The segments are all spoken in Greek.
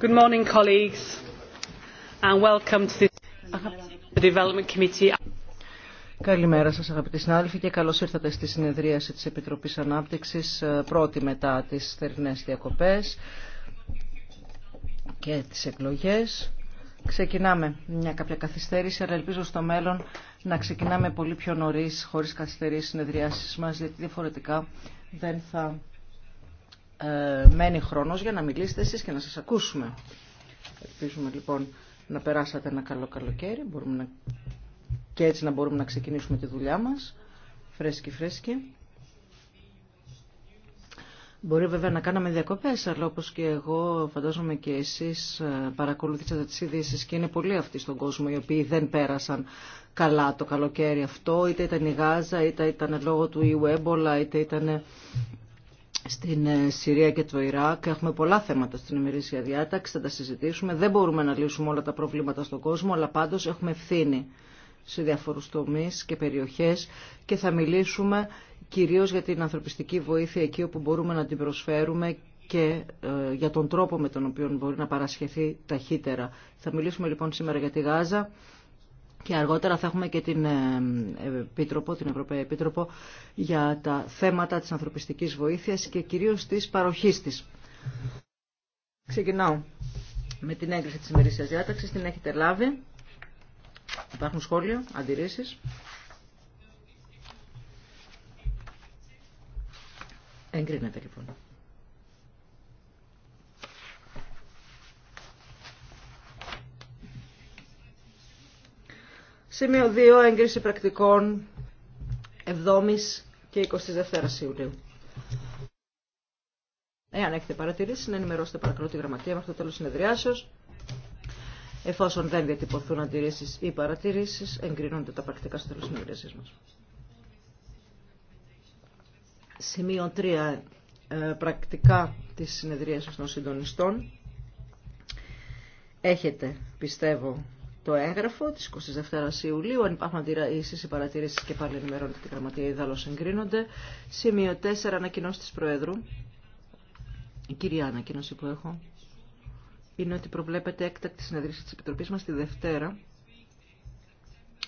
Good morning, colleagues, and Καλημέρα σας αγαπητοί συνάδελφοι και καλώς ήρθατε στη συνεδρίαση της Επιτροπής Ανάπτυξης ε, πρώτη μετά τις θερινές διακοπές και τις εκλογές. Ξεκινάμε μια κάποια καθυστέρηση, αλλά ελπίζω στο μέλλον να ξεκινάμε πολύ πιο νωρίς, χωρίς καθυστερήσεις συνεδριάσεις μας, γιατί διαφορετικά δεν θα ε, μένει χρόνος για να μιλήσετε εσείς και να σας ακούσουμε. Ελπίζουμε λοιπόν να περάσατε ένα καλό καλοκαίρι μπορούμε να... και έτσι να μπορούμε να ξεκινήσουμε τη δουλειά μας. Φρέσκι, φρέσκι. Μπορεί βέβαια να κάναμε διακοπές, αλλά όπως και εγώ φαντάζομαι και εσείς ε, παρακολουθήσατε τις ειδήσει και είναι πολλοί αυτοί στον κόσμο οι οποίοι δεν πέρασαν καλά το καλοκαίρι αυτό, είτε ήταν η Γάζα, είτε ήταν λόγω του Ιουέμπολα, είτε ήταν στην ε, Συρία και το Ιράκ. Έχουμε πολλά θέματα στην ημερήσια διάταξη, θα τα συζητήσουμε. Δεν μπορούμε να λύσουμε όλα τα προβλήματα στον κόσμο, αλλά πάντως έχουμε ευθύνη σε διαφορούς τομείς και περιοχές και θα μιλήσουμε κυρίως για την ανθρωπιστική βοήθεια εκεί όπου μπορούμε να την προσφέρουμε και ε, για τον τρόπο με τον οποίο μπορεί να παρασχεθεί ταχύτερα. Θα μιλήσουμε λοιπόν σήμερα για τη Γάζα. Και αργότερα θα έχουμε και την ε, Επίτροπο, την Ευρωπαϊκή Επίτροπο για τα θέματα της ανθρωπιστικής βοήθειας και κυρίως της παροχής της. Ξεκινάω με την έγκριση της ημερήσιας διάταξης. Την έχετε λάβει. Υπάρχουν σχόλια, αντιρρήσεις. Εγκρίνεται λοιπόν. Σημείο 2. Έγκριση πρακτικών 7η και 22η Ιουλίου. Εάν έχετε παρατηρήσει, να ενημερώσετε παρακαλώ τη γραμματεία αυτό το τέλο συνεδριάσεω. Εφόσον δεν διατυπωθούν αντιρρήσει ή παρατηρήσει, εγκρίνονται τα πρακτικά στο τέλο συνεδριάσεω μα. Σημείο 3. Ε, πρακτικά της συνεδρίασης των συντονιστών. Έχετε, πιστεύω, το έγγραφο τη 22 Ιουλίου. Αν υπάρχουν αντιρρήσεις ή παρατηρήσεις και πάλι ενημερώνεται τη γραμματεία, ιδάλω συγκρίνονται. Σημείο 4, ανακοινώσει τη Προέδρου. Η κυρία ανακοίνωση και ανακοίνωση που έχω γραμματεια ιδαλω ότι προβλέπεται έκτακτη συνεδρίαση τη προεδρου η κυρια ανακοινωση που εχω ειναι οτι προβλεπεται εκτακτη συνεδριαση τη Επιτροπή μα τη Δευτέρα.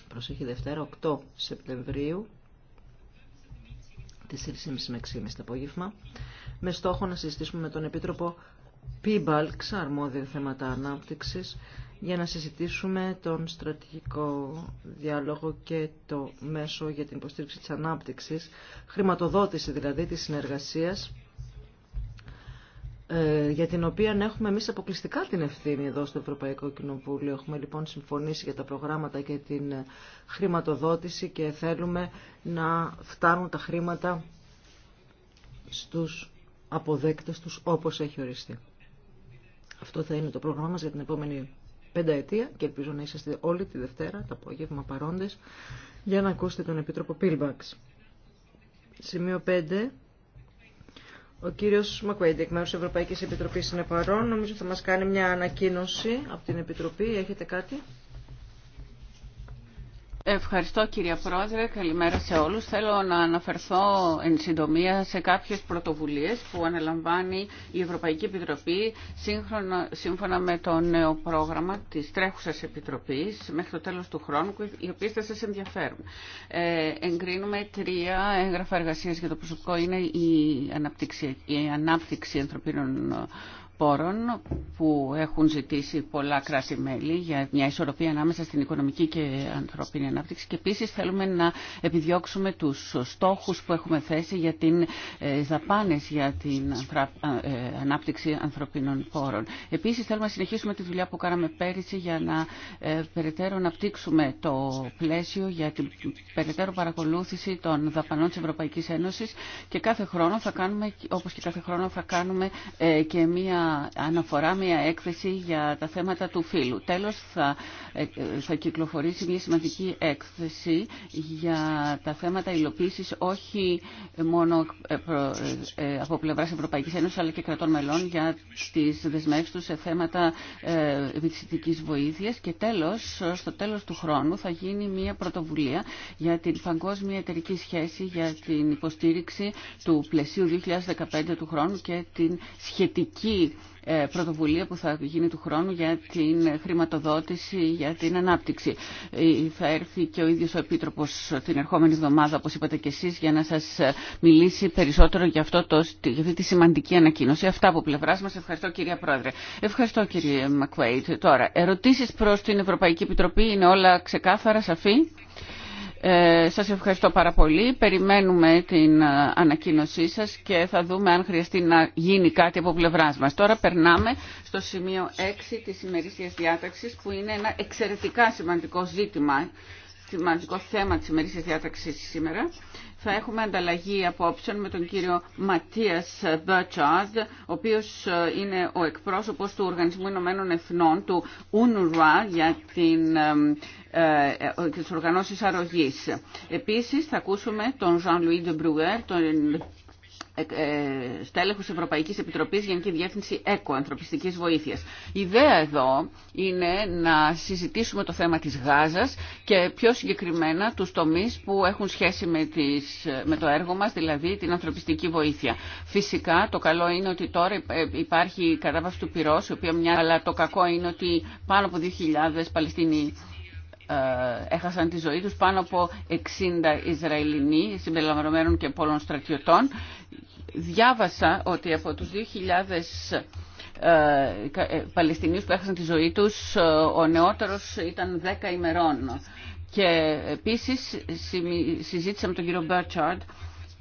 Προσέχει Δευτέρα, 8 Σεπτεμβρίου, 4.30 με 6.30 το απόγευμα, με στόχο να συζητήσουμε με τον Επίτροπο Πίμπαλξ, αρμόδιο θέματα ανάπτυξης, για να συζητήσουμε τον στρατηγικό διάλογο και το μέσο για την υποστήριξη της ανάπτυξης, χρηματοδότηση δηλαδή της συνεργασίας, ε, για την οποία έχουμε εμείς αποκλειστικά την ευθύνη εδώ στο Ευρωπαϊκό Κοινοβούλιο. Έχουμε λοιπόν συμφωνήσει για τα προγράμματα και την χρηματοδότηση και θέλουμε να φτάνουν τα χρήματα στους αποδέκτες τους όπως έχει οριστεί. Αυτό θα είναι το πρόγραμμά μας για την επόμενη πενταετία και ελπίζω να είσαστε όλη τη Δευτέρα, τα απόγευμα παρόντες, για να ακούσετε τον Επίτροπο Πίλμπαξ. Σημείο 5. Ο κύριος Μακουέντι, εκ μέρους Ευρωπαϊκής Επιτροπής, είναι παρόν. Νομίζω θα μας κάνει μια ανακοίνωση από την Επιτροπή. Έχετε κάτι. Ευχαριστώ κύριε Πρόεδρε, καλημέρα σε όλους. Θέλω να αναφερθώ εν συντομία σε κάποιες πρωτοβουλίες που αναλαμβάνει η Ευρωπαϊκή Επιτροπή σύμφωνα με το νέο πρόγραμμα της τρέχουσας Επιτροπής μέχρι το τέλος του χρόνου, οι οποίες θα σας ενδιαφέρουν. Ε, εγκρίνουμε τρία έγγραφα εργασίας για το προσωπικό, είναι η, ανάπτυξη, η ανάπτυξη ανθρωπίνων πόρων που έχουν ζητήσει πολλά κράτη-μέλη για μια ισορροπία ανάμεσα στην οικονομική και ανθρωπίνη ανάπτυξη και επίσης θέλουμε να επιδιώξουμε τους στόχους που έχουμε θέσει για την ε, δαπάνες για την ε, ανάπτυξη ανθρωπίνων πόρων. Επίσης θέλουμε να συνεχίσουμε τη δουλειά που κάναμε πέρυσι για να ε, περαιτέρω αναπτύξουμε το πλαίσιο για την περαιτέρω παρακολούθηση των δαπανών της Ευρωπαϊκής Ένωσης και κάθε χρόνο θα κάνουμε, και κάθε χρόνο θα κάνουμε και μια αναφορά, μια έκθεση για τα θέματα του φύλου. Τέλος θα, ε, ε, θα κυκλοφορήσει μια σημαντική έκθεση για τα θέματα υλοποίησης όχι μόνο ε, από πλευράς Ευρωπαϊκής Ένωσης αλλά και κρατών μελών για τις δεσμεύσεις τους σε θέματα επιστημικής βοήθειας και τέλος, στο τέλος του χρόνου θα γίνει μια πρωτοβουλία για την παγκόσμια εταιρική σχέση για την υποστήριξη του πλαισίου 2015 του χρόνου και την σχετική ε, πρωτοβουλία που θα γίνει του χρόνου για την χρηματοδότηση, για την ανάπτυξη. Ε, θα έρθει και ο ίδιος ο Επίτροπος την ερχόμενη εβδομάδα, όπως είπατε και εσείς, για να σας ε, μιλήσει περισσότερο για, αυτό το, για αυτή τη σημαντική ανακοίνωση. Αυτά από πλευρά μας. Ευχαριστώ κυρία Πρόεδρε. Ευχαριστώ κύριε Μακουέιτ. Τώρα, ερωτήσεις προς την Ευρωπαϊκή Επιτροπή είναι όλα ξεκάθαρα, σαφή. Ε, σας ευχαριστώ πάρα πολύ. Περιμένουμε την ε, ανακοίνωσή σας και θα δούμε αν χρειαστεί να γίνει κάτι από πλευράς μας. Τώρα περνάμε στο σημείο 6 της ημερήσιας διάταξης που είναι ένα εξαιρετικά σημαντικό ζήτημα, σημαντικό θέμα της ημερήσιας διάταξης σήμερα θα έχουμε ανταλλαγή απόψεων με τον κύριο Ματίας Μπερτσάρδ, ο οποίος ε, είναι ο εκπρόσωπος του Οργανισμού Ηνωμένων Εθνών, του UNRWA, για την, ε, ε, τις οργανώσεις αρρωγής. Επίσης θα ακούσουμε τον Jean-Louis de τον ε, στέλεχος Ευρωπαϊκής Επιτροπής Γενική Διεύθυνση ΕΚΟ, Ανθρωπιστικής Βοήθειας. Η ιδέα εδώ είναι να συζητήσουμε το θέμα της Γάζας και πιο συγκεκριμένα τους τομείς που έχουν σχέση με, τις, με το έργο μας, δηλαδή την ανθρωπιστική βοήθεια. Φυσικά το καλό είναι ότι τώρα ε, υπάρχει η κατάβαση του πυρός, η οποία μια... αλλά το κακό είναι ότι πάνω από 2.000 Παλαιστινοί ε, έχασαν τη ζωή τους πάνω από 60 Ισραηλινοί συμπεριλαμβανομένων και πολλών στρατιωτών διάβασα ότι από τους 2.000 ε, ε, Παλαιστινίους που έχασαν τη ζωή τους, ε, ο νεότερος ήταν 10 ημερών. Και επίσης συζήτησα με τον κύριο Μπέρτσαρντ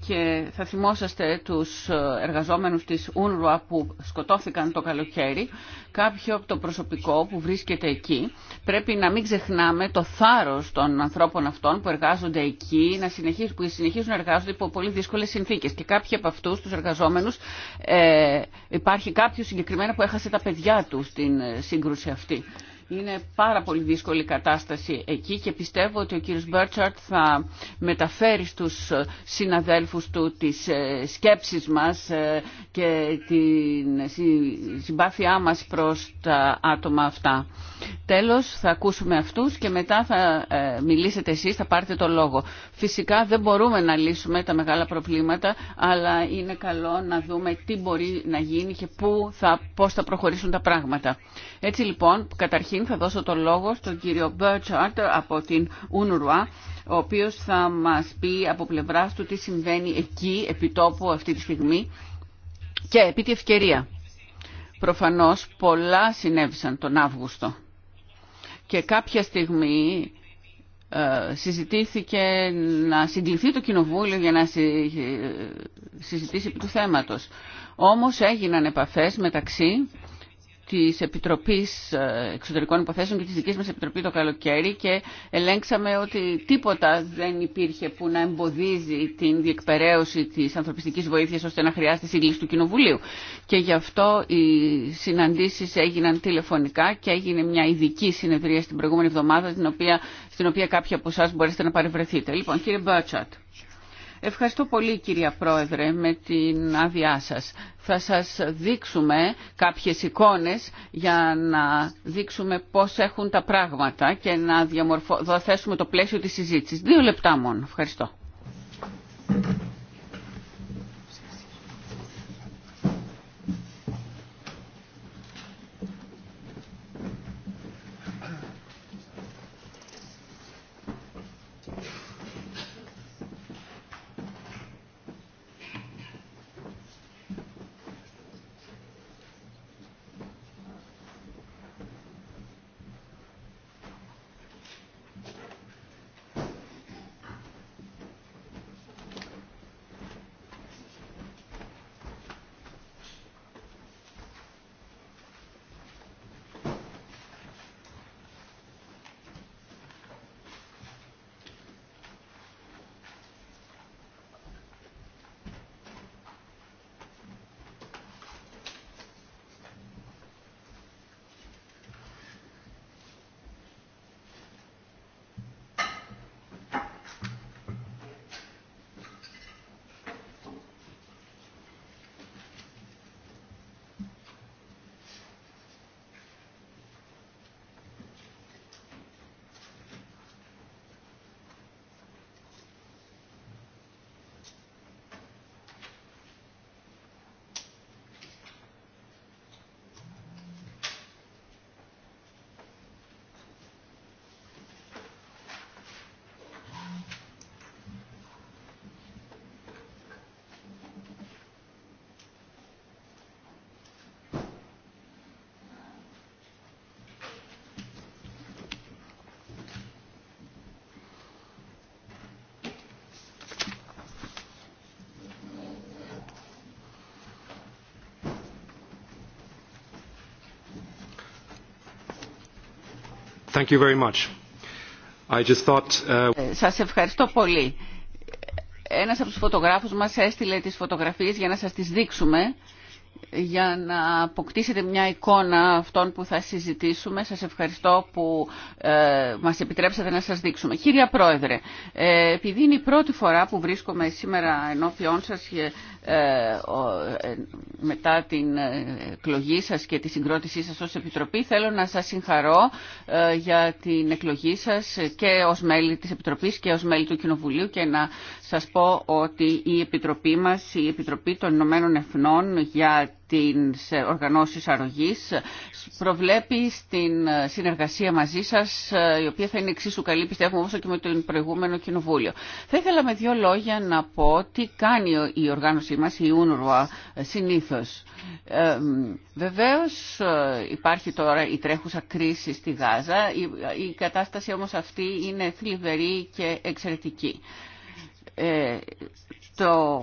και θα θυμόσαστε τους εργαζόμενους της UNRWA που σκοτώθηκαν το καλοκαίρι, κάποιο από το προσωπικό που βρίσκεται εκεί. Πρέπει να μην ξεχνάμε το θάρρος των ανθρώπων αυτών που εργάζονται εκεί, να συνεχίσουν, που συνεχίζουν να εργάζονται υπό πολύ δύσκολες συνθήκες. Και κάποιοι από αυτούς τους εργαζόμενους, ε, υπάρχει κάποιο συγκεκριμένα που έχασε τα παιδιά του στην ε, σύγκρουση αυτή. Είναι πάρα πολύ δύσκολη κατάσταση εκεί και πιστεύω ότι ο κύριος Μπέρτσαρτ θα μεταφέρει στους συναδέλφους του τις ε, σκέψεις μας ε, και την συμπάθειά μας προς τα άτομα αυτά. Τέλος θα ακούσουμε αυτούς και μετά θα ε, μιλήσετε εσείς, θα πάρετε το λόγο. Φυσικά δεν μπορούμε να λύσουμε τα μεγάλα προβλήματα, αλλά είναι καλό να δούμε τι μπορεί να γίνει και πού θα, πώς θα προχωρήσουν τα πράγματα. Έτσι λοιπόν, καταρχήν θα δώσω το λόγο στον κύριο Μπέρτσαρτ από την Ουνουρουά, ο οποίος θα μας πει από πλευράς του τι συμβαίνει εκεί, επί τόπου αυτή τη στιγμή και επί τη ευκαιρία. Προφανώς πολλά συνέβησαν τον Αύγουστο και κάποια στιγμή ε, συζητήθηκε να συγκληθεί το Κοινοβούλιο για να συζητήσει του θέματος. Όμως έγιναν επαφές μεταξύ της Επιτροπής ε, Εξωτερικών Υποθέσεων και της δικής μας Επιτροπή το καλοκαίρι και ελέγξαμε ότι τίποτα δεν υπήρχε που να εμποδίζει την διεκπαιρέωση της ανθρωπιστικής βοήθειας ώστε να χρειάζεται σύγκληση του Κοινοβουλίου. Και γι' αυτό οι συναντήσεις έγιναν τηλεφωνικά και έγινε μια ειδική συνεδρία στην προηγούμενη εβδομάδα στην οποία, στην οποία κάποιοι από εσά μπορέσετε να παρευρεθείτε. Λοιπόν, κύριε Μπάτσατ. Ευχαριστώ πολύ κυρία Πρόεδρε με την άδειά σας. Θα σας δείξουμε κάποιες εικόνες για να δείξουμε πώς έχουν τα πράγματα και να διαμορφω... θέσουμε το πλαίσιο της συζήτησης. Δύο λεπτά μόνο. Ευχαριστώ. Uh, σας ευχαριστώ πολύ. Ένας από τους φωτογράφους μας έστειλε τις φωτογραφίες για να σας τις δείξουμε για να αποκτήσετε μια εικόνα αυτών που θα συζητήσουμε. Σας ευχαριστώ που ε, μας επιτρέψατε να σας δείξουμε. Κύριε Πρόεδρε, ε, επειδή είναι η πρώτη φορά που βρίσκομαι σήμερα ενώπιόν σας ε, ε μετά την ε, εκλογή σας και τη συγκρότησή σας ως Επιτροπή. Θέλω να σας συγχαρώ ε, για την εκλογή σας και ως μέλη της Επιτροπής και ως μέλη του Κοινοβουλίου και να σας πω ότι η Επιτροπή μας, η Επιτροπή των Ηνωμένων Εθνών για τις οργανώσεις αρρωγής προβλέπει στην συνεργασία μαζί σας η οποία θα είναι εξίσου καλή πιστεύουμε όσο και με το προηγούμενο κοινοβούλιο. Θα ήθελα με δύο λόγια να πω τι κάνει η οργάνωσή μας, η UNRWA συνήθως. Ε, βεβαίως υπάρχει τώρα η τρέχουσα κρίση στη Γάζα, η, η κατάσταση όμως αυτή είναι θλιβερή και εξαιρετική. Ε, το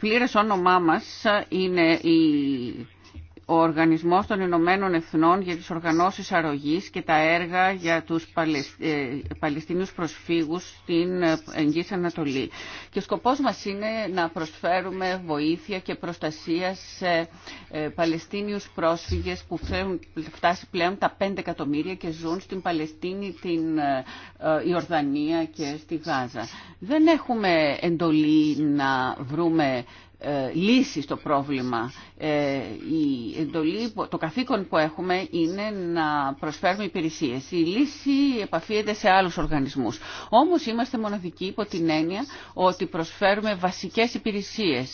πλήρες όνομά μας ε, είναι η ο Οργανισμός των Ηνωμένων Εθνών για τις οργανώσεις αρρωγής και τα έργα για τους Παλαιστινίους ε, προσφύγους στην ε, Εγγύης Ανατολή. Και σκοπός μας είναι να προσφέρουμε βοήθεια και προστασία σε ε, Παλαιστίνιους πρόσφυγες που φτάσουν φτάσει πλέον τα 5 εκατομμύρια και ζουν στην Παλαιστίνη, την Ιορδανία και στη Γάζα. Δεν έχουμε εντολή να βρούμε ε, λύση στο πρόβλημα. Ε, η εντολή, το καθήκον που έχουμε είναι να προσφέρουμε υπηρεσίες. Η λύση επαφίεται σε άλλους οργανισμούς. Όμως είμαστε μοναδικοί υπό την έννοια ότι προσφέρουμε βασικές υπηρεσίες.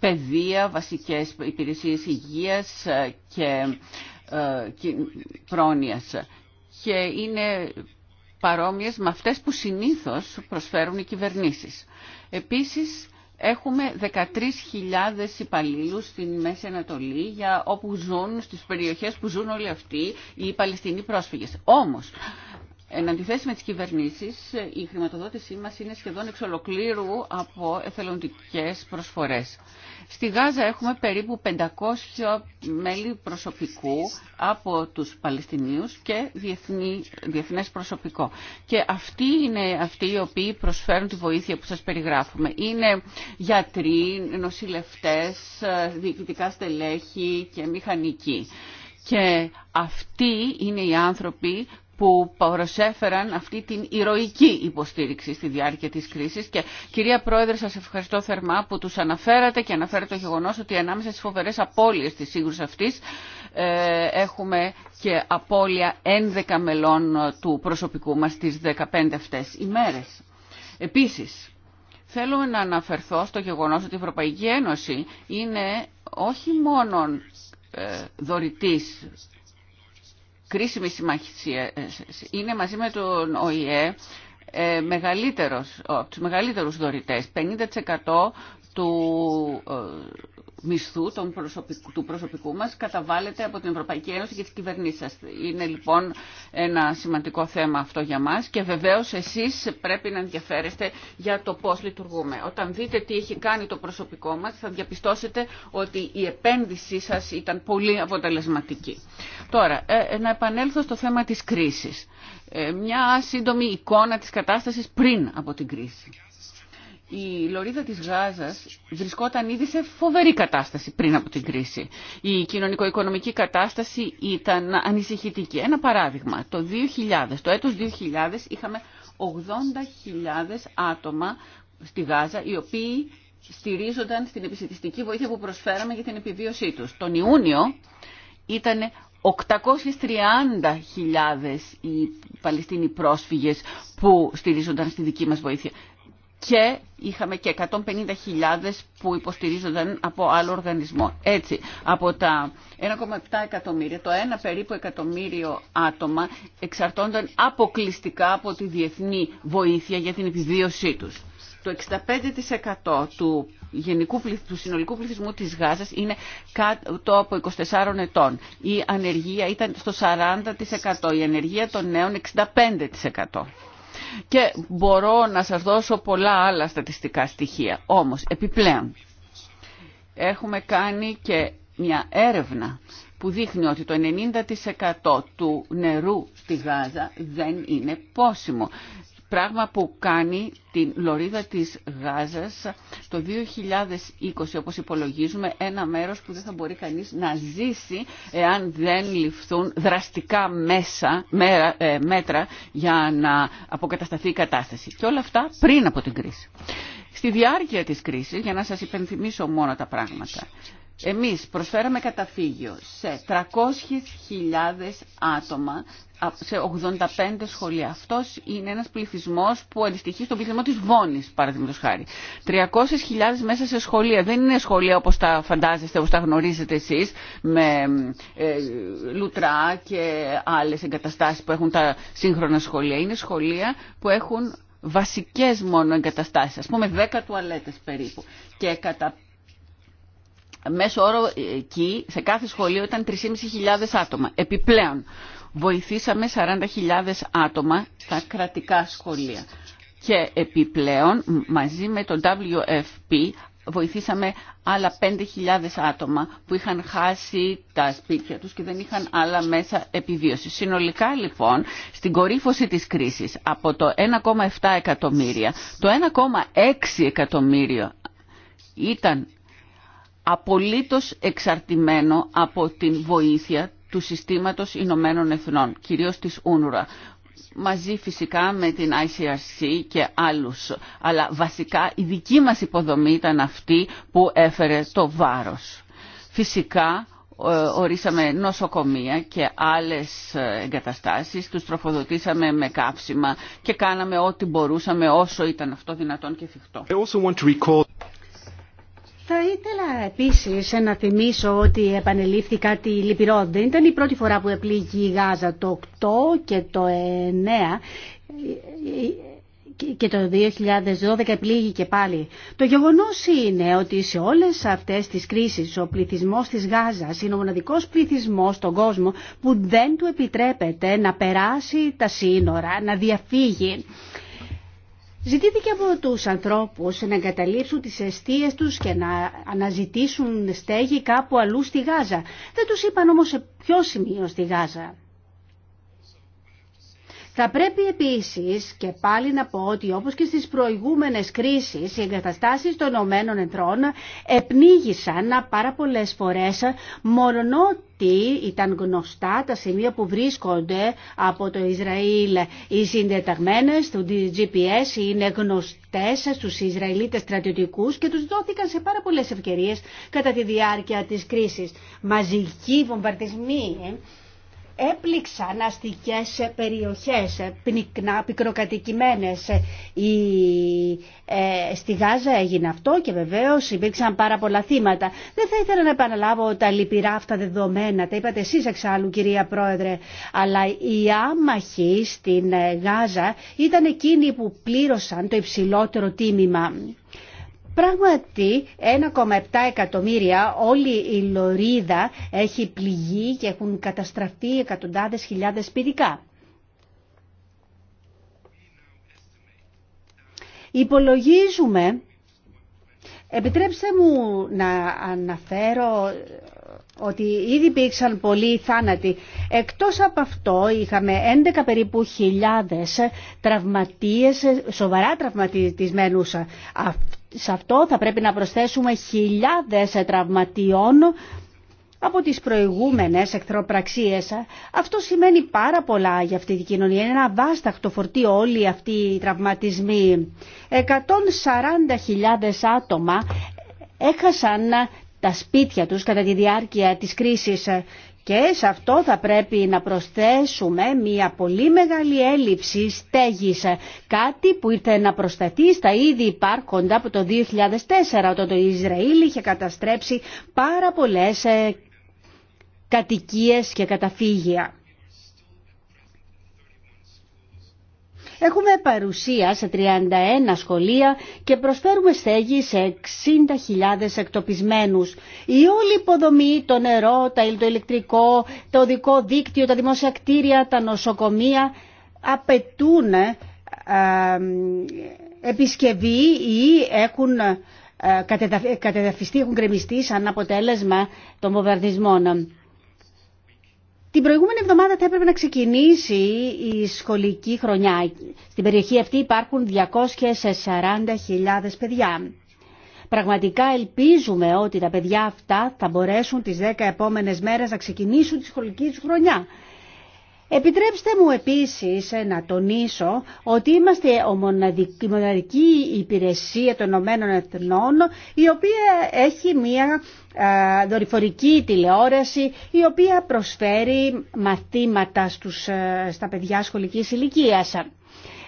Παιδεία, βασικές υπηρεσίες υγείας ε, και, και πρόνοιας. Και είναι παρόμοιες με αυτές που συνήθως προσφέρουν οι κυβερνήσεις. Επίσης, Έχουμε 13.000 υπαλλήλους στην Μέση Ανατολή για όπου ζουν, στις περιοχές που ζουν όλοι αυτοί οι Παλαιστινοί πρόσφυγες. Όμως, Εν αντιθέσει με τις κυβερνήσεις, η χρηματοδότησή μας είναι σχεδόν εξ ολοκλήρου από εθελοντικές προσφορές. Στη Γάζα έχουμε περίπου 500 μέλη προσωπικού από τους Παλαιστινίους και διεθνή, διεθνές προσωπικό. Και αυτοί είναι αυτοί οι οποίοι προσφέρουν τη βοήθεια που σας περιγράφουμε. Είναι γιατροί, νοσηλευτές, διοικητικά στελέχη και μηχανικοί. Και αυτοί είναι οι άνθρωποι που προσέφεραν αυτή την ηρωική υποστήριξη στη διάρκεια της κρίσης και κυρία Πρόεδρε σας ευχαριστώ θερμά που τους αναφέρατε και αναφέρετε το γεγονός ότι ανάμεσα στις φοβερές απώλειες της σύγκρουσης αυτής ε, έχουμε και απώλεια 11 μελών του προσωπικού μας τις 15 αυτές ημέρες. Επίσης, θέλω να αναφερθώ στο γεγονός ότι η Ευρωπαϊκή Ένωση είναι όχι μόνο ε, δωρητής κρίσιμη συμμαχία. Ε, είναι μαζί με τον ΟΗΕ ε, μεγαλύτερος, από τους μεγαλύτερους δωρητές. 50% του ε, μισθού του προσωπικού μας καταβάλλεται από την Ευρωπαϊκή Ένωση και τις κυβερνήσεις σας. Είναι λοιπόν ένα σημαντικό θέμα αυτό για μας και βεβαίως εσείς πρέπει να ενδιαφέρεστε για το πώς λειτουργούμε. Όταν δείτε τι έχει κάνει το προσωπικό μας θα διαπιστώσετε ότι η επένδυσή σας ήταν πολύ αποτελεσματική. Τώρα, ε, ε να επανέλθω στο θέμα της κρίσης. Ε, μια σύντομη εικόνα της κατάστασης πριν από την κρίση η λωρίδα της Γάζας βρισκόταν ήδη σε φοβερή κατάσταση πριν από την κρίση. Η κοινωνικο-οικονομική κατάσταση ήταν ανησυχητική. Ένα παράδειγμα, το 2000, το έτος 2000 είχαμε 80.000 άτομα στη Γάζα οι οποίοι στηρίζονταν στην επιστημιστική βοήθεια που προσφέραμε για την επιβίωσή τους. Τον Ιούνιο ήταν 830.000 οι Παλαιστίνοι πρόσφυγες που στηρίζονταν στη δική μας βοήθεια και είχαμε και 150.000 που υποστηρίζονταν από άλλο οργανισμό. Έτσι, από τα 1,7 εκατομμύρια, το ένα περίπου εκατομμύριο άτομα εξαρτώνταν αποκλειστικά από τη διεθνή βοήθεια για την επιβίωσή τους. Το 65% του, γενικού, του συνολικού πληθυσμού της Γάζας είναι κάτω από 24 ετών. Η ανεργία ήταν στο 40%, η ανεργία των νέων 65%. Και μπορώ να σας δώσω πολλά άλλα στατιστικά στοιχεία. Όμως, επιπλέον, έχουμε κάνει και μια έρευνα που δείχνει ότι το 90% του νερού στη Γάζα δεν είναι πόσιμο. Πράγμα που κάνει την λωρίδα της Γάζας το 2020, όπως υπολογίζουμε, ένα μέρος που δεν θα μπορεί κανείς να ζήσει εάν δεν ληφθούν δραστικά μέσα, ε, μέτρα για να αποκατασταθεί η κατάσταση. Και όλα αυτά πριν από την κρίση. Στη διάρκεια της κρίσης, για να σας υπενθυμίσω μόνο τα πράγματα, εμείς προσφέραμε καταφύγιο σε 300.000 άτομα σε 85 σχολεία. Αυτός είναι ένας πληθυσμός που αντιστοιχεί στον πληθυσμό της Βόνης, παραδείγματος χάρη. 300.000 μέσα σε σχολεία. Δεν είναι σχολεία όπως τα φαντάζεστε, όπως τα γνωρίζετε εσείς, με ε, λουτρά και άλλες εγκαταστάσεις που έχουν τα σύγχρονα σχολεία. Είναι σχολεία που έχουν βασικές μόνο εγκαταστάσεις, ας πούμε 10 τουαλέτες περίπου. Και κατά μέσο όρο εκεί σε κάθε σχολείο ήταν 3.500 άτομα. Επιπλέον, βοηθήσαμε 40.000 άτομα στα κρατικά σχολεία. Και επιπλέον, μαζί με το WFP, βοηθήσαμε άλλα 5.000 άτομα που είχαν χάσει τα σπίτια τους και δεν είχαν άλλα μέσα επιβίωσης. Συνολικά λοιπόν στην κορύφωση της κρίσης από το 1,7 εκατομμύρια, το 1,6 εκατομμύριο ήταν απολύτως εξαρτημένο από την βοήθεια του συστήματος Ηνωμένων Εθνών, κυρίως της UNRWA, μαζί φυσικά με την ICRC και άλλους. Αλλά βασικά η δική μας υποδομή ήταν αυτή που έφερε το βάρος. Φυσικά ε, ορίσαμε νοσοκομεία και άλλες ε, εγκαταστάσεις, τους τροφοδοτήσαμε με κάψιμα και κάναμε ό,τι μπορούσαμε όσο ήταν αυτό δυνατόν και εφικτό. Θα ήθελα επίσης να θυμίσω ότι επανελήφθη κάτι λυπηρό. Δεν ήταν η πρώτη φορά που επλήγει η Γάζα το 8 και το 9 ε, ε, ε, και το 2012 επλήγει και πάλι. Το γεγονός είναι ότι σε όλες αυτές τις κρίσεις ο πληθυσμός της Γάζας είναι ο μοναδικός πληθυσμός στον κόσμο που δεν του επιτρέπεται να περάσει τα σύνορα, να διαφύγει. Ζητήθηκε από τους ανθρώπους να εγκαταλείψουν τις αιστείες τους και να αναζητήσουν στέγη κάπου αλλού στη Γάζα. Δεν τους είπαν όμως σε ποιο σημείο στη Γάζα. Θα πρέπει επίσης και πάλι να πω ότι όπως και στις προηγούμενες κρίσεις οι εγκαταστάσεις των ομένων εντρών επνίγησαν πάρα πολλές φορές ότι ήταν γνωστά τα σημεία που βρίσκονται από το Ισραήλ. Οι συντεταγμένες του GPS είναι γνωστές στους Ισραηλίτες στρατιωτικούς και τους δόθηκαν σε πάρα πολλές ευκαιρίες κατά τη διάρκεια της κρίσης. Μαζικοί βομβαρδισμοί έπληξαν αστικές περιοχές, πνικνά, πικροκατοικημένες. Η, ε, στη Γάζα έγινε αυτό και βεβαίως υπήρξαν πάρα πολλά θύματα. Δεν θα ήθελα να επαναλάβω τα λυπηρά αυτά δεδομένα, τα είπατε εσείς εξάλλου κυρία Πρόεδρε, αλλά οι άμαχοι στην ε, Γάζα ήταν εκείνοι που πλήρωσαν το υψηλότερο τίμημα. Πράγματι, 1,7 εκατομμύρια όλη η Λωρίδα έχει πληγεί και έχουν καταστραφεί εκατοντάδες χιλιάδες σπιτικά. Υπολογίζουμε, επιτρέψτε μου να αναφέρω ότι ήδη υπήρξαν πολλοί θάνατοι. Εκτός από αυτό είχαμε 11 περίπου χιλιάδες τραυματίες, σοβαρά τραυματισμένους. Αυτό σε αυτό θα πρέπει να προσθέσουμε χιλιάδες τραυματιών από τις προηγούμενες εχθροπραξίες. Αυτό σημαίνει πάρα πολλά για αυτή την κοινωνία. Είναι ένα βάσταχτο φορτίο όλοι αυτοί οι τραυματισμοί. 140.000 άτομα έχασαν τα σπίτια τους κατά τη διάρκεια της κρίσης και σε αυτό θα πρέπει να προσθέσουμε μια πολύ μεγάλη έλλειψη στέγης, κάτι που ήρθε να προσθεθεί στα ήδη υπάρχοντα από το 2004, όταν το Ισραήλ είχε καταστρέψει πάρα πολλές ε, κατοικίες και καταφύγια. Έχουμε παρουσία σε 31 σχολεία και προσφέρουμε στέγη σε 60.000 εκτοπισμένους. Η όλη υποδομή, το νερό, το ηλεκτρικό, το οδικό δίκτυο, τα δημόσια κτίρια, τα νοσοκομεία απαιτούν ε, επισκευή ή έχουν ε, κατεδαφιστεί, έχουν κρεμιστεί σαν αποτέλεσμα των βομβαρδισμών. Την προηγούμενη εβδομάδα θα έπρεπε να ξεκινήσει η σχολική χρονιά. Στην περιοχή αυτή υπάρχουν 240.000 παιδιά. Πραγματικά ελπίζουμε ότι τα παιδιά αυτά θα μπορέσουν τις 10 επόμενες μέρες να ξεκινήσουν τη σχολική χρονιά. Επιτρέψτε μου επίσης να τονίσω ότι είμαστε η μοναδική υπηρεσία των Ηνωμένων Εθνών η οποία έχει μια δορυφορική τηλεόραση η οποία προσφέρει μαθήματα στους, ε, στα παιδιά σχολικής ηλικίας.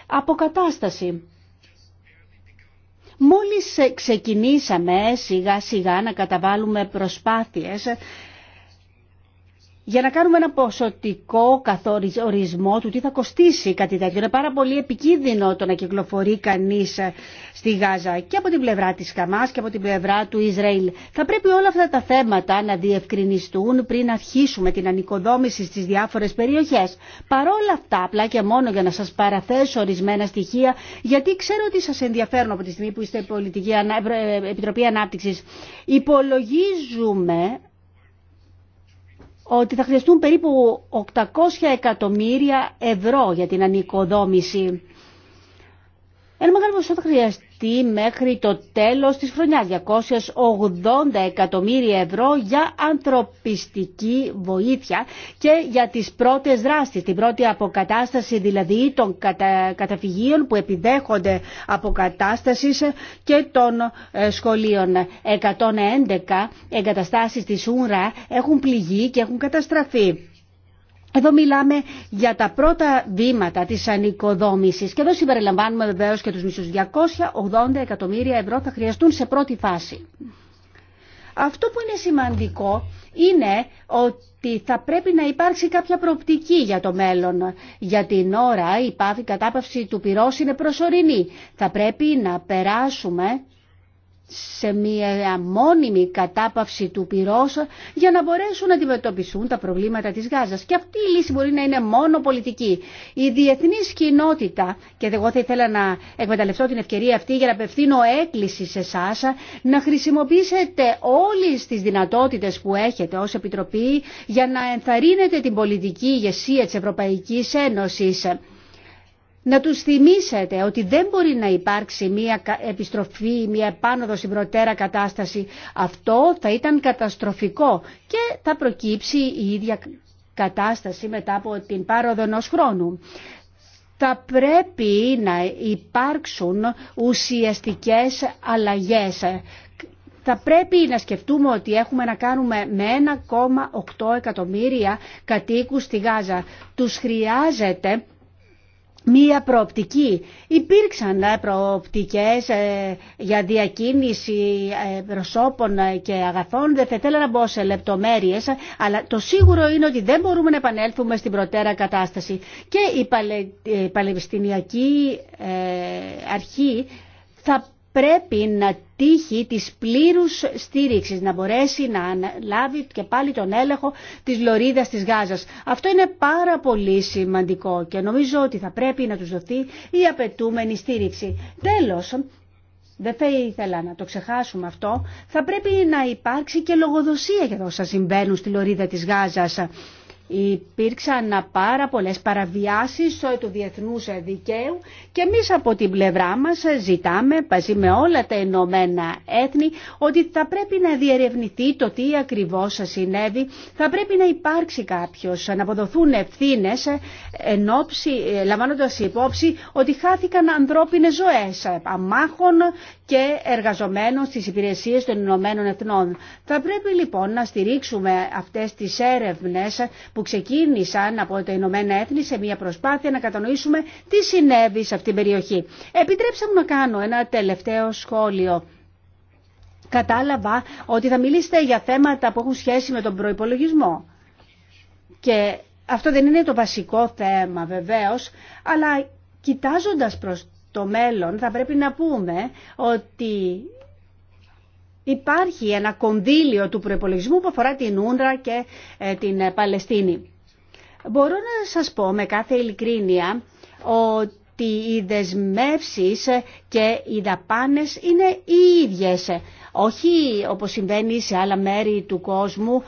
Αποκατάσταση. Μόλις ξεκινήσαμε σιγά σιγά να καταβάλουμε προσπάθειες για να κάνουμε ένα ποσοτικό καθορισμό του τι θα κοστίσει κάτι τέτοιο. Είναι πάρα πολύ επικίνδυνο το να κυκλοφορεί κανεί ε, στη Γάζα και από την πλευρά τη Καμά και από την πλευρά του Ισραήλ. Θα πρέπει όλα αυτά τα θέματα να διευκρινιστούν πριν αρχίσουμε την ανοικοδόμηση στις διάφορες περιοχές. Παρόλα αυτά, απλά και μόνο για να σα παραθέσω ορισμένα στοιχεία, γιατί ξέρω ότι σα ενδιαφέρουν από τη στιγμή που είστε Πολιτική ε, ε, Επιτροπή ανάπτυξη, υπολογίζουμε ότι θα χρειαστούν περίπου 800 εκατομμύρια ευρώ για την ανοικοδόμηση ένα μεγάλο ποσό θα χρειαστεί μέχρι το τέλος της χρονιάς, 280 εκατομμύρια ευρώ για ανθρωπιστική βοήθεια και για τις πρώτες δράσεις, την πρώτη αποκατάσταση δηλαδή των καταφυγίων που επιδέχονται αποκατάστασης και των ε, σχολείων. 111 εγκαταστάσεις της Ούρα έχουν πληγεί και έχουν καταστραφεί. Εδώ μιλάμε για τα πρώτα βήματα της ανοικοδόμησης και εδώ συμπεριλαμβάνουμε βεβαίω και τους μισούς 280 εκατομμύρια ευρώ θα χρειαστούν σε πρώτη φάση. Αυτό που είναι σημαντικό είναι ότι θα πρέπει να υπάρξει κάποια προοπτική για το μέλλον. Για την ώρα η πάθη κατάπαυση του πυρός είναι προσωρινή. Θα πρέπει να περάσουμε σε μια μόνιμη κατάπαυση του πυρός για να μπορέσουν να αντιμετωπιστούν τα προβλήματα της Γάζας. Και αυτή η λύση μπορεί να είναι μόνο πολιτική. Η διεθνής κοινότητα, και εγώ θα ήθελα να εκμεταλλευτώ την ευκαιρία αυτή για να απευθύνω έκκληση σε εσά να χρησιμοποιήσετε όλε τι δυνατότητε που έχετε ω Επιτροπή για να ενθαρρύνετε την πολιτική ηγεσία τη Ευρωπαϊκή Ένωση να τους θυμίσετε ότι δεν μπορεί να υπάρξει μια επιστροφή, μια επάνωδο στην προτέρα κατάσταση. Αυτό θα ήταν καταστροφικό και θα προκύψει η ίδια κατάσταση μετά από την πάροδο ενός χρόνου. Θα πρέπει να υπάρξουν ουσιαστικές αλλαγές. Θα πρέπει να σκεφτούμε ότι έχουμε να κάνουμε με 1,8 εκατομμύρια κατοίκους στη Γάζα. Τους χρειάζεται μία προοπτική. Υπήρξαν ε, προοπτικές ε, για διακίνηση ε, προσώπων και αγαθών. Δεν θα ήθελα να μπω σε λεπτομέρειες, αλλά το σίγουρο είναι ότι δεν μπορούμε να επανέλθουμε στην προτέρα κατάσταση. Και η Παλαιστινιακή Αρχή θα πρέπει να τύχει της πλήρους στήριξης, να μπορέσει να λάβει και πάλι τον έλεγχο της λωρίδας της Γάζας. Αυτό είναι πάρα πολύ σημαντικό και νομίζω ότι θα πρέπει να τους δοθεί η απαιτούμενη στήριξη. Τέλος, δεν θα ήθελα να το ξεχάσουμε αυτό, θα πρέπει να υπάρξει και λογοδοσία για όσα συμβαίνουν στη λωρίδα της Γάζας. Υπήρξαν πάρα πολλές παραβιάσεις ε, του διεθνούς δικαίου και εμείς από την πλευρά μας ζητάμε, παζί με όλα τα ενωμένα Έθνη, ότι θα πρέπει να διερευνηθεί το τι ακριβώς συνέβη, θα πρέπει να υπάρξει κάποιος, να αποδοθούν ευθύνε ε, ε, λαμβάνοντας υπόψη ότι χάθηκαν ανθρώπινες ζωές, αμάχων και εργαζομένων στις υπηρεσίες των Ηνωμένων Εθνών. Θα πρέπει λοιπόν να στηρίξουμε αυτές τις έρευνες που ξεκίνησαν από τα Ηνωμένα Έθνη σε μια προσπάθεια να κατανοήσουμε τι συνέβη σε αυτήν την περιοχή. Επιτρέψτε μου να κάνω ένα τελευταίο σχόλιο. Κατάλαβα ότι θα μιλήσετε για θέματα που έχουν σχέση με τον προϋπολογισμό. Και αυτό δεν είναι το βασικό θέμα βεβαίως, αλλά κοιτάζοντας προς το μέλλον θα πρέπει να πούμε ότι υπάρχει ένα κονδύλιο του προπολογισμού που αφορά την Ούνρα και ε, την ε, Παλαιστίνη. Μπορώ να σας πω με κάθε ειλικρίνεια ότι οι δεσμεύσει και οι δαπάνες είναι οι ίδιες. Όχι όπως συμβαίνει σε άλλα μέρη του κόσμου,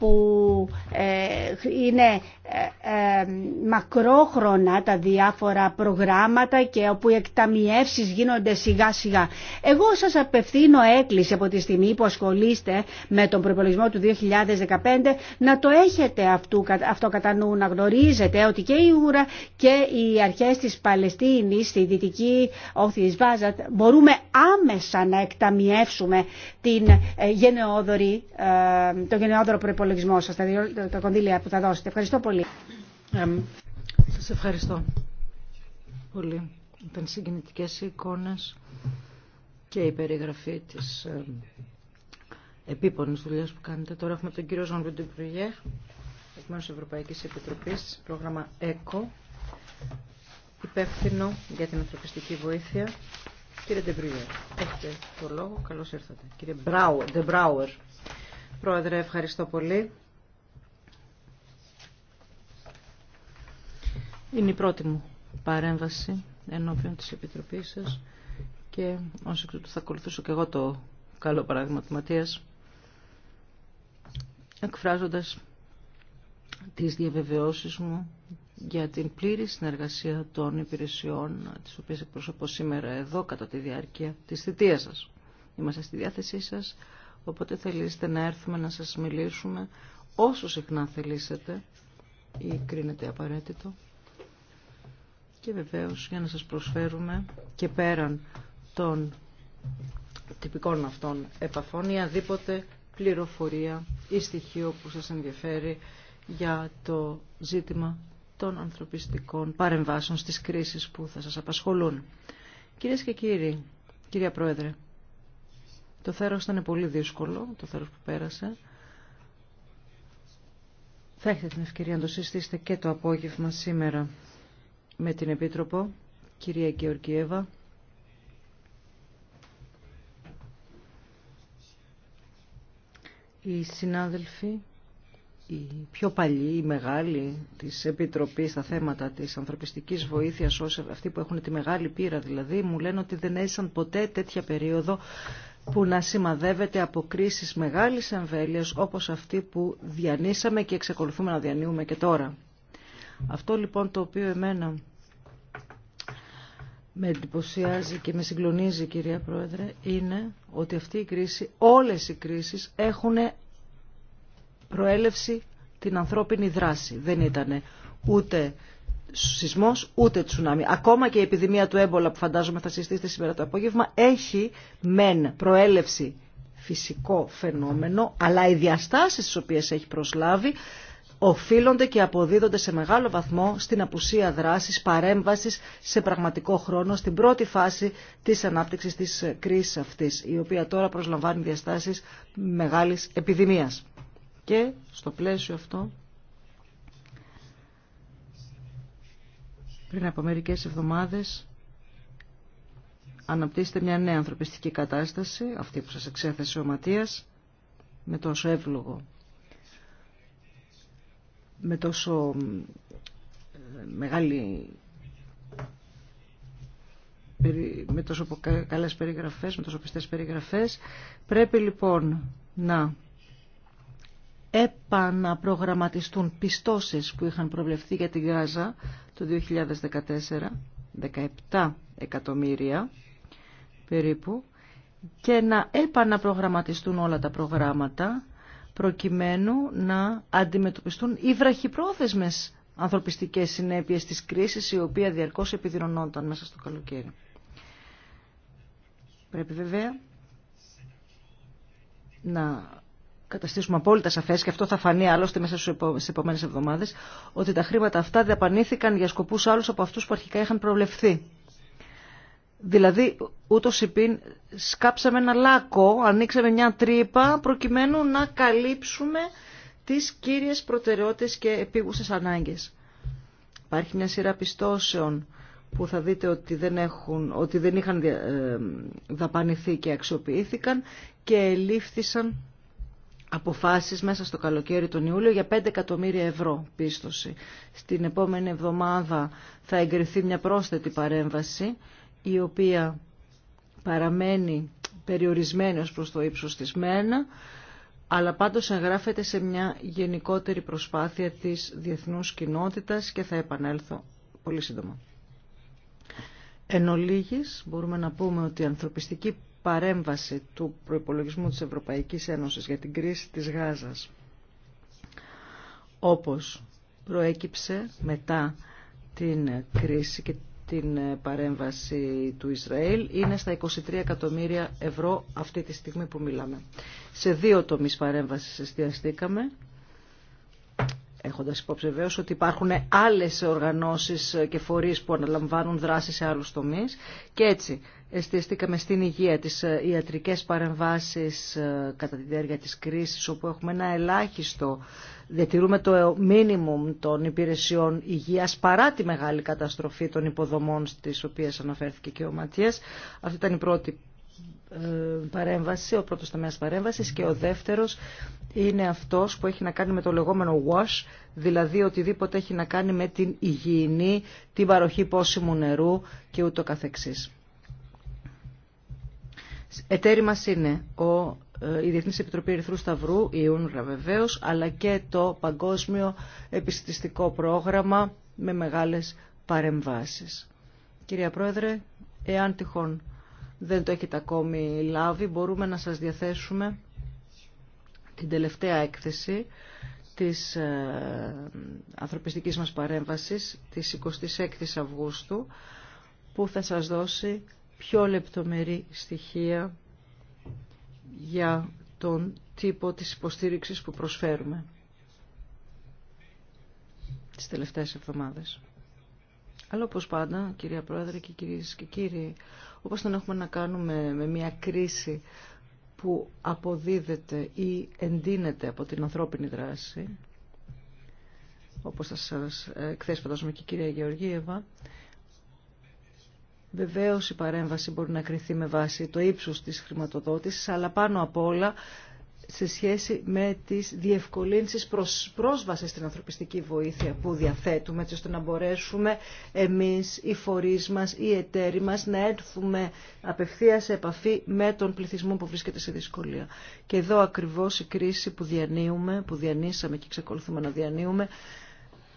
που ε, είναι ε, ε, μακρόχρονα τα διάφορα προγράμματα και όπου οι εκταμιεύσεις γίνονται σιγά σιγά. Εγώ σας απευθύνω έκκληση από τη στιγμή που ασχολείστε με τον προπολογισμό του 2015 να το έχετε αυτό κατά νου, να γνωρίζετε ότι και η Ούρα και οι αρχές της Παλαιστίνης στη δυτική όχθη Βάζα μπορούμε άμεσα να εκταμιεύσουμε την, γενναιόδορη, το προπολογισμό προπολογισμό σας, τα, τα κονδύλια που θα δώσετε. Ευχαριστώ πολύ. Ε, σας ευχαριστώ πολύ. Ήταν συγκινητικές οι εικόνες και η περιγραφή της ε, επίπονης δουλειάς που κάνετε. Τώρα έχουμε τον κύριο Ζων Βεντεπρουγέ, εκ μέρους Ευρωπαϊκής Επιτροπής, πρόγραμμα ΕΚΟ, υπεύθυνο για την ανθρωπιστική βοήθεια. Κύριε Ντεμπριγέ, έχετε το λόγο. Καλώς ήρθατε. Κύριε Ντεμπράουερ. Πρόεδρε, ευχαριστώ πολύ. Είναι η πρώτη μου παρέμβαση ενώπιον της Επιτροπής σας και ως εκ θα ακολουθήσω και εγώ το καλό παράδειγμα του Ματίας εκφράζοντας τις διαβεβαιώσεις μου για την πλήρη συνεργασία των υπηρεσιών τις οποίες εκπροσωπώ σήμερα εδώ κατά τη διάρκεια της θητείας σας. Είμαστε στη διάθεσή σας Οπότε θελήσετε να έρθουμε να σας μιλήσουμε όσο συχνά θελήσετε ή κρίνετε απαραίτητο. Και βεβαίως για να σας προσφέρουμε και πέραν των τυπικών αυτών επαφών ή αδίποτε πληροφορία ή στοιχείο που σας ενδιαφέρει για το ζήτημα των ανθρωπιστικών παρεμβάσεων στις κρίσεις που θα σας απασχολούν. Κυρίες και κύριοι, κυρία Πρόεδρε, το θέρος ήταν πολύ δύσκολο, το θέρος που πέρασε. Θα έχετε την ευκαιρία να το συστήσετε και το απόγευμα σήμερα με την Επίτροπο, κυρία Γεωργιέβα. Οι συνάδελφοι, οι πιο παλιοί, οι μεγάλοι της Επιτροπής στα θέματα της ανθρωπιστικής βοήθειας, όσοι αυτοί που έχουν τη μεγάλη πείρα δηλαδή, μου λένε ότι δεν έζησαν ποτέ τέτοια περίοδο που να σημαδεύεται από κρίσεις μεγάλης εμβέλειας όπως αυτή που διανύσαμε και εξακολουθούμε να διανύουμε και τώρα. Αυτό λοιπόν το οποίο εμένα με εντυπωσιάζει και με συγκλονίζει κυρία Πρόεδρε είναι ότι αυτή η κρίση, όλες οι κρίσεις έχουν προέλευση την ανθρώπινη δράση. Δεν ήταν ούτε σεισμός ούτε τσουνάμι. Ακόμα και η επιδημία του έμπολα που φαντάζομαι θα συστήσετε σήμερα το απόγευμα έχει μεν προέλευση φυσικό φαινόμενο, αλλά οι διαστάσεις τις οποίες έχει προσλάβει οφείλονται και αποδίδονται σε μεγάλο βαθμό στην απουσία δράσης, παρέμβασης σε πραγματικό χρόνο, στην πρώτη φάση της ανάπτυξης της κρίσης αυτής, η οποία τώρα προσλαμβάνει διαστάσεις μεγάλης επιδημίας. Και στο πλαίσιο αυτό Πριν από μερικές εβδομάδες αναπτύσσετε μια νέα ανθρωπιστική κατάσταση, αυτή που σας εξέθεσε ο Ματίας, με τόσο εύλογο, με τόσο ε, μεγάλη με τόσο καλές περιγραφές, με τόσο πιστές περιγραφές. Πρέπει λοιπόν να επαναπρογραμματιστούν πιστώσεις που είχαν προβλεφθεί για την Γάζα το 2014 17 εκατομμύρια περίπου και να επαναπρογραμματιστούν όλα τα προγράμματα προκειμένου να αντιμετωπιστούν οι βραχυπρόθεσμες ανθρωπιστικές συνέπειες της κρίσης η οποία διαρκώς επιδεινωνόταν μέσα στο καλοκαίρι. Πρέπει βέβαια να καταστήσουμε απόλυτα σαφέ, και αυτό θα φανεί άλλωστε μέσα στι επόμενε εβδομάδε, ότι τα χρήματα αυτά διαπανήθηκαν για σκοπού άλλου από αυτού που αρχικά είχαν προβλεφθεί. Δηλαδή, ούτω πιν, σκάψαμε ένα λάκκο, ανοίξαμε μια τρύπα, προκειμένου να καλύψουμε τι κύριε προτεραιότητε και επίγουσε ανάγκε. Υπάρχει μια σειρά πιστώσεων που θα δείτε ότι δεν, έχουν, ότι δεν είχαν ε, δαπανηθεί και αξιοποιήθηκαν και ελήφθησαν αποφάσεις μέσα στο καλοκαίρι τον Ιούλιο για 5 εκατομμύρια ευρώ πίστοση. Στην επόμενη εβδομάδα θα εγκριθεί μια πρόσθετη παρέμβαση η οποία παραμένει περιορισμένη ως προς το ύψος της ΜΕΝΑ αλλά πάντως εγγράφεται σε μια γενικότερη προσπάθεια της διεθνούς κοινότητας και θα επανέλθω πολύ σύντομα. Εν ολίγης, μπορούμε να πούμε ότι η ανθρωπιστική παρέμβαση του προϋπολογισμού της Ευρωπαϊκής Ένωσης για την κρίση της Γάζας, όπως προέκυψε μετά την κρίση και την παρέμβαση του Ισραήλ είναι στα 23 εκατομμύρια ευρώ αυτή τη στιγμή που μιλάμε. Σε δύο τομείς παρέμβασης εστιαστήκαμε, έχοντας υπόψη βεβαίως ότι υπάρχουν άλλες οργανώσεις και φορείς που αναλαμβάνουν δράση σε άλλους τομείς και έτσι εστιαστήκαμε στην υγεία, τις ε, ιατρικές παρεμβάσεις ε, κατά τη διάρκεια της κρίσης, όπου έχουμε ένα ελάχιστο, διατηρούμε το μίνιμουμ των υπηρεσιών υγείας παρά τη μεγάλη καταστροφή των υποδομών στις οποίες αναφέρθηκε και ο Ματίας. Αυτή ήταν η πρώτη ε, παρέμβαση, ο πρώτος τομέας παρέμβασης και ο δεύτερος είναι αυτός που έχει να κάνει με το λεγόμενο wash, δηλαδή οτιδήποτε έχει να κάνει με την υγιεινή, την παροχή πόσιμου νερού και ούτω καθεξής. Εταίροι μας είναι ο, ε, η Διεθνής Επιτροπή Ερυθρού Σταυρού, η UNRWA βεβαίω, αλλά και το Παγκόσμιο Επιστηστικό Πρόγραμμα με μεγάλες παρεμβάσεις. Κυρία Πρόεδρε, εάν τυχόν δεν το έχετε ακόμη λάβει, μπορούμε να σας διαθέσουμε την τελευταία έκθεση της ε, ανθρωπιστικής μας παρέμβασης της 26 Αυγούστου που θα σας δώσει πιο λεπτομερή στοιχεία για τον τύπο της υποστήριξης που προσφέρουμε τις τελευταίες εβδομάδες. Αλλά όπως πάντα, κυρία Πρόεδρε και κυρίες και κύριοι, όπως τον έχουμε να κάνουμε με μια κρίση που αποδίδεται ή εντείνεται από την ανθρώπινη δράση, όπως θα σας εκθέσει φαντάζομαι και η κυρία Γεωργίευα, Βεβαίω η παρέμβαση μπορεί να κριθεί με βάση το ύψο της χρηματοδότησης, αλλά πάνω απ' όλα σε σχέση με τις διευκολύνσεις προς πρόσβασης στην ανθρωπιστική βοήθεια που διαθέτουμε, έτσι ώστε να μπορέσουμε εμείς, οι φορείς μας, οι εταίροι μας να έρθουμε απευθεία σε επαφή με τον πληθυσμό που βρίσκεται σε δυσκολία. Και εδώ ακριβώ η κρίση που διανύουμε, που διανύσαμε και ξεκολουθούμε να διανύουμε,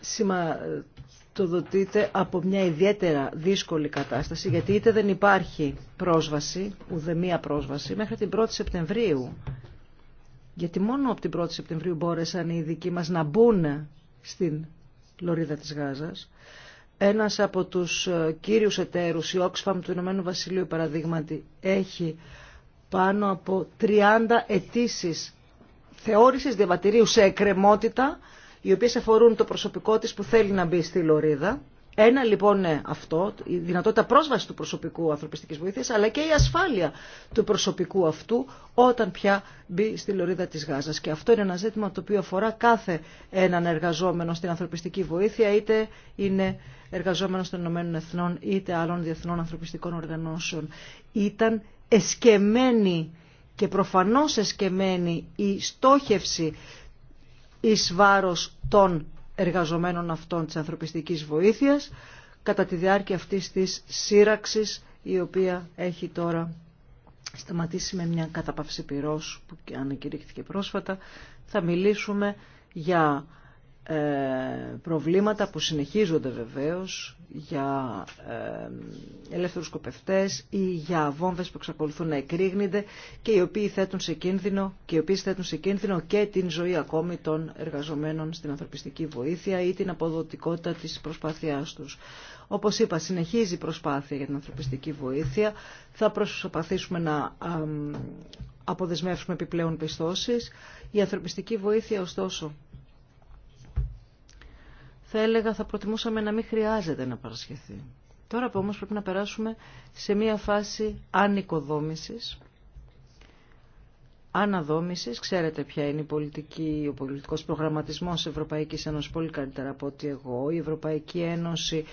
σηματοδοτείται από μια ιδιαίτερα δύσκολη κατάσταση γιατί είτε δεν υπάρχει πρόσβαση, ουδεμία πρόσβαση, μέχρι την 1η Σεπτεμβρίου. Γιατί μόνο από την 1η Σεπτεμβρίου μπόρεσαν οι ειδικοί μας να μπουν στην λωρίδα της Γάζας. Ένας από τους ε, κύριους εταίρους, η Oxfam του Ηνωμένου Βασιλείου παραδείγματι, έχει πάνω από 30 αιτήσει θεώρησης διαβατηρίου σε εκκρεμότητα οι οποίε αφορούν το προσωπικό τη που θέλει να μπει στη Λωρίδα. Ένα λοιπόν ναι, αυτό, η δυνατότητα πρόσβαση του προσωπικού ανθρωπιστικής βοήθειας, αλλά και η ασφάλεια του προσωπικού αυτού όταν πια μπει στη λωρίδα της Γάζας. Και αυτό είναι ένα ζήτημα το οποίο αφορά κάθε έναν εργαζόμενο στην ανθρωπιστική βοήθεια, είτε είναι εργαζόμενος των ΗΕ, είτε άλλων διεθνών ανθρωπιστικών οργανώσεων. Ήταν εσκεμμένη και προφανώς εσκεμμένη η στόχευση εις βάρος των εργαζομένων αυτών της ανθρωπιστικής βοήθειας κατά τη διάρκεια αυτής της σύραξης η οποία έχει τώρα σταματήσει με μια καταπαυση πυρός που ανακηρύχθηκε πρόσφατα. Θα μιλήσουμε για ε, προβλήματα που συνεχίζονται βεβαίως για ε, ελεύθερους σκοπευτές ή για βόμβες που εξακολουθούν να εκρήγνεται και οι οποίοι θέτουν σε κίνδυνο και οι οποίοι θέτουν σε κίνδυνο και την ζωή ακόμη των εργαζομένων στην ανθρωπιστική βοήθεια ή την αποδοτικότητα της προσπάθειάς τους. Όπως είπα, συνεχίζει η προσπάθεια για την ανθρωπιστική βοήθεια. Θα προσπαθήσουμε να αποδεσμεύσουμε επιπλέον πιστώσεις. Η ανθρωπιστική βοήθεια, ωστόσο, θα έλεγα θα προτιμούσαμε να μην χρειάζεται να παρασχεθεί. Τώρα που όμως πρέπει να περάσουμε σε μια φάση ανοικοδόμησης, αναδόμησης. Ξέρετε ποια είναι η πολιτική, ο πολιτικός προγραμματισμός Ευρωπαϊκής Ένωσης πολύ καλύτερα από ότι εγώ. Η Ευρωπαϊκή Ένωση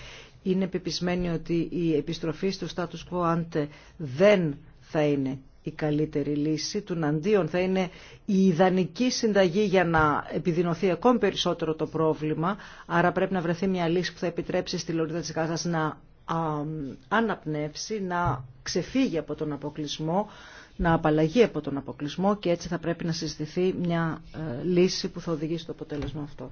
είναι πεπισμένη ότι η επιστροφή στο status quo ante δεν θα είναι η καλύτερη λύση. Του Ναντίον θα είναι η ιδανική συνταγή για να επιδεινωθεί ακόμη περισσότερο το πρόβλημα. Άρα πρέπει να βρεθεί μια λύση που θα επιτρέψει στη Λωρίδα της να αναπνεύσει, να ξεφύγει από τον αποκλεισμό, να απαλλαγεί από τον αποκλεισμό και έτσι θα πρέπει να συζητηθεί μια ε, λύση που θα οδηγήσει το αποτέλεσμα αυτό.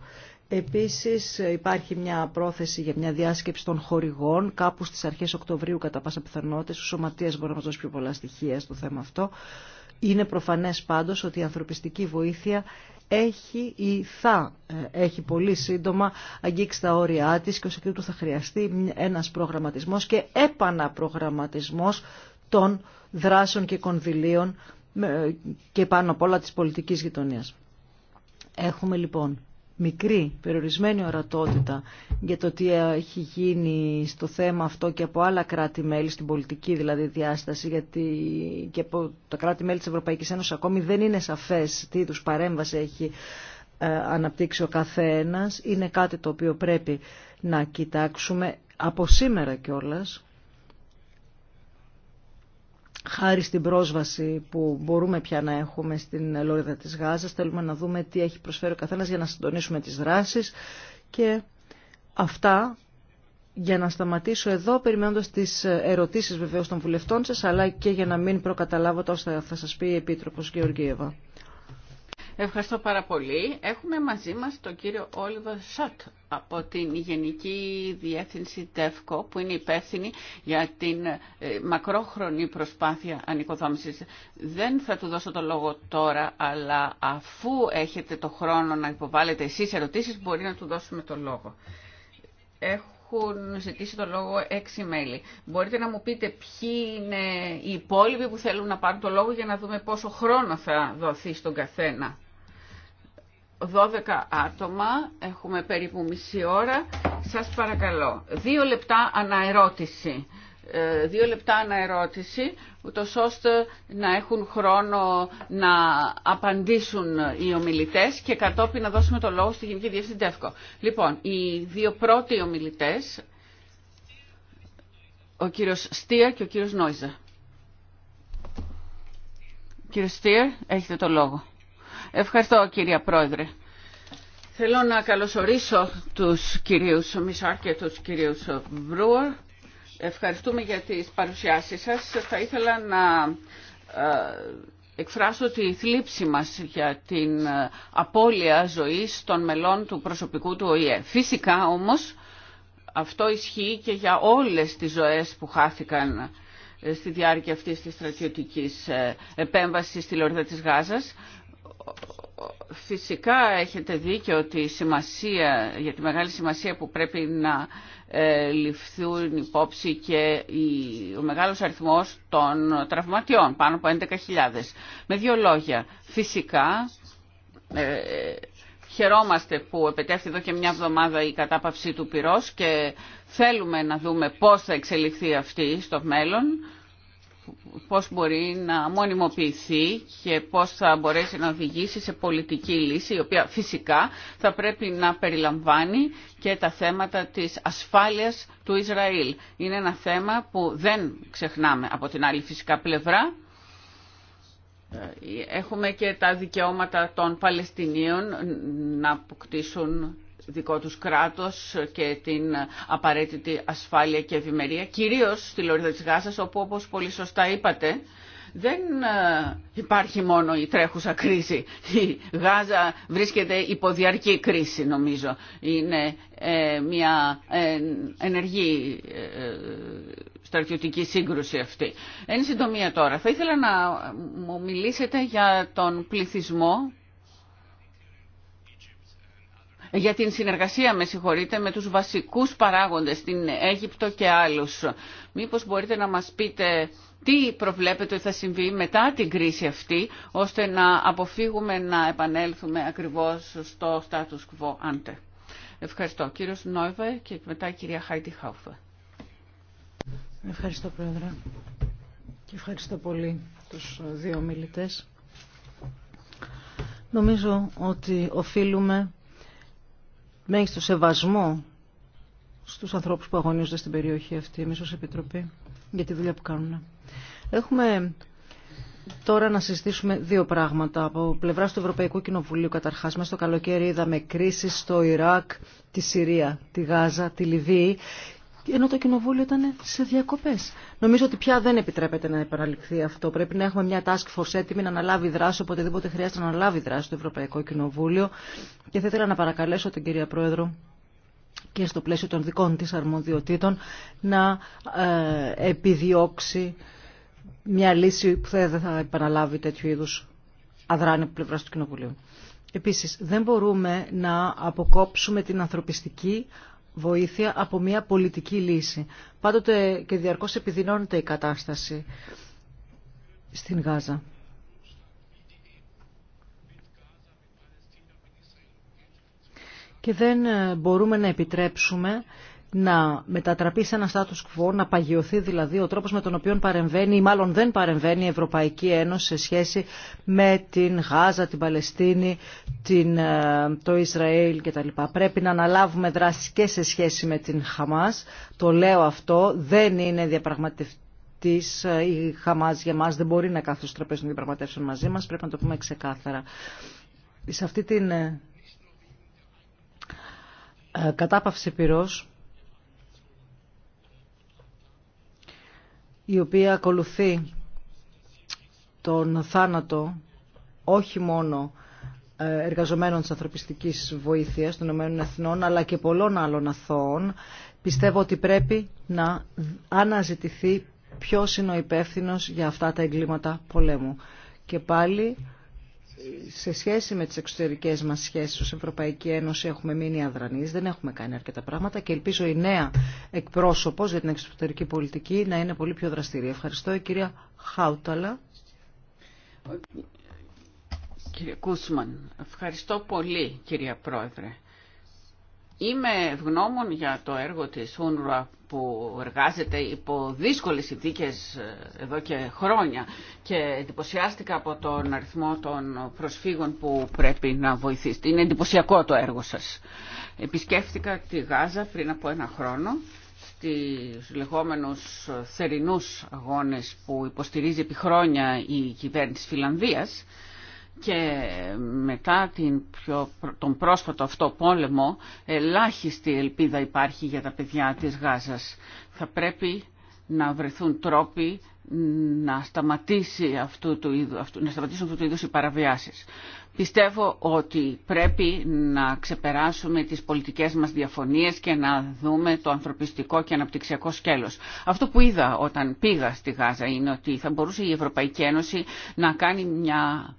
Επίσης ε, υπάρχει μια πρόθεση για μια διάσκεψη των χορηγών κάπου στις αρχές Οκτωβρίου κατά πάσα πιθανότητα. Ο Σωματείας μπορεί να μας δώσει πιο πολλά στοιχεία στο θέμα αυτό. Είναι προφανές πάντως ότι η ανθρωπιστική βοήθεια έχει ή θα ε, έχει πολύ σύντομα αγγίξει τα όρια της και ως εκεί του θα χρειαστεί ένας προγραμματισμός και επαναπρογραμματισμός των δράσεων και κονδυλίων και πάνω απ' όλα της πολιτικής γειτονίας. Έχουμε λοιπόν μικρή, περιορισμένη ορατότητα για το τι έχει γίνει στο θέμα αυτό και από άλλα κράτη-μέλη στην πολιτική δηλαδή διάσταση γιατί και από τα κράτη-μέλη της Ευρωπαϊκής Ένωσης ακόμη δεν είναι σαφές τι είδους παρέμβαση έχει ε, αναπτύξει ο καθένας. Είναι κάτι το οποίο πρέπει να κοιτάξουμε από σήμερα κιόλας χάρη στην πρόσβαση που μπορούμε πια να έχουμε στην Λόριδα της Γάζας, θέλουμε να δούμε τι έχει προσφέρει ο καθένας για να συντονίσουμε τις δράσεις και αυτά για να σταματήσω εδώ, περιμένοντας τις ερωτήσεις βεβαίως των βουλευτών σας, αλλά και για να μην προκαταλάβω τα όσα θα σας πει η Επίτροπος Γεωργίευα. Ευχαριστώ πάρα πολύ. Έχουμε μαζί μας τον κύριο Όλιβα Σότ από την Γενική Διεύθυνση ΤΕΦΚΟ που είναι υπεύθυνη για την ε, μακρόχρονη προσπάθεια ανοικοδόμησης. Δεν θα του δώσω το λόγο τώρα, αλλά αφού έχετε το χρόνο να υποβάλλετε εσείς ερωτήσεις μπορεί να του δώσουμε το λόγο. έχουν ζητήσει το λόγο έξι μέλη. Μπορείτε να μου πείτε ποιοι είναι οι υπόλοιποι που θέλουν να πάρουν το λόγο για να δούμε πόσο χρόνο θα δοθεί στον καθένα. 12 άτομα, έχουμε περίπου μισή ώρα. Σας παρακαλώ, δύο λεπτά αναερώτηση. Ε, δύο λεπτά αναερώτηση, ούτως ώστε να έχουν χρόνο να απαντήσουν οι ομιλητές και κατόπιν να δώσουμε το λόγο στη Γενική Διευθυντεύκο. Λοιπόν, οι δύο πρώτοι ομιλητές, ο κύριος Στία και ο κύριος Νόιζα. Κύριε Στία, έχετε το λόγο. Ευχαριστώ κύριε Πρόεδρε. Θέλω να καλωσορίσω τους κυρίους Μισάρ και τους κυρίους Μπρούερ. Ευχαριστούμε για τις παρουσιάσεις σας. Θα ήθελα να ε, εκφράσω τη θλίψη μας για την ε, απώλεια ζωής των μελών του προσωπικού του ΟΗΕ. Φυσικά όμως αυτό ισχύει και για όλες τις ζωές που χάθηκαν ε, στη διάρκεια αυτής της στρατιωτικής επέμβασης στη Λόρδα της Γάζας Φυσικά έχετε δίκιο ότι η σημασία, για τη μεγάλη σημασία που πρέπει να ε, ληφθούν υπόψη και ο μεγάλος αριθμός των τραυματιών, πάνω από 11.000. Με δύο λόγια, φυσικά ε, χαιρόμαστε που επετέφθη εδώ και μια εβδομάδα η κατάπαυση του πυρός και θέλουμε να δούμε πώς θα εξελιχθεί αυτή στο μέλλον πώς μπορεί να μονιμοποιηθεί και πώς θα μπορέσει να οδηγήσει σε πολιτική λύση, η οποία φυσικά θα πρέπει να περιλαμβάνει και τα θέματα της ασφάλειας του Ισραήλ. Είναι ένα θέμα που δεν ξεχνάμε από την άλλη φυσικά πλευρά. Ε, έχουμε και τα δικαιώματα των Παλαιστινίων να αποκτήσουν δικό τους κράτος και την απαραίτητη ασφάλεια και ευημερία, κυρίως στη Λωρίδα της Γάζας, όπου όπως πολύ σωστά είπατε, δεν ε, υπάρχει μόνο η τρέχουσα κρίση. Η Γάζα βρίσκεται υποδιαρκή κρίση νομίζω. Είναι ε, μια ε, ενεργή στρατιωτική σύγκρουση αυτή. Εν συντομία τώρα, θα ήθελα να μου μιλήσετε για τον πληθυσμό για την συνεργασία, με συγχωρείτε, με τους βασικούς παράγοντες στην Αίγυπτο και άλλους. Μήπως μπορείτε να μας πείτε τι προβλέπετε ότι θα συμβεί μετά την κρίση αυτή, ώστε να αποφύγουμε να επανέλθουμε ακριβώς στο status quo ante. Ευχαριστώ. Κύριος Νόιβε και μετά η κυρία Χάιτι Χάουφε. Ευχαριστώ, Πρόεδρε. Και ευχαριστώ πολύ τους δύο μιλητές. Νομίζω ότι οφείλουμε το σεβασμό στους ανθρώπους που αγωνίζονται στην περιοχή αυτή, εμείς ως Επιτροπή, για τη δουλειά που κάνουν. Έχουμε τώρα να συζητήσουμε δύο πράγματα. Από πλευρά του Ευρωπαϊκού Κοινοβουλίου, καταρχάς, μέσα στο καλοκαίρι είδαμε κρίσεις στο Ιράκ, τη Συρία, τη Γάζα, τη Λιβύη ενώ το κοινοβούλιο ήταν σε διακοπές. Νομίζω ότι πια δεν επιτρέπεται να επαναληφθεί αυτό. Πρέπει να έχουμε μια task force έτοιμη να αναλάβει δράση, οποτεδήποτε χρειάζεται να αναλάβει δράση το Ευρωπαϊκό Κοινοβούλιο. Και θα ήθελα να παρακαλέσω την κυρία Πρόεδρο και στο πλαίσιο των δικών της αρμοδιοτήτων να ε, επιδιώξει μια λύση που δεν θα επαναλάβει τέτοιου είδους αδράνεια από πλευράς του Κοινοβουλίου. Επίσης, δεν μπορούμε να αποκόψουμε την ανθρωπιστική βοήθεια από μια πολιτική λύση. Πάντοτε και διαρκώς επιδεινώνεται η κατάσταση στην Γάζα. Και δεν μπορούμε να επιτρέψουμε να μετατραπεί σε ένα status quo, να παγιωθεί δηλαδή ο τρόπος με τον οποίο παρεμβαίνει ή μάλλον δεν παρεμβαίνει η Ευρωπαϊκή Ένωση σε σχέση με την Γάζα, την Παλαιστίνη, την, ε, το Ισραήλ κτλ. Πρέπει να αναλάβουμε δράση και σε σχέση με την Χαμάς. Το λέω αυτό, δεν είναι διαπραγματεύτη. Ε, η Χαμάς για μας δεν μπορεί να κάθεται στους τραπέζι των διαπραγματεύσεων μαζί μας, πρέπει να το πούμε ξεκάθαρα. Σε αυτή την ε, κατάπαυση πυρός η οποία ακολουθεί τον θάνατο όχι μόνο ε, εργαζομένων της ανθρωπιστικής βοήθειας των ΗΕ αλλά και πολλών άλλων αθώων πιστεύω ότι πρέπει να αναζητηθεί ποιος είναι ο υπεύθυνος για αυτά τα εγκλήματα πολέμου. Και πάλι σε σχέση με τις εξωτερικές μας σχέσεις ως Ευρωπαϊκή Ένωση έχουμε μείνει αδρανείς, δεν έχουμε κάνει αρκετά πράγματα και ελπίζω η νέα εκπρόσωπος για την εξωτερική πολιτική να είναι πολύ πιο δραστηρή. Ευχαριστώ η κυρία Χάουταλα. Κύριε Κούσμαν, ευχαριστώ πολύ κυρία Πρόεδρε. Είμαι ευγνώμων για το έργο της UNRWA που εργάζεται υπό δύσκολες συνθήκες ε, εδώ και χρόνια και εντυπωσιάστηκα από τον αριθμό των προσφύγων που πρέπει να βοηθήσετε. Είναι εντυπωσιακό το έργο σας. Επισκέφθηκα τη Γάζα πριν από ένα χρόνο στις λεγόμενους θερινούς αγώνες που υποστηρίζει επί χρόνια η κυβέρνηση Φιλανδίας και μετά την πιο, τον πρόσφατο αυτό πόλεμο ελάχιστη ελπίδα υπάρχει για τα παιδιά της Γάζας. Θα πρέπει να βρεθούν τρόποι να, σταματήσει αυτού του είδου, να σταματήσουν αυτού του είδους οι παραβιάσεις. Πιστεύω ότι πρέπει να ξεπεράσουμε τις πολιτικές μας διαφωνίες και να δούμε το ανθρωπιστικό και αναπτυξιακό σκέλος. Αυτό που είδα όταν πήγα στη Γάζα είναι ότι θα μπορούσε η Ευρωπαϊκή Ένωση να κάνει μια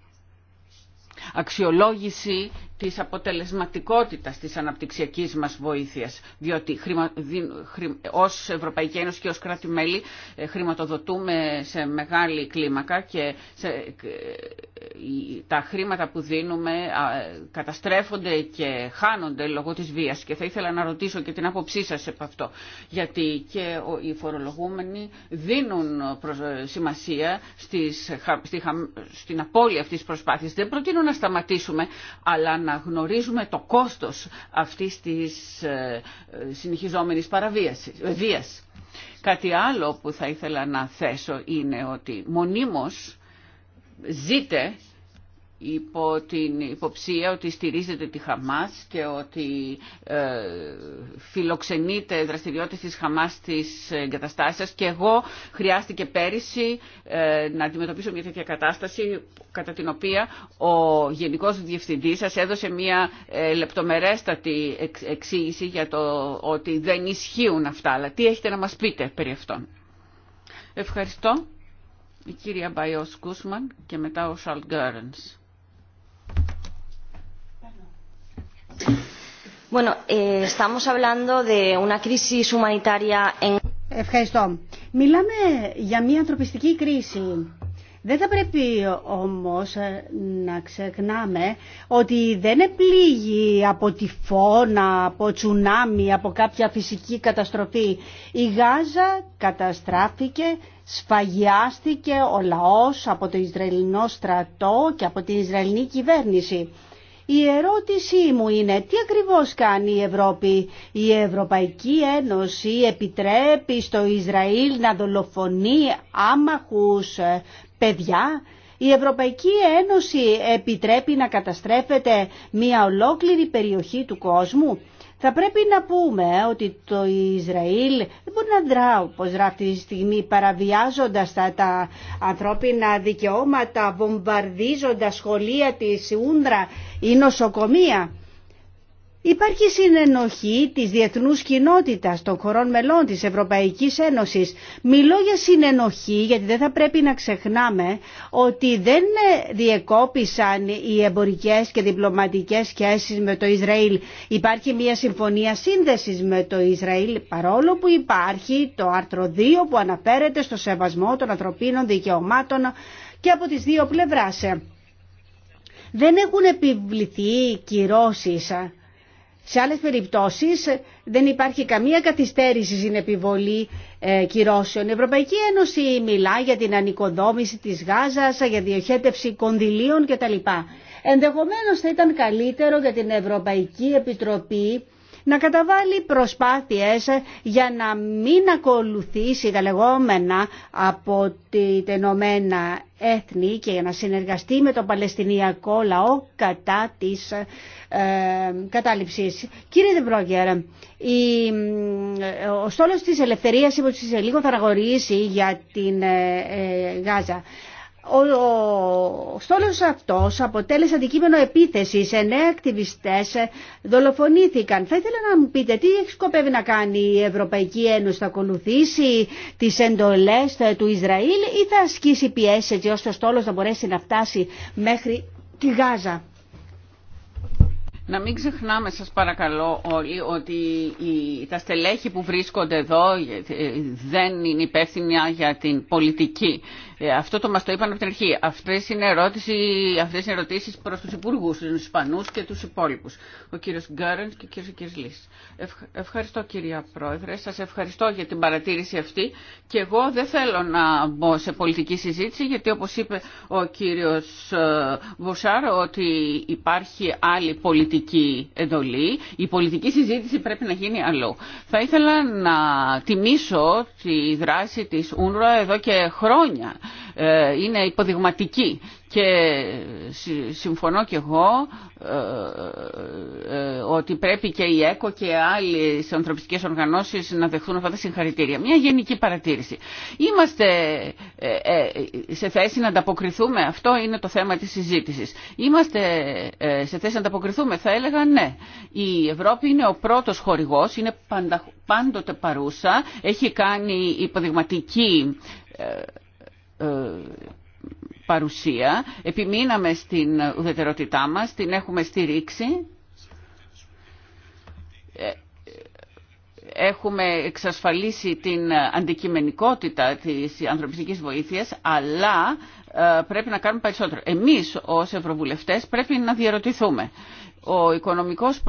αξιολόγηση της αποτελεσματικότητας της αναπτυξιακής μας βοήθειας, διότι χρημα, ως Ευρωπαϊκή Ένωση και ως κράτη-μέλη ε, χρηματοδοτούμε σε μεγάλη κλίμακα και σε... Ε, τα χρήματα που δίνουμε καταστρέφονται και χάνονται λόγω της βίας. Και θα ήθελα να ρωτήσω και την άποψή σας επ' αυτό, γιατί και οι φορολογούμενοι δίνουν σημασία στις... στην απώλεια αυτής της προσπάθειας. Δεν προτείνω να σταματήσουμε, αλλά να γνωρίζουμε το κόστος αυτής της ε, συνεχιζόμενης παραβίασης, ε, Κάτι άλλο που θα ήθελα να θέσω είναι ότι μονίμως ζείτε υπό την υποψία ότι στηρίζεται τη Χαμάς και ότι ε, φιλοξενείται δραστηριότητες της Χαμάς στις εγκαταστάσεις και εγώ χρειάστηκε πέρυσι ε, να αντιμετωπίσω μια τέτοια κατάσταση κατά την οποία ο Γενικός Διευθυντής σας έδωσε μια ε, λεπτομερέστατη εξήγηση για το ότι δεν ισχύουν αυτά. Αλλά τι έχετε να μας πείτε περί αυτών. Ευχαριστώ. Η κυρία Μπαϊός Κούσμαν και μετά ο Σαλτ Eh, Ευχαριστώ. Μιλάμε για μια ανθρωπιστική κρίση. Δεν θα πρέπει όμως ε, να ξεχνάμε ότι δεν επλήγει από τυφώνα, από τσουνάμι, από κάποια φυσική καταστροφή. Η Γάζα καταστράφηκε, σφαγιάστηκε ο λαός από το Ισραηλινό στρατό και από την Ισραηλινή κυβέρνηση. Η ερώτησή μου είναι τι ακριβώς κάνει η Ευρώπη. Η Ευρωπαϊκή Ένωση επιτρέπει στο Ισραήλ να δολοφονεί άμαχους ε, παιδιά. Η Ευρωπαϊκή Ένωση επιτρέπει να καταστρέφεται μια ολόκληρη περιοχή του κόσμου. Θα πρέπει να πούμε ότι το Ισραήλ δεν μπορεί να δρά όπως δρά αυτή τη στιγμή παραβιάζοντας τα, τα ανθρώπινα δικαιώματα, βομβαρδίζοντας σχολεία της Ούντρα ή νοσοκομεία. Υπάρχει συνενοχή της διεθνούς κοινότητας των χωρών μελών της Ευρωπαϊκής Ένωσης. Μιλώ για συνενοχή γιατί δεν θα πρέπει να ξεχνάμε ότι δεν ε, διεκόπησαν οι εμπορικές και διπλωματικές σχέσεις με το Ισραήλ. Υπάρχει μια συμφωνία σύνδεσης με το Ισραήλ παρόλο που υπάρχει το άρθρο 2 που αναφέρεται στο σεβασμό των ανθρωπίνων δικαιωμάτων και από τις δύο πλευράς. Δεν έχουν επιβληθεί κυρώσεις σε άλλες περιπτώσεις ε, δεν υπάρχει καμία καθυστέρηση στην επιβολή ε, κυρώσεων. Η Ευρωπαϊκή Ένωση μιλά για την ανοικοδόμηση της Γάζας, για διοχέτευση κονδυλίων κτλ. Ενδεχομένως θα ήταν καλύτερο για την Ευρωπαϊκή Επιτροπή να καταβάλει προσπάθειες για να μην ακολουθήσει τα λεγόμενα από την ενωμένα Έθνη και για να συνεργαστεί με το Παλαιστινιακό λαό κατά της ε, κατάληψης. Κύριε Δεμπρόγκερ, η, ε, ο στόλος της ελευθερίας ότι σε λίγο θα για την ε, ε, Γάζα. Ο στόλος αυτός αποτέλεσε αντικείμενο επίθεσης. νέα ακτιβιστές δολοφονήθηκαν. Θα ήθελα να μου πείτε τι σκοπεύει να κάνει η Ευρωπαϊκή Ένωση. Θα ακολουθήσει τις εντολές του Ισραήλ ή θα ασκήσει πιέσεις έτσι ώστε ο στόλος να μπορέσει να φτάσει μέχρι τη Γάζα. Να μην ξεχνάμε σας παρακαλώ όλοι ότι οι, τα στελέχη που βρίσκονται εδώ ε, δεν είναι υπεύθυνοι για την πολιτική ε, αυτό το μας το είπαν από την αρχή. Αυτές είναι, ερωτήσει αυτές είναι ερωτήσεις προς τους υπουργούς, τους Ισπανούς και τους υπόλοιπους. Ο κύριος Γκάρεντ και ο κύριος Κυρλής. ευχαριστώ κυρία Πρόεδρε, σας ευχαριστώ για την παρατήρηση αυτή και εγώ δεν θέλω να μπω σε πολιτική συζήτηση γιατί όπως είπε ο κύριος ε, Μπουσάρ ότι υπάρχει άλλη πολιτική εντολή. Η πολιτική συζήτηση πρέπει να γίνει αλλού. Θα ήθελα να τιμήσω τη δράση της UNRWA εδώ και χρόνια ε, είναι υποδειγματική και συμφωνώ και εγώ ε, ε, ότι πρέπει και η ΕΚΟ και άλλοι σε ανθρωπιστικές οργανώσεις να δεχθούν αυτά τα συγχαρητήρια. Μια γενική παρατήρηση. Είμαστε σε θέση να ανταποκριθούμε. Αυτό είναι το θέμα της συζήτησης. Είμαστε σε θέση να ανταποκριθούμε. Θα έλεγα ναι. Η Ευρώπη είναι ο πρώτος χορηγός, είναι πάντοτε παρούσα, έχει κάνει υποδειγματική ε, παρουσία. Επιμείναμε στην ουδετερότητά μας, την έχουμε στηρίξει. Ε, έχουμε εξασφαλίσει την αντικειμενικότητα της ανθρωπιστικής βοήθειας, αλλά ε, πρέπει να κάνουμε περισσότερο. Εμείς ως Ευρωβουλευτές πρέπει να διαρωτηθούμε. Ο οικονομικός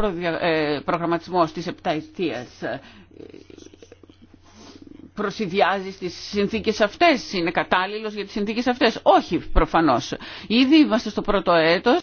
προγραμματισμός της επταετίας προσυδειάζει στις συνθήκες αυτές, είναι κατάλληλος για τις συνθήκες αυτές. Όχι, προφανώς. Ήδη είμαστε στο πρώτο έτος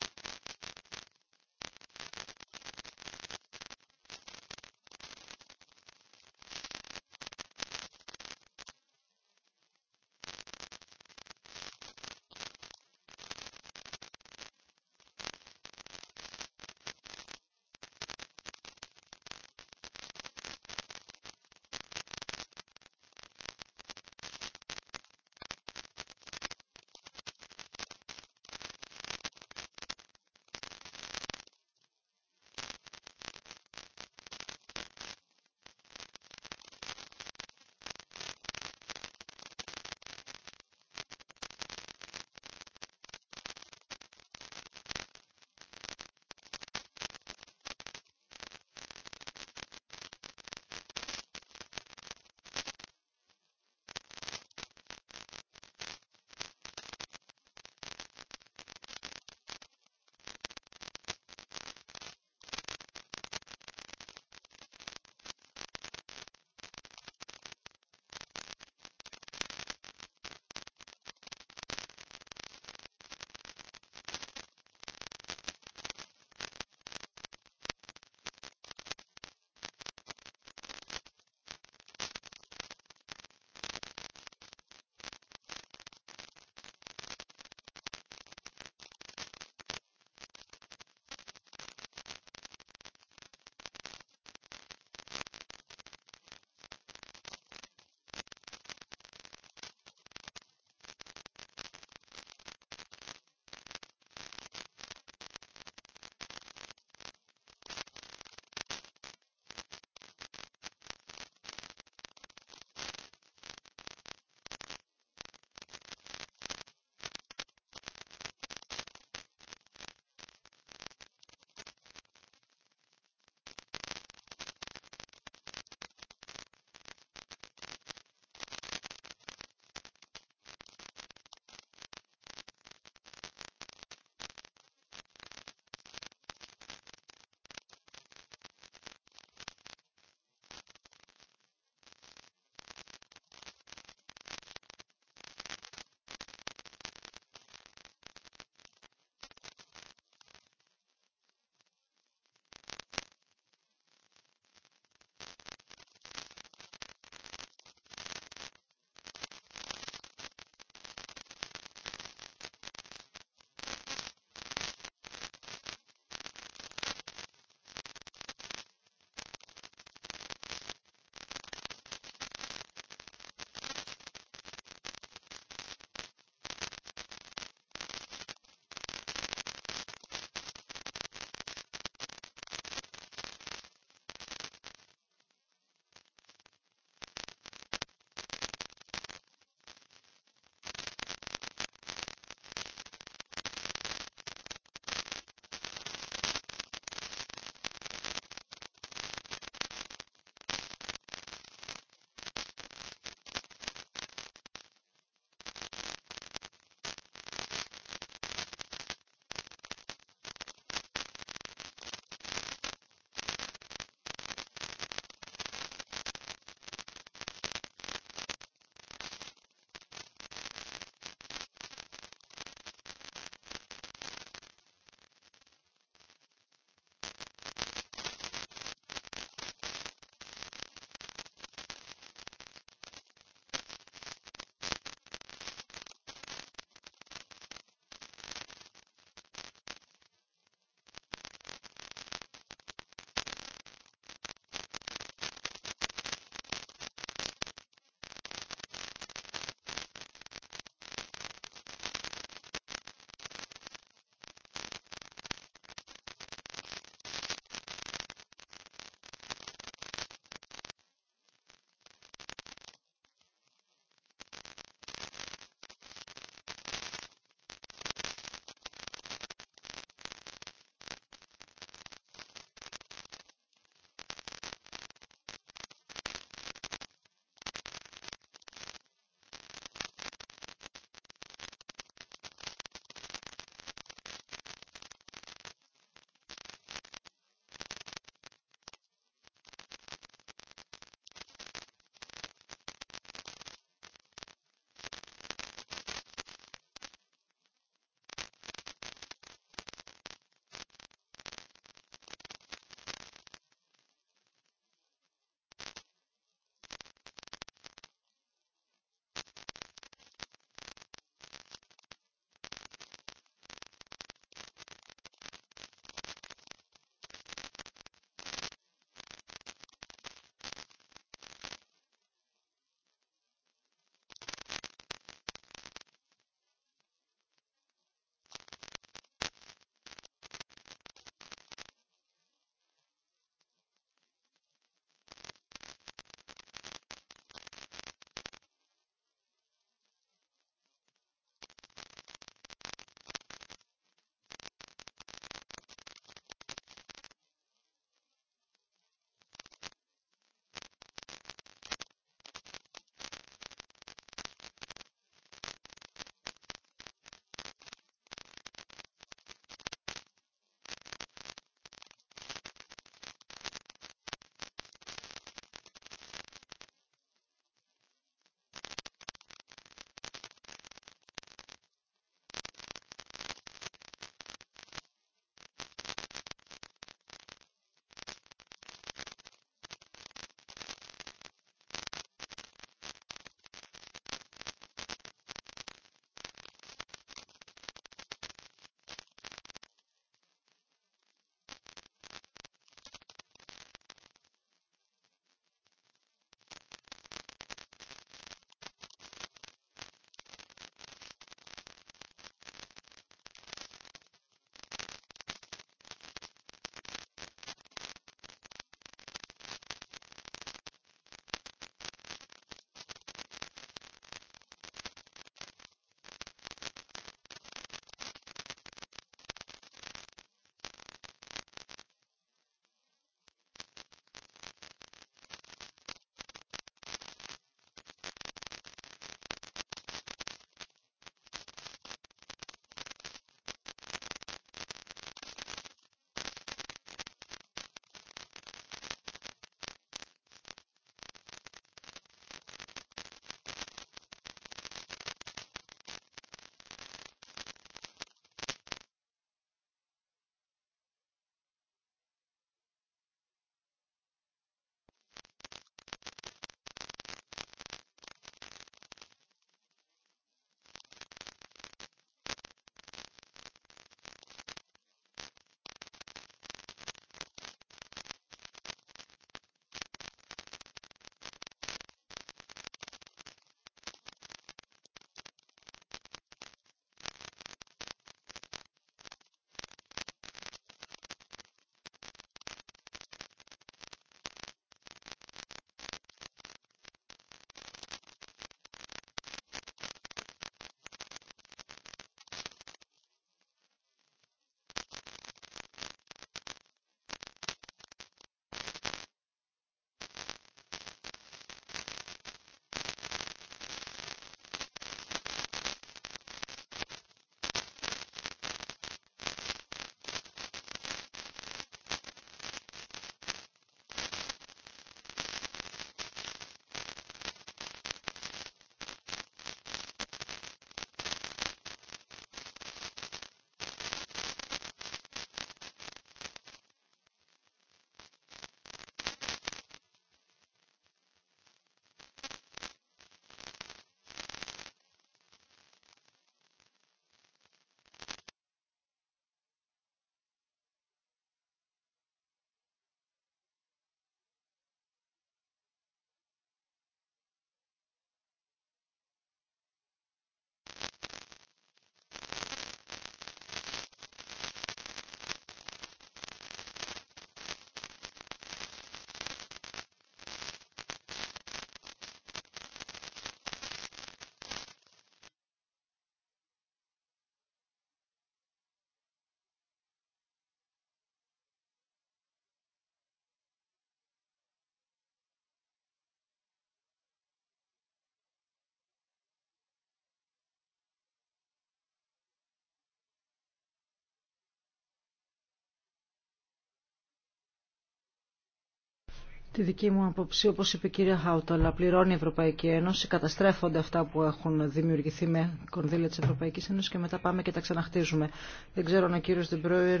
Τη δική μου άποψη, όπως είπε η κυρία Χάουταλα, πληρώνει η Ευρωπαϊκή Ένωση, καταστρέφονται αυτά που έχουν δημιουργηθεί με κονδύλια της Ευρωπαϊκής Ένωσης και μετά πάμε και τα ξαναχτίζουμε. Δεν ξέρω αν ο κύριος Ντεμπρόιερ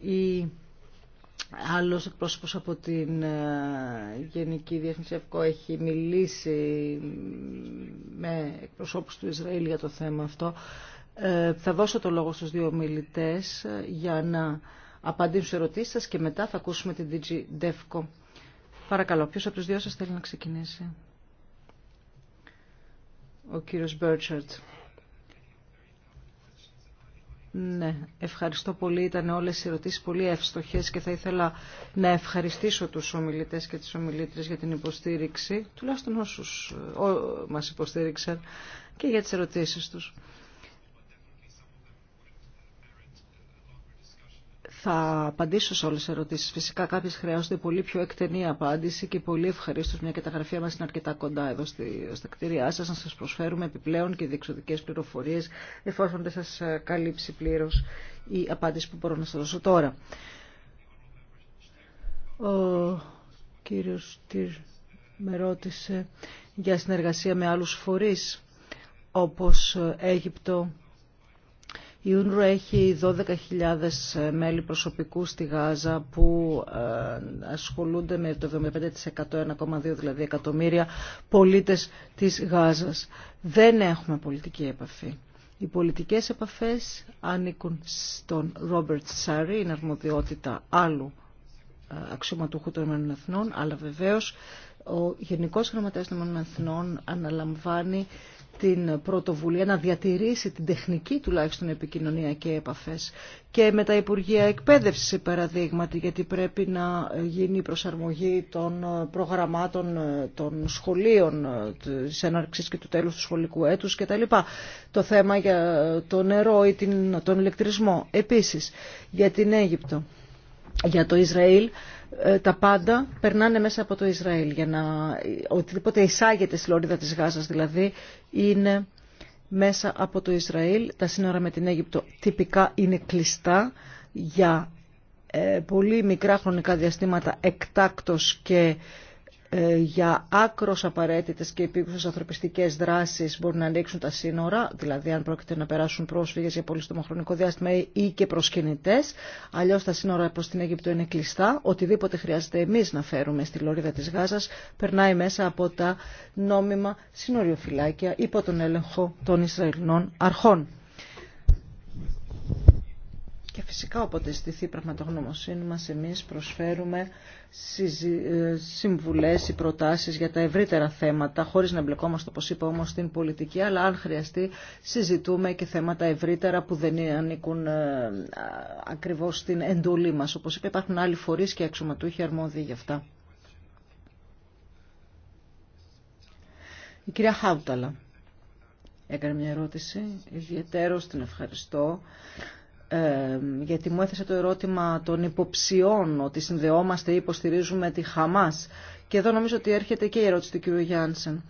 ή άλλος εκπρόσωπος από την ε, Γενική Διεθνής Ευκό έχει μιλήσει με εκπροσώπους του Ισραήλ για το θέμα αυτό. Ε, θα δώσω το λόγο στους δύο μιλητές για να απαντήσουν σε ερωτήσεις σας και μετά θα ακούσουμε την DG DEFCO. Παρακαλώ, ποιος από τους δύο σας θέλει να ξεκινήσει. Ο κύριος Μπέρτσαρτ. Ναι, ευχαριστώ πολύ. Ήταν όλες οι ερωτήσεις πολύ εύστοχες και θα ήθελα να ευχαριστήσω τους ομιλητές και τις ομιλήτρες για την υποστήριξη, τουλάχιστον όσους ε, μας υποστήριξαν και για τις ερωτήσεις τους. Θα απαντήσω σε όλες τις ερωτήσεις. Φυσικά κάποιες χρειάζονται πολύ πιο εκτενή απάντηση και πολύ ευχαρίστω μια και τα γραφεία μας είναι αρκετά κοντά εδώ στα κτίρια σας να σας προσφέρουμε επιπλέον και διεξοδικές πληροφορίες εφόσον δεν σας ε, καλύψει πλήρως η απάντηση που μπορώ να σας δώσω τώρα. Ο κύριος Τυρ με ρώτησε για συνεργασία με άλλους φορείς όπως Αίγυπτο, η UNRWA έχει 12.000 μέλη προσωπικού στη Γάζα που ε, ασχολούνται με το 75%, 1,2 δηλαδή εκατομμύρια πολίτες της Γάζας. Δεν έχουμε πολιτική επαφή. Οι πολιτικές επαφές ανήκουν στον Ρόμπερτ Σάρι, είναι αρμοδιότητα άλλου ε, αξιωματούχου των Εθνών, αλλά βεβαίως ο Γενικός Γραμματέας των Εθνών αναλαμβάνει την πρωτοβουλία να διατηρήσει την τεχνική τουλάχιστον επικοινωνία και επαφές και με τα Υπουργεία Εκπαίδευσης παραδείγματι γιατί πρέπει να γίνει η προσαρμογή των προγραμμάτων των σχολείων της έναρξης και του τέλους του σχολικού έτους λοιπά Το θέμα για το νερό ή τον ηλεκτρισμό επίσης για την Αίγυπτο, για το Ισραήλ ε, τα πάντα περνάνε μέσα από το Ισραήλ. Για να, οτιδήποτε εισάγεται στη λωρίδα της Γάζας δηλαδή είναι μέσα από το Ισραήλ. Τα σύνορα με την Αίγυπτο τυπικά είναι κλειστά για ε, πολύ μικρά χρονικά διαστήματα εκτάκτος και ε, για άκρος απαραίτητες και επίκουσες ανθρωπιστικές δράσεις μπορούν να ανοίξουν τα σύνορα, δηλαδή αν πρόκειται να περάσουν πρόσφυγες για πολύ χρονικό διάστημα ή και προσκυνητές, αλλιώς τα σύνορα προς την Αίγυπτο είναι κλειστά, οτιδήποτε χρειάζεται εμείς να φέρουμε στη λωρίδα της Γάζας περνάει μέσα από τα νόμιμα συνοριοφυλάκια υπό τον έλεγχο των Ισραηλινών αρχών. Και φυσικά όποτε στηθεί πραγματογνωμοσύνη μας εμείς προσφέρουμε ε, συμβουλές ή προτάσεις για τα ευρύτερα θέματα χωρίς να μπλεκόμαστε όπως είπα όμως στην πολιτική αλλά αν χρειαστεί συζητούμε και θέματα ευρύτερα που δεν ανήκουν ε, ακριβώς στην εντολή μας. Όπως είπα υπάρχουν άλλοι φορείς και αξιωματούχοι αρμόδιοι γι' αυτά. Η κυρία Χάουταλα έκανε μια ερώτηση, ιδιαίτερος την ευχαριστώ γιατί μου έθεσε το ερώτημα των υποψιών ότι συνδεόμαστε ή υποστηρίζουμε τη Χαμάς. Και εδώ νομίζω ότι έρχεται και η ερώτηση του κ. Γιάνσεν.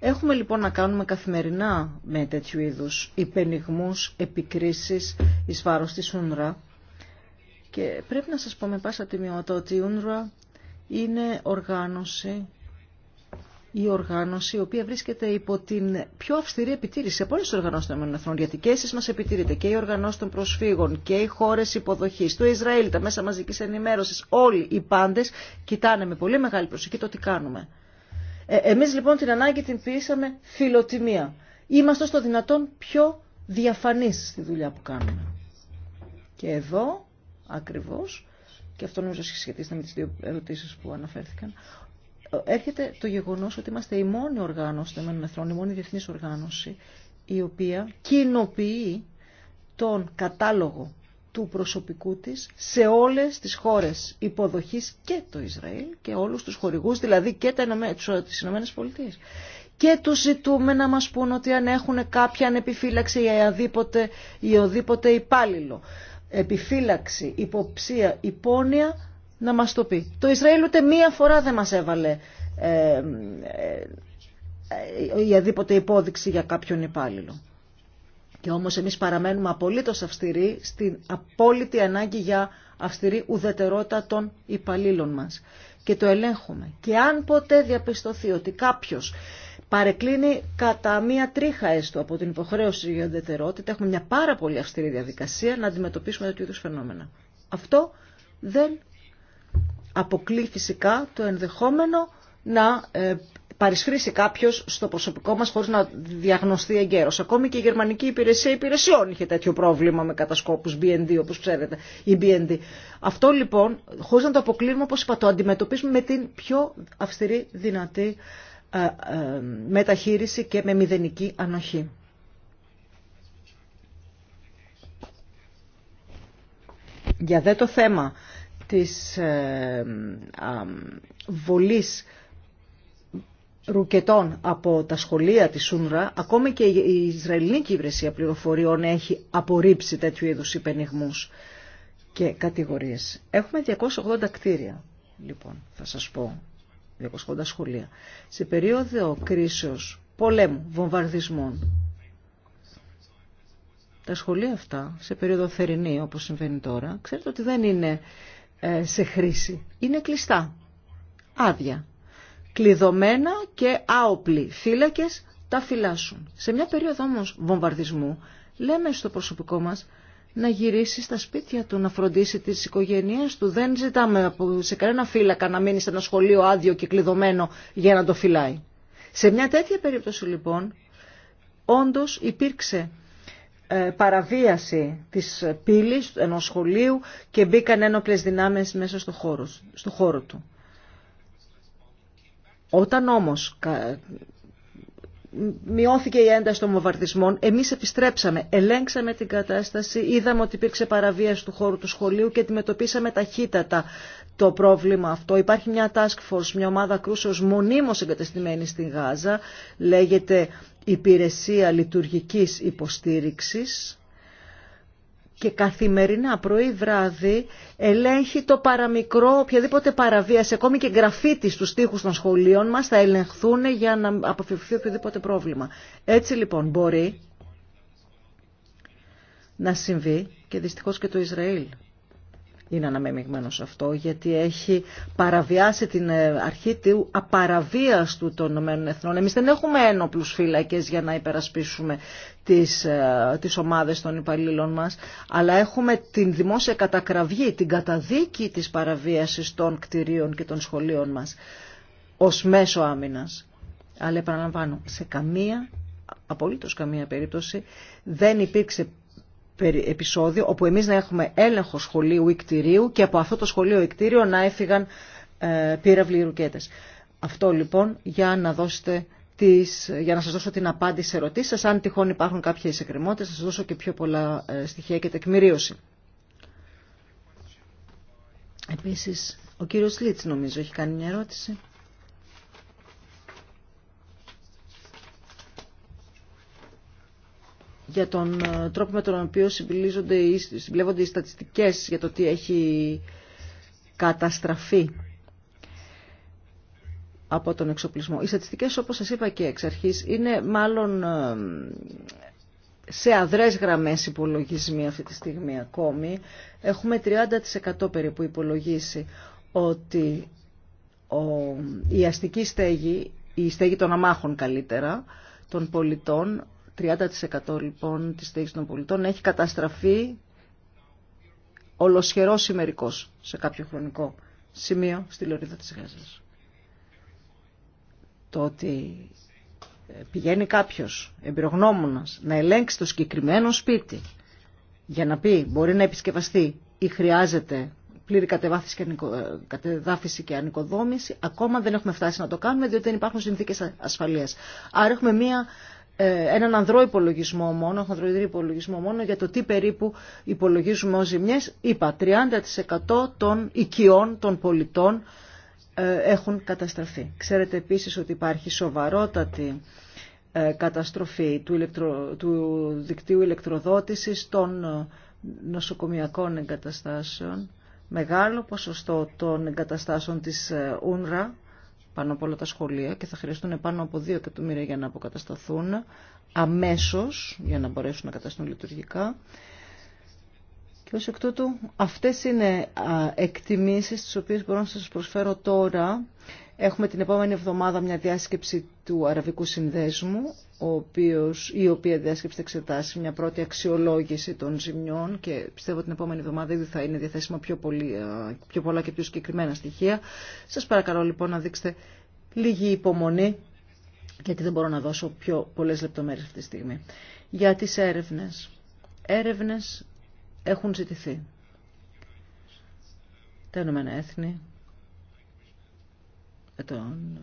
Έχουμε λοιπόν να κάνουμε καθημερινά με τέτοιου είδους υπενιγμούς, επικρίσεις εις της Ούνρα. Και πρέπει να σας πω με πάσα τιμιότητα ότι η Ούνρα είναι οργάνωση η οργάνωση η οποία βρίσκεται υπό την πιο αυστηρή επιτήρηση σε όλε τι οργανώσει των ΗΠΑ. Γιατί και εσεί μα επιτηρείτε και οι οργανώσει των προσφύγων και οι χώρε υποδοχή, το Ισραήλ, τα μέσα μαζική ενημέρωση, όλοι οι πάντε κοιτάνε με πολύ μεγάλη προσοχή το τι κάνουμε. Ε, Εμεί λοιπόν την ανάγκη την ποιήσαμε φιλοτιμία. Είμαστε στο δυνατόν πιο διαφανεί στη δουλειά που κάνουμε. Και εδώ ακριβώ, και αυτό νομίζω σχετίζεται με τι δύο ερωτήσει που αναφέρθηκαν, έρχεται το γεγονός ότι είμαστε η μόνη οργάνωση των ΕΕ, η μόνη διεθνής οργάνωση, η οποία κοινοποιεί τον κατάλογο του προσωπικού της σε όλες τις χώρες υποδοχής και το Ισραήλ και όλους τους χορηγούς, δηλαδή και ε, τις ΗΠΑ. Πολιτείες. Και τους ζητούμε να μας πούν ότι αν έχουν κάποια ανεπιφύλαξη ή ή οδήποτε υπάλληλο, επιφύλαξη, υποψία, υπόνοια, να μας το πει. Το Ισραήλ ούτε μία φορά δεν μας έβαλε ε, ε, υπόδειξη για κάποιον υπάλληλο. Και όμως εμείς παραμένουμε απολύτως αυστηροί στην απόλυτη ανάγκη για αυστηρή ουδετερότητα των υπαλλήλων μας. Και το ελέγχουμε. Και αν ποτέ διαπιστωθεί ότι κάποιος παρεκκλίνει κατά μία τρίχα έστω από την υποχρέωση για ουδετερότητα, έχουμε μια πάρα πολύ αυστηρή διαδικασία να αντιμετωπίσουμε τέτοιου είδους φαινόμενα. Αυτό δεν αποκλεί φυσικά το ενδεχόμενο να ε, παρισχρήσει κάποιο στο προσωπικό μα χωρί να διαγνωστεί εγκαίρω. Ακόμη και η Γερμανική Υπηρεσία Υπηρεσιών είχε τέτοιο πρόβλημα με κατασκόπου BND, όπω ξέρετε, η BND. Αυτό λοιπόν, χωρί να το αποκλείουμε, όπω είπα, το αντιμετωπίζουμε με την πιο αυστηρή δυνατή ε, ε, μεταχείριση και με μηδενική ανοχή. Για δε το θέμα της ε, βολής ρουκετών από τα σχολεία της Σούνρα, ακόμη και η Ισραηλινή Υπηρεσία Πληροφοριών έχει απορρίψει τέτοιου είδους υπενιγμούς και κατηγορίες. Έχουμε 280 κτίρια, λοιπόν, θα σας πω, 280 σχολεία. Σε περίοδο κρίσεως, πολέμου, βομβαρδισμών, τα σχολεία αυτά, σε περίοδο θερινή, όπως συμβαίνει τώρα, ξέρετε ότι δεν είναι ε, σε χρήση. Είναι κλειστά, άδεια, κλειδωμένα και άοπλοι φύλακες τα φυλάσσουν. Σε μια περίοδο όμως βομβαρδισμού λέμε στο προσωπικό μας να γυρίσει στα σπίτια του, να φροντίσει τις οικογένειές του. Δεν ζητάμε σε κανένα φύλακα να μείνει σε ένα σχολείο άδειο και κλειδωμένο για να το φυλάει. Σε μια τέτοια περίπτωση λοιπόν, όντως υπήρξε ε, παραβίαση της πύλης ενός σχολείου και μπήκαν ένοπλες δυνάμεις μέσα στο χώρο, στο χώρο του. Όταν όμως μειώθηκε η ένταση των μοβαρτισμών, εμείς επιστρέψαμε, ελέγξαμε την κατάσταση, είδαμε ότι υπήρξε παραβίαση του χώρου του σχολείου και αντιμετωπίσαμε ταχύτατα το πρόβλημα αυτό. Υπάρχει μια task force, μια ομάδα κρούσεως μονίμως εγκατεστημένη στην Γάζα, λέγεται υπηρεσία λειτουργικής υποστήριξης και καθημερινά πρωί βράδυ ελέγχει το παραμικρό, οποιαδήποτε παραβίαση, ακόμη και γραφίτι στους στίχους των σχολείων μας θα ελεγχθούν για να αποφευθεί οποιοδήποτε πρόβλημα. Έτσι λοιπόν μπορεί να συμβεί και δυστυχώς και το Ισραήλ είναι αναμεμειγμένος αυτό, γιατί έχει παραβιάσει την ε, αρχή του απαραβίαστου των ΗΕ. Εθνών. Εμείς δεν έχουμε ένοπλους φύλακες για να υπερασπίσουμε τις, ε, τις ομάδες των υπαλλήλων μας, αλλά έχουμε την δημόσια κατακραυγή, την καταδίκη της παραβίασης των κτηρίων και των σχολείων μας ως μέσο άμυνας. Αλλά επαναλαμβάνω, σε καμία απολύτως καμία περίπτωση, δεν υπήρξε επεισόδιο όπου εμείς να έχουμε έλεγχο σχολείου ή κτηρίου και από αυτό το σχολείο ή κτήριο να έφυγαν ε, πύραυλοι ρουκέτες. Αυτό λοιπόν για να δώσετε τις, για να σας δώσω την απάντηση σε ερωτήσεις σας. Αν τυχόν υπάρχουν κάποιες εκκρεμότητες, θα σας δώσω και πιο πολλά ε, στοιχεία και τεκμηρίωση. Επίσης, ο κύριος Λίτς νομίζω έχει κάνει μια ερώτηση. για τον ε, τρόπο με τον οποίο συμπλέγονται οι στατιστικές για το τι έχει καταστραφεί από τον εξοπλισμό. Οι στατιστικές, όπως σας είπα και εξ αρχής, είναι μάλλον ε, σε αδρές γραμμές υπολογισμοί αυτή τη στιγμή ακόμη. Έχουμε 30% περίπου υπολογίσει ότι η αστική στέγη, η στέγη των αμάχων καλύτερα, των πολιτών, 30% λοιπόν της στέγης των πολιτών έχει καταστραφεί ολοσχερό ημερικός σε κάποιο χρονικό σημείο στη λωρίδα της Γάζας. Το ότι ε, πηγαίνει κάποιος εμπειρογνώμονας να ελέγξει το συγκεκριμένο σπίτι για να πει μπορεί να επισκευαστεί ή χρειάζεται πλήρη κατεδάφιση και ε, ανοικοδόμηση, ακόμα δεν έχουμε φτάσει να το κάνουμε διότι δεν υπάρχουν συνθήκες ασφαλείας. Άρα έχουμε μία ε, έναν ανδρό υπολογισμό μόνο, υπολογισμό μόνο για το τι περίπου υπολογίζουμε ως ζημιές. Είπα, 30% των οικειών των πολιτών ε, έχουν καταστραφεί. Ξέρετε επίσης ότι υπάρχει σοβαρότατη ε, καταστροφή του, του δικτύου ηλεκτροδότησης των νοσοκομιακών εγκαταστάσεων. Μεγάλο ποσοστό των εγκαταστάσεων της Ούνρα πάνω από όλα τα σχολεία και θα χρειαστούν πάνω από 2 εκατομμύρια για να αποκατασταθούν αμέσως για να μπορέσουν να καταστούν λειτουργικά. Και ως εκ τούτου αυτές είναι εκτιμήσεις τις οποίες μπορώ να σας προσφέρω τώρα Έχουμε την επόμενη εβδομάδα μια διάσκεψη του Αραβικού Συνδέσμου, ο οποίος, η οποία διάσκεψη θα εξετάσει μια πρώτη αξιολόγηση των ζημιών και πιστεύω την επόμενη εβδομάδα ήδη θα είναι διαθέσιμα πιο, πολύ, πιο πολλά και πιο συγκεκριμένα στοιχεία. Σας παρακαλώ λοιπόν να δείξετε λίγη υπομονή, γιατί δεν μπορώ να δώσω πιο πολλές λεπτομέρειες αυτή τη στιγμή. Για τις έρευνες. Έρευνες έχουν ζητηθεί. Τα Ηνωμένα Έθνη, ε, τον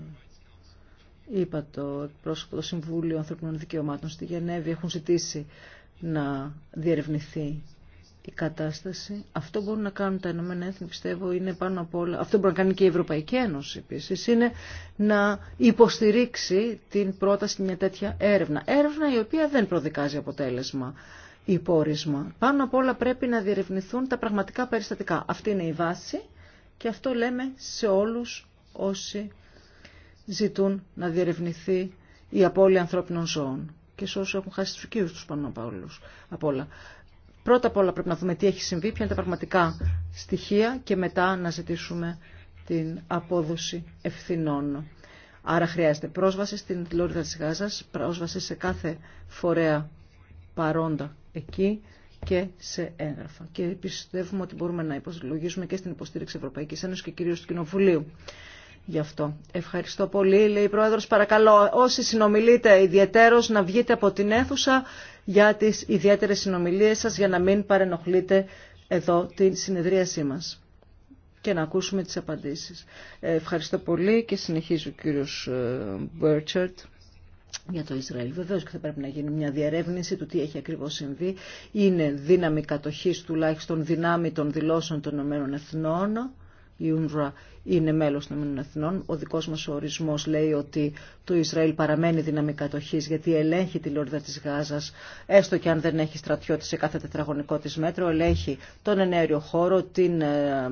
ε, είπα το πρόσωπο του Συμβούλιο Ανθρωπινών Δικαιωμάτων στη Γενέβη έχουν ζητήσει να διερευνηθεί η κατάσταση. Αυτό μπορούν να κάνουν τα Ηνωμένα Έθνη, πιστεύω, είναι πάνω από όλα. Αυτό μπορεί να κάνει και η Ευρωπαϊκή Ένωση επίση, είναι να υποστηρίξει την πρόταση μια τέτοια έρευνα. Έρευνα η οποία δεν προδικάζει αποτέλεσμα ή πόρισμα. Πάνω απ' όλα πρέπει να διερευνηθούν τα πραγματικά περιστατικά. Αυτή είναι η βάση και αυτό λέμε σε όλους όσοι ζητούν να διερευνηθεί η απώλεια ανθρώπινων ζώων και σε όσους έχουν χάσει τους οικείους τους πάνω από όλα. Πρώτα απ' όλα πρέπει να δούμε τι έχει συμβεί, ποια είναι τα πραγματικά στοιχεία και μετά να ζητήσουμε την απόδοση ευθυνών. Άρα χρειάζεται πρόσβαση στην τηλεόρυδα της Γάζας, πρόσβαση σε κάθε φορέα παρόντα εκεί και σε έγγραφα. Και πιστεύουμε ότι μπορούμε να υποστηρίζουμε και στην υποστήριξη Ευρωπαϊκής Ένωσης και κυρίως του Κοινοβουλίου γι' αυτό. Ευχαριστώ πολύ, λέει η Πρόεδρος. Παρακαλώ, όσοι συνομιλείτε ιδιαίτερος, να βγείτε από την αίθουσα για τις ιδιαίτερες συνομιλίες σας, για να μην παρενοχλείτε εδώ την συνεδρίασή μας και να ακούσουμε τις απαντήσεις. Ε, ευχαριστώ πολύ και συνεχίζει ο κύριος Μπέρτσερτ για το Ισραήλ. Βεβαίω και θα πρέπει να γίνει μια διερεύνηση του τι έχει ακριβώ συμβεί. Είναι δύναμη κατοχή τουλάχιστον δυνάμει των δηλώσεων των Ηνωμένων Εθνών η UNRWA είναι μέλος των Εθνών. Ο δικός μας ορισμός λέει ότι το Ισραήλ παραμένει δύναμη κατοχής γιατί ελέγχει τη λόρδα της Γάζας, έστω και αν δεν έχει στρατιώτη σε κάθε τετραγωνικό της μέτρο, ελέγχει τον ενέριο χώρο, την, ε,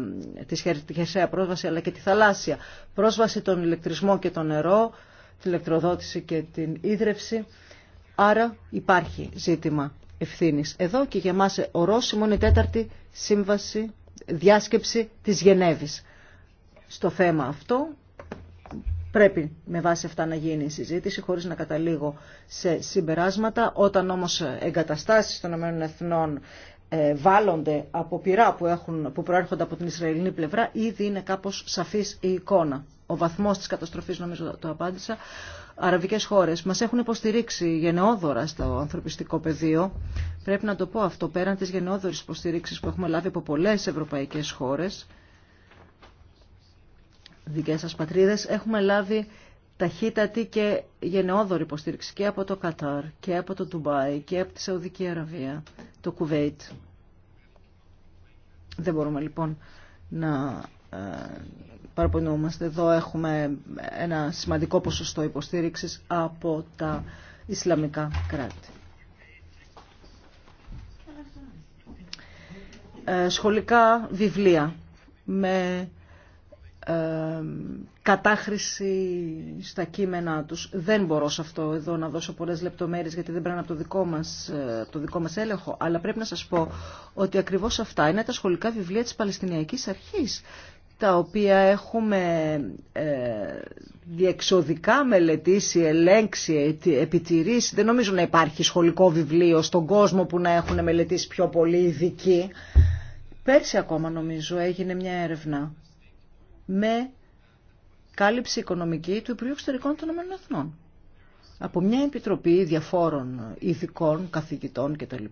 τη χερσαία πρόσβαση αλλά και τη θαλάσσια πρόσβαση, τον ηλεκτρισμό και το νερό, την ηλεκτροδότηση και την ίδρυυση. Άρα υπάρχει ζήτημα ευθύνης. Εδώ και για μας ορόσημο είναι η τέταρτη σύμβαση διάσκεψη της Γενέβης. Στο θέμα αυτό πρέπει με βάση αυτά να γίνει η συζήτηση χωρίς να καταλήγω σε συμπεράσματα. Όταν όμως εγκαταστάσεις των ΗΕ βάλλονται από πειρά που, έχουν, που προέρχονται από την Ισραηλινή πλευρά, ήδη είναι κάπως σαφής η εικόνα. Ο βαθμός της καταστροφής νομίζω το απάντησα αραβικές χώρες. Μας έχουν υποστηρίξει γενναιόδωρα στο ανθρωπιστικό πεδίο. Πρέπει να το πω αυτό, πέραν της γενναιόδωρης υποστηρίξης που έχουμε λάβει από πολλές ευρωπαϊκές χώρες, δικές σας πατρίδες, έχουμε λάβει ταχύτατη και γενναιόδωρη υποστήριξη και από το Κατάρ και από το Ντουμπάι και από τη Σαουδική Αραβία, το Κουβέιτ. Δεν μπορούμε λοιπόν να ε, παραπονιόμαστε. Εδώ έχουμε ένα σημαντικό ποσοστό υποστήριξης από τα Ισλαμικά κράτη. Ε, σχολικά βιβλία με ε, κατάχρηση στα κείμενά τους. Δεν μπορώ σε αυτό εδώ να δώσω πολλές λεπτομέρειες γιατί δεν πρέπει να το δικό μας, ε, το δικό μας έλεγχο αλλά πρέπει να σας πω ότι ακριβώς αυτά είναι τα σχολικά βιβλία της Παλαιστινιακής Αρχής τα οποία έχουμε ε, διεξοδικά μελετήσει, ελέγξει, επιτηρήσει. Δεν νομίζω να υπάρχει σχολικό βιβλίο στον κόσμο που να έχουν μελετήσει πιο πολύ ειδικοί. Πέρσι ακόμα νομίζω έγινε μια έρευνα με κάλυψη οικονομική του Υπουργείου Εξωτερικών των ΗΠΑ. Από μια επιτροπή διαφόρων ειδικών, καθηγητών κτλ.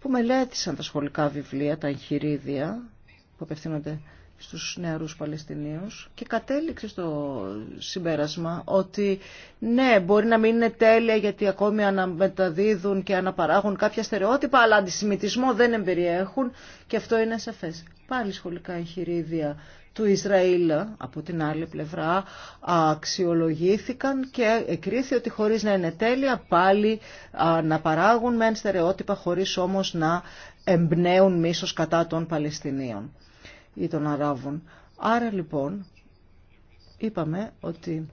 που μελέτησαν τα σχολικά βιβλία, τα εγχειρίδια που απευθύνονται στους νεαρούς Παλαιστινίους και κατέληξε στο συμπέρασμα ότι ναι, μπορεί να μην είναι τέλεια γιατί ακόμη αναμεταδίδουν και αναπαράγουν κάποια στερεότυπα, αλλά αντισημιτισμό δεν εμπεριέχουν και αυτό είναι σαφές. Πάλι σχολικά εγχειρίδια του Ισραήλ από την άλλη πλευρά αξιολογήθηκαν και εκρίθη ότι χωρίς να είναι τέλεια πάλι να παράγουν μεν στερεότυπα χωρίς όμως να εμπνέουν μίσος κατά των Παλαιστινίων ή των Αράβων. Άρα λοιπόν είπαμε ότι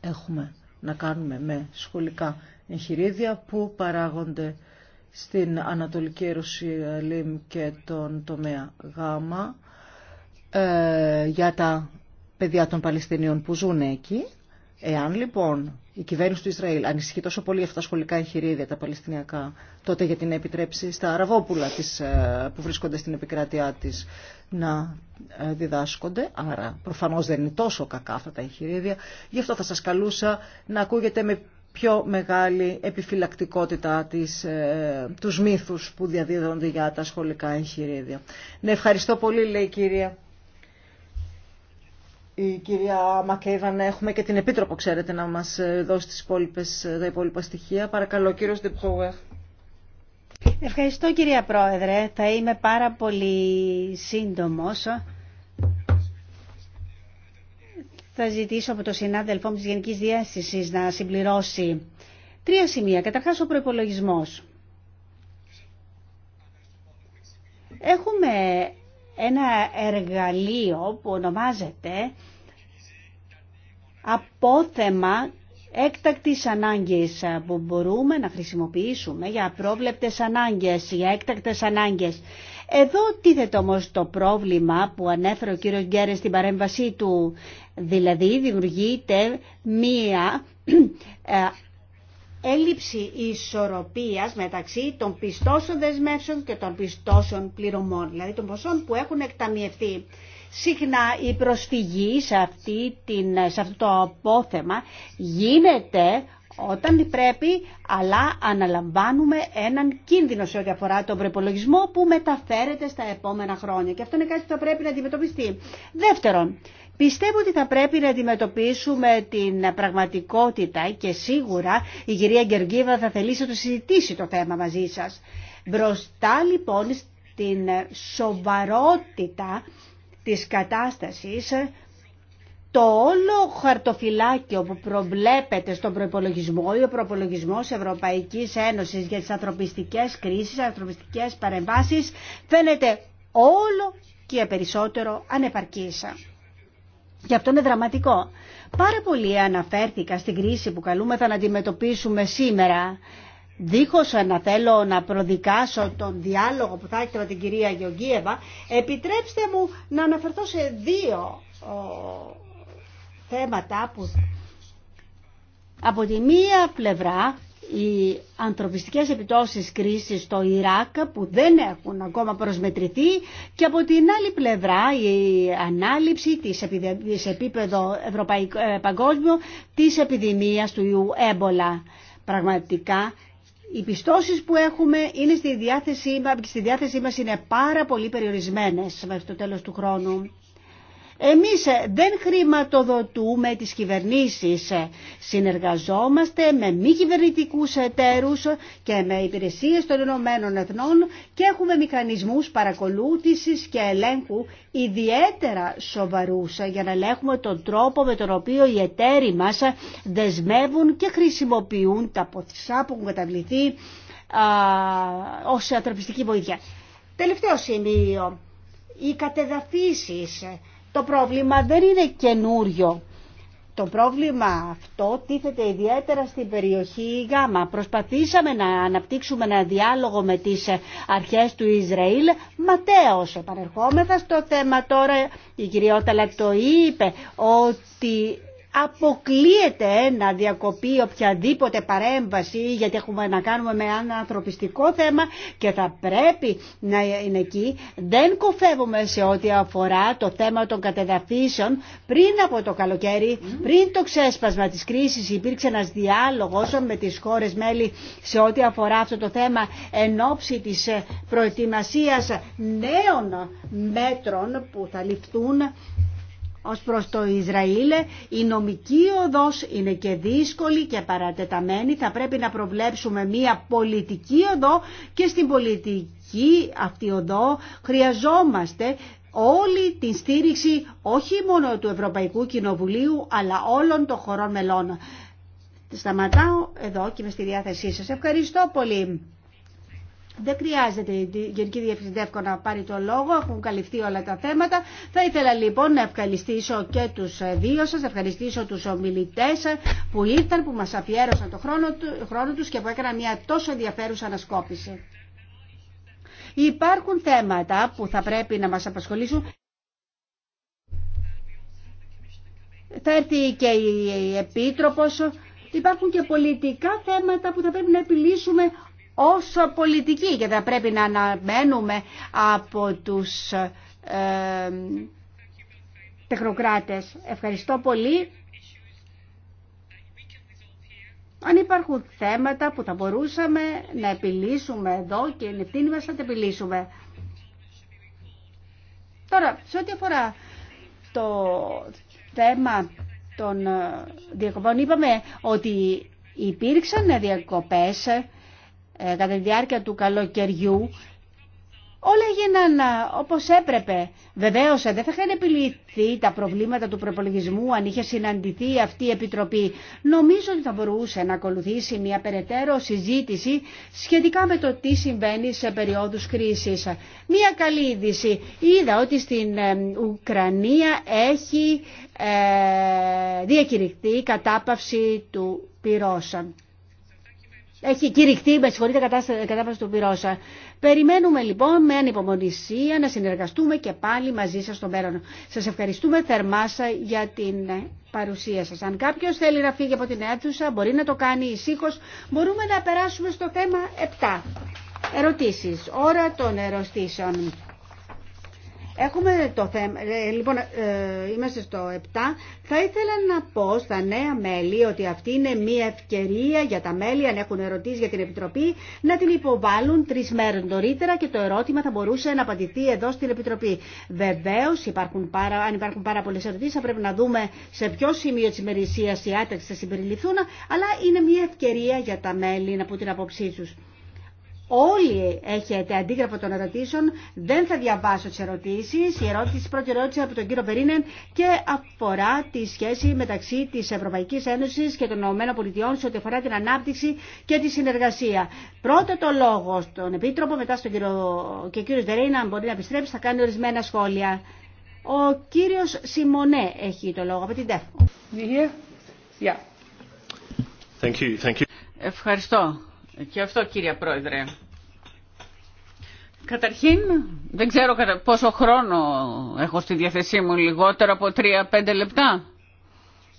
έχουμε να κάνουμε με σχολικά εγχειρίδια που παράγονται στην Ανατολική Ιερουσαλήμ και τον τομέα Γάμα ε, για τα παιδιά των Παλαιστινίων που ζουν εκεί. Εάν λοιπόν η κυβέρνηση του Ισραήλ ανησυχεί τόσο πολύ αυτά τα σχολικά εγχειρίδια, τα παλαιστινιακά, τότε για την επιτρέψη στα αραβόπουλα ε, που βρίσκονται στην επικράτειά της να ε, διδάσκονται. Άρα προφανώς δεν είναι τόσο κακά αυτά τα εγχειρίδια. Γι' αυτό θα σας καλούσα να ακούγεται με πιο μεγάλη επιφυλακτικότητα τις ε, τους μύθους που διαδίδονται για τα σχολικά εγχειρίδια. Ναι, ευχαριστώ πολύ, λέει η κυρία. Η κυρία Μακέιβαν, ναι, έχουμε και την Επίτροπο, ξέρετε, να μας ε, δώσει τις τα υπόλοιπα στοιχεία. Παρακαλώ, κύριος Ντεπχόουερ. Ευχαριστώ κυρία Πρόεδρε. Θα είμαι πάρα πολύ σύντομος. Θα ζητήσω από το συνάδελφό μου της Γενικής Διάστησης να συμπληρώσει τρία σημεία. Καταρχάς ο προϋπολογισμός. Έχουμε ένα εργαλείο που ονομάζεται απόθεμα έκτακτης ανάγκης ε, που μπορούμε να χρησιμοποιήσουμε για απρόβλεπτες ανάγκες, για έκτακτες ανάγκες. Εδώ τίθεται όμως το πρόβλημα που ανέφερε ο κύριος Γκέρες στην παρέμβασή του, δηλαδή δημιουργείται μία ε, έλλειψη ισορροπίας μεταξύ των πιστώσεων δεσμεύσεων και των πιστώσεων πληρωμών, δηλαδή των ποσών που έχουν εκταμιευτεί συχνά η προσφυγή σε, αυτή την, σε αυτό το απόθεμα γίνεται όταν πρέπει, αλλά αναλαμβάνουμε έναν κίνδυνο σε ό,τι αφορά τον προπολογισμό που μεταφέρεται στα επόμενα χρόνια. Και αυτό είναι κάτι που θα πρέπει να αντιμετωπιστεί. Δεύτερον, πιστεύω ότι θα πρέπει να αντιμετωπίσουμε την πραγματικότητα και σίγουρα η κυρία Γκεργίβα θα θελήσει να το συζητήσει το θέμα μαζί σας. Μπροστά λοιπόν στην σοβαρότητα της κατάστασης το όλο χαρτοφυλάκιο που προβλέπεται στον προπολογισμό ή ο προπολογισμό Ευρωπαϊκή Ένωση για τι ανθρωπιστικέ κρίσει, ανθρωπιστικέ παρεμβάσει, φαίνεται όλο και περισσότερο ανεπαρκή. Γι' αυτό είναι δραματικό. Πάρα πολύ αναφέρθηκα στην κρίση που καλούμε να αντιμετωπίσουμε σήμερα δίχως να θέλω να προδικάσω τον διάλογο που θα έχετε με την κυρία Γεωργίευα, επιτρέψτε μου να αναφερθώ σε δύο θέματα που από τη μία πλευρά οι ανθρωπιστικές επιτόσεις κρίσης στο Ιράκ που δεν έχουν ακόμα προσμετρηθεί και από την άλλη πλευρά η ανάληψη της σε επίπεδο ε, παγκόσμιο της επιδημίας του ιού έμπολα. Πραγματικά οι πιστώσει που έχουμε είναι στη διάθεσή, στη διάθεσή μας είναι πάρα πολύ περιορισμένες μέχρι το τέλος του χρόνου. Εμείς ε, δεν χρηματοδοτούμε τις κυβερνήσεις. Ε. Συνεργαζόμαστε με μη κυβερνητικού εταίρους και με υπηρεσίες των Ηνωμένων και έχουμε μηχανισμούς παρακολούθησης και ελέγχου ιδιαίτερα σοβαρούς ε, για να ελέγχουμε τον τρόπο με τον οποίο οι εταίροι μας δεσμεύουν και χρησιμοποιούν τα ποσά που έχουν καταβληθεί ως ανθρωπιστική βοήθεια. Τελευταίο σημείο, οι κατεδαφίσεις το πρόβλημα δεν είναι καινούριο. Το πρόβλημα αυτό τίθεται ιδιαίτερα στην περιοχή Γάμα. Προσπαθήσαμε να αναπτύξουμε ένα διάλογο με τις αρχές του Ισραήλ. Ματέως, επανερχόμεθα στο θέμα τώρα, η κυρία Όταλα το είπε, ότι αποκλείεται να διακοπεί οποιαδήποτε παρέμβαση γιατί έχουμε να κάνουμε με ένα ανθρωπιστικό θέμα και θα πρέπει να είναι εκεί. Δεν κοφεύουμε σε ό,τι αφορά το θέμα των κατεδαφίσεων. Πριν από το καλοκαίρι, πριν το ξέσπασμα της κρίσης υπήρξε ένας διάλογος με τις χώρες μέλη σε ό,τι αφορά αυτό το θέμα εν ώψη της προετοιμασίας νέων μέτρων που θα ληφθούν ως προς το Ισραήλ η νομική οδός είναι και δύσκολη και παρατεταμένη. Θα πρέπει να προβλέψουμε μια πολιτική οδό και στην πολιτική αυτή οδό χρειαζόμαστε όλη την στήριξη όχι μόνο του Ευρωπαϊκού Κοινοβουλίου αλλά όλων των χωρών μελών. Σταματάω εδώ και είμαι στη διάθεσή σας. Ευχαριστώ πολύ. Δεν χρειάζεται η Γενική Διευθυντεύκο να πάρει το λόγο, έχουν καλυφθεί όλα τα θέματα. Θα ήθελα λοιπόν να ευχαριστήσω και τους δύο σας, ευχαριστήσω τους ομιλητές που ήρθαν, που μας αφιέρωσαν το χρόνο, του, τους και που έκαναν μια τόσο ενδιαφέρουσα ανασκόπηση. Υπάρχουν θέματα που θα πρέπει να μας απασχολήσουν. Θα έρθει και η Επίτροπος. Υπάρχουν και πολιτικά θέματα που θα πρέπει να επιλύσουμε όσο πολιτική και θα πρέπει να αναμένουμε από τους ε, τεχνοκράτες. Ευχαριστώ πολύ. Αν υπάρχουν θέματα που θα μπορούσαμε να επιλύσουμε εδώ και είναι ευθύνη μας να τα επιλύσουμε. Τώρα, σε ό,τι αφορά το θέμα των διακοπών, είπαμε ότι υπήρξαν διακοπές ε, κατά τη διάρκεια του καλοκαιριού όλα έγιναν ε, όπως έπρεπε. Βεβαίως ε, δεν θα είχαν επιληθεί τα προβλήματα του προπολογισμού αν είχε συναντηθεί αυτή η Επιτροπή. Νομίζω ότι θα μπορούσε να ακολουθήσει μια περαιτέρω συζήτηση σχετικά με το τι συμβαίνει σε περιόδους κρίσης. Μια καλή είδηση. Είδα ότι στην Ουκρανία έχει ε, διακηρυχθεί η κατάπαυση του πυρός έχει κηρυχτεί, με συγχωρείτε, κατάσταση του πυρόσα. Περιμένουμε λοιπόν με ανυπομονησία να συνεργαστούμε και πάλι μαζί σας στο μέλλον. Σας ευχαριστούμε θερμά για την παρουσία σας. Αν κάποιος θέλει να φύγει από την αίθουσα, μπορεί να το κάνει ησύχω. Μπορούμε να περάσουμε στο θέμα 7. Ερωτήσεις. Ώρα των ερωτήσεων. Έχουμε το θέμα, ε, λοιπόν, ε, είμαστε στο 7. Θα ήθελα να πω στα νέα μέλη ότι αυτή είναι μια ευκαιρία για τα μέλη, αν έχουν ερωτήσει για την Επιτροπή, να την υποβάλουν τρει μέρε νωρίτερα και το ερώτημα θα μπορούσε να απαντηθεί εδώ στην Επιτροπή. Βεβαίω, αν υπάρχουν πάρα πολλέ ερωτήσει, θα πρέπει να δούμε σε ποιο σημείο τη ημερησία οι άταξη θα συμπεριληφθούν, αλλά είναι μια ευκαιρία για τα μέλη να πούν την άποψή του. Όλοι έχετε αντίγραφο των ερωτήσεων. Δεν θα διαβάσω τι ερωτήσει. Η ερώτηση, πρώτη ερώτηση από τον κύριο Περίνεν και αφορά τη σχέση μεταξύ τη Ευρωπαϊκή Ένωση και των ΗΠΑ σε ό,τι αφορά την ανάπτυξη και τη συνεργασία. Πρώτο το λόγο στον Επίτροπο, μετά στον κύριο και κύριο Δερέινα, αν μπορεί να επιστρέψει, θα κάνει ορισμένα σχόλια. Ο κύριο Σιμονέ έχει το λόγο από την ΤΕΦ. Ευχαριστώ. Και αυτό κύριε Πρόεδρε. Καταρχήν, δεν ξέρω πόσο χρόνο έχω στη διαθεσή μου, λιγότερο από 3-5 λεπτά.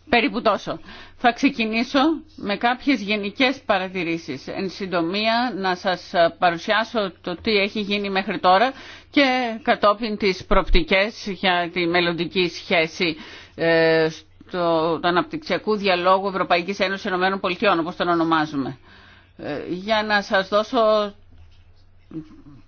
Περίπου τόσο. Θα ξεκινήσω με κάποιες γενικές παρατηρήσεις. Εν συντομία να σας παρουσιάσω το τι έχει γίνει μέχρι τώρα και κατόπιν τις προπτικές για τη μελλοντική σχέση ε, στο, του αναπτυξιακού διαλόγου Ευρωπαϊκής Ένωσης Ενωμένων Πολιτειών, όπως τον ονομάζουμε για να σας δώσω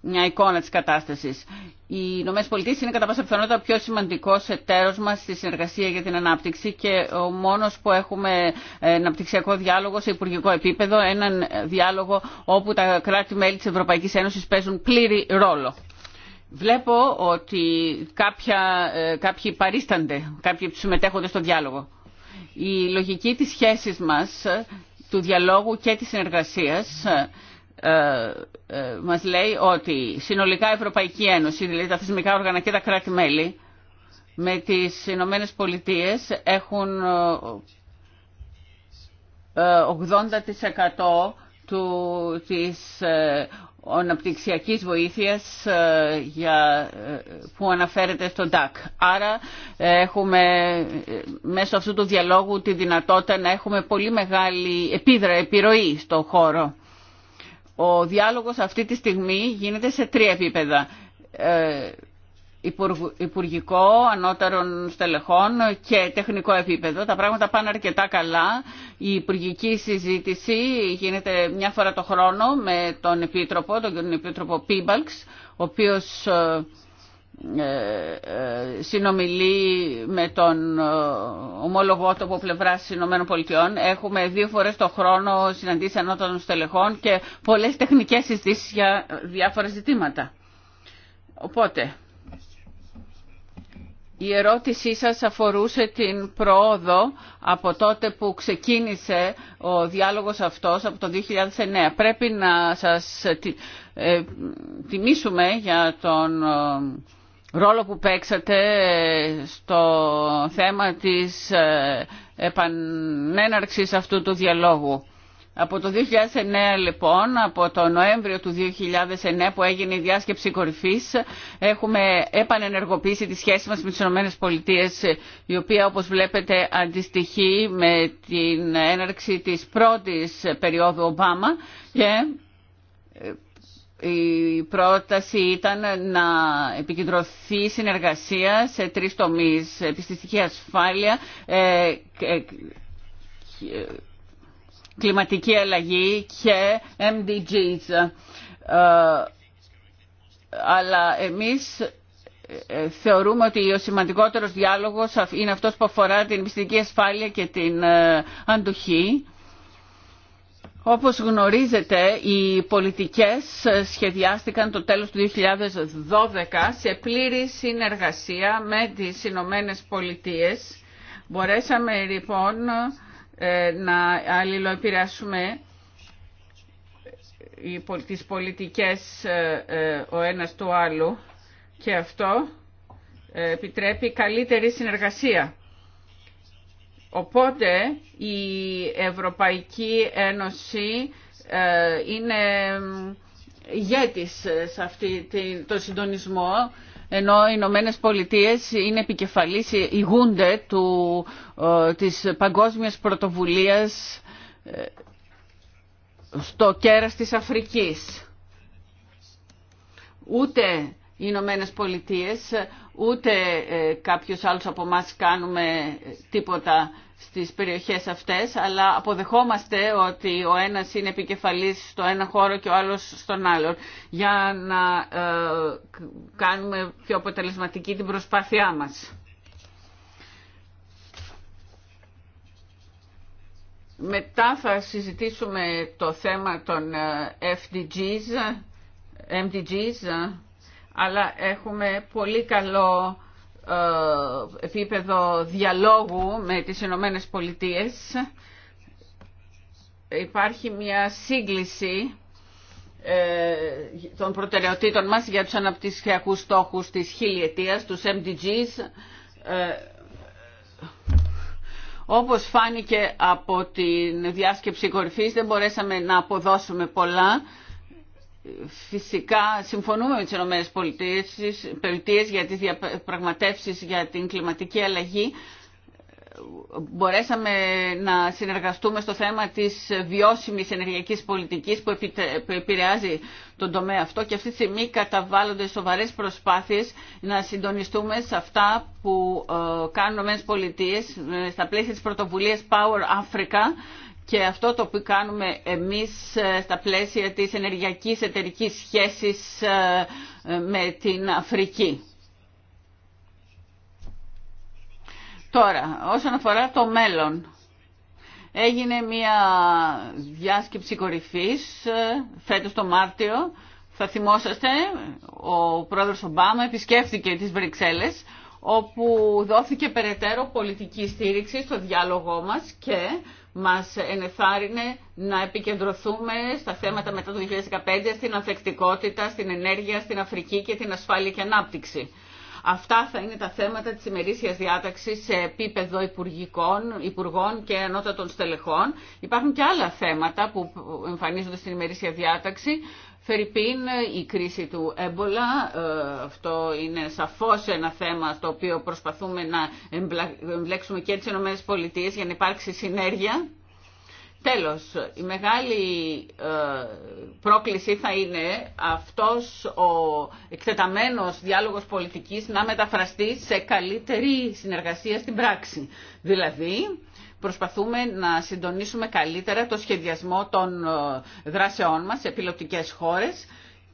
μια εικόνα της κατάστασης. Οι Ηνωμένες Πολιτείε είναι κατά πάσα πιθανότητα ο πιο σημαντικός εταίρος μας στη συνεργασία για την ανάπτυξη και ο μόνος που έχουμε αναπτυξιακό διάλογο σε υπουργικό επίπεδο, έναν διάλογο όπου τα κράτη-μέλη της Ευρωπαϊκής Ένωσης παίζουν πλήρη ρόλο. Βλέπω ότι κάποια, ε, κάποιοι παρίστανται, κάποιοι συμμετέχονται στο διάλογο. Η λογική της σχέσης μας του διαλόγου και της συνεργασίας ε, ε, ε, μας λέει ότι συνολικά η Ευρωπαϊκή Ένωση, δηλαδή τα θεσμικά όργανα και τα κράτη-μέλη με τις Ηνωμένε Πολιτείε έχουν 80% του, της αναπτυξιακής βοήθειας ε, για, ε, που αναφέρεται στον ΤΑΚ. Άρα ε, έχουμε μέσω αυτού του διαλόγου τη δυνατότητα να έχουμε πολύ μεγάλη επίδρα, επιρροή στο χώρο. Ο διάλογος αυτή τη στιγμή γίνεται σε τρία επίπεδα υπουργικό, ανώτερων στελεχών και τεχνικό επίπεδο. Τα πράγματα πάνε αρκετά καλά. Η υπουργική συζήτηση γίνεται μια φορά το χρόνο με τον Επίτροπο, τον Επίτροπο Πίμπαλξ, ο οποίος ε, ε, ε, συνομιλεί με τον ομόλογό του από πλευρά Έχουμε δύο φορές το χρόνο συναντήσει ανώτατων στελεχών και πολλές τεχνικές συζητήσεις για διάφορα ζητήματα. Οπότε, η ερώτησή σας αφορούσε την πρόοδο από τότε που ξεκίνησε ο διάλογος αυτός από το 2009. Πρέπει να σας ε, τιμήσουμε για τον ε, ρόλο που παίξατε ε, στο θέμα της επανέναρξης αυτού του διαλόγου. Από το 2009 λοιπόν, από το Νοέμβριο του 2009 που έγινε η διάσκεψη κορυφής, έχουμε επανενεργοποιήσει τη σχέση μας με τις ΗΠΑ, η οποία όπως βλέπετε αντιστοιχεί με την έναρξη της πρώτης περίοδου Ομπάμα και ε, η πρόταση ήταν να επικεντρωθεί η συνεργασία σε τρεις τομείς, επιστηστική ασφάλεια, ε, ε, κλιματική αλλαγή και MDGs. Ε, αλλά εμείς ε, θεωρούμε ότι ο σημαντικότερος διάλογος είναι αυτός που αφορά την μυστική ασφάλεια και την ε, αντοχή. Όπως γνωρίζετε, οι πολιτικές σχεδιάστηκαν το τέλος του 2012 σε πλήρη συνεργασία με τις Ηνωμένε Πολιτείες. Μπορέσαμε λοιπόν ε, να αλληλοεπηρεάσουμε τις πολιτικές ε, ε, ο ένας του άλλου και αυτό επιτρέπει καλύτερη συνεργασία. Οπότε η Ευρωπαϊκή Ένωση είναι ηγέτης σε αυτή το συντονισμό ενώ οι Ηνωμένε Πολιτείε είναι επικεφαλής, ηγούνται του, ε, της παγκόσμιας πρωτοβουλίας ε, στο κέρας της Αφρικής. Ούτε οι Ηνωμένε Πολιτείε, ούτε ε, κάποιο άλλο από εμά κάνουμε ε, τίποτα στις περιοχές αυτές, αλλά αποδεχόμαστε ότι ο ένας είναι επικεφαλής στο ένα χώρο και ο άλλος στον άλλον, για να ε, κάνουμε πιο αποτελεσματική την προσπάθειά μας. Μετά θα συζητήσουμε το θέμα των FDGs, MDGs, αλλά έχουμε πολύ καλό ε, επίπεδο διαλόγου με τις Ηνωμένε Πολιτείε. Υπάρχει μια σύγκληση ε, των προτεραιοτήτων μας για τους αναπτυσιακούς στόχους της χιλιετίας, τους MDGs. Ε, όπως φάνηκε από την διάσκεψη κορυφής, δεν μπορέσαμε να αποδώσουμε πολλά Φυσικά συμφωνούμε με τις ΗΠΑ ε, για τις διαπραγματεύσεις για την κλιματική αλλαγή, μπορέσαμε να συνεργαστούμε στο θέμα της βιώσιμης ενεργειακής πολιτικής που επηρεάζει τον τομέα αυτό και αυτή τη στιγμή καταβάλλονται σοβαρές προσπάθειες να συντονιστούμε σε αυτά που ε, κάνουν οι πολιτείες ε, στα πλαίσια της πρωτοβουλίας Power Africa και αυτό το που κάνουμε εμείς ε, στα πλαίσια της ενεργειακής εταιρικής σχέσης με την Αφρική. Τώρα, όσον αφορά το μέλλον, έγινε μια διάσκεψη κορυφής ε, φέτος το Μάρτιο. Θα θυμόσαστε, ο πρόεδρος Ομπάμα επισκέφθηκε τις Βρυξέλλες, όπου δόθηκε περαιτέρω πολιτική στήριξη στο διάλογό μας και μας ενεθάρρυνε να επικεντρωθούμε στα θέματα μετά το 2015, στην ανθεκτικότητα, στην ενέργεια, στην Αφρική και την ασφάλεια και ανάπτυξη. Αυτά θα είναι τα θέματα της ημερήσιας διάταξης σε επίπεδο υπουργικών, υπουργών και ανώτατων στελεχών. Υπάρχουν και άλλα θέματα που εμφανίζονται στην ημερήσια διάταξη. Φερρυπίν, η κρίση του έμπολα, ε, αυτό είναι σαφώς ένα θέμα στο οποίο προσπαθούμε να εμπλέξουμε και τις ΗΠΑ για να υπάρξει συνέργεια Τέλος, η μεγάλη ε, πρόκληση θα είναι αυτός ο εκτεταμένος διάλογος πολιτικής να μεταφραστεί σε καλύτερη συνεργασία στην πράξη. Δηλαδή, προσπαθούμε να συντονίσουμε καλύτερα το σχεδιασμό των ε, δράσεών μας σε πιλωτικές χώρες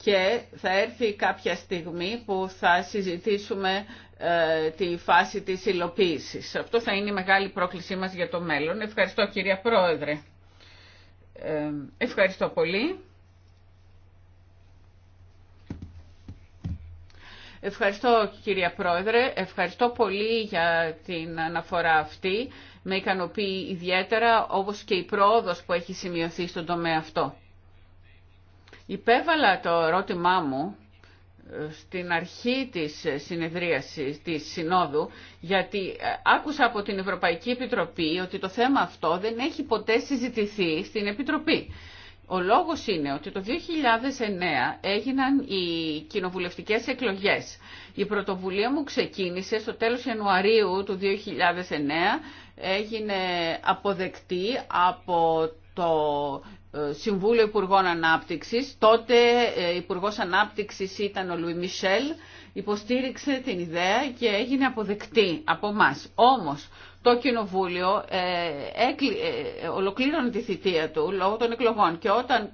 και θα έρθει κάποια στιγμή που θα συζητήσουμε ε, τη φάση της υλοποίησης. Αυτό θα είναι η μεγάλη πρόκλησή μας για το μέλλον. Ευχαριστώ κυρία Πρόεδρε. Ε, ευχαριστώ πολύ. Ευχαριστώ κυρία Πρόεδρε, ευχαριστώ πολύ για την αναφορά αυτή. Με ικανοποιεί ιδιαίτερα όπως και η πρόοδος που έχει σημειωθεί στον τομέα αυτό. Υπέβαλα το ερώτημά μου στην αρχή της συνεδρίασης της Συνόδου, γιατί ε, άκουσα από την Ευρωπαϊκή Επιτροπή ότι το θέμα αυτό δεν έχει ποτέ συζητηθεί στην Επιτροπή. Ο λόγος είναι ότι το 2009 έγιναν οι κοινοβουλευτικές εκλογές. Η πρωτοβουλία μου ξεκίνησε στο τέλος Ιανουαρίου του 2009, έγινε αποδεκτή από το ε, Συμβούλιο Υπουργών Ανάπτυξης. Τότε ε, Υπουργός Ανάπτυξης ήταν ο Λουί Μισελ. Υποστήριξε την ιδέα και έγινε αποδεκτή από εμά. Όμως το Κοινοβούλιο ε, ολοκλήρωνε τη θητεία του λόγω των εκλογών και όταν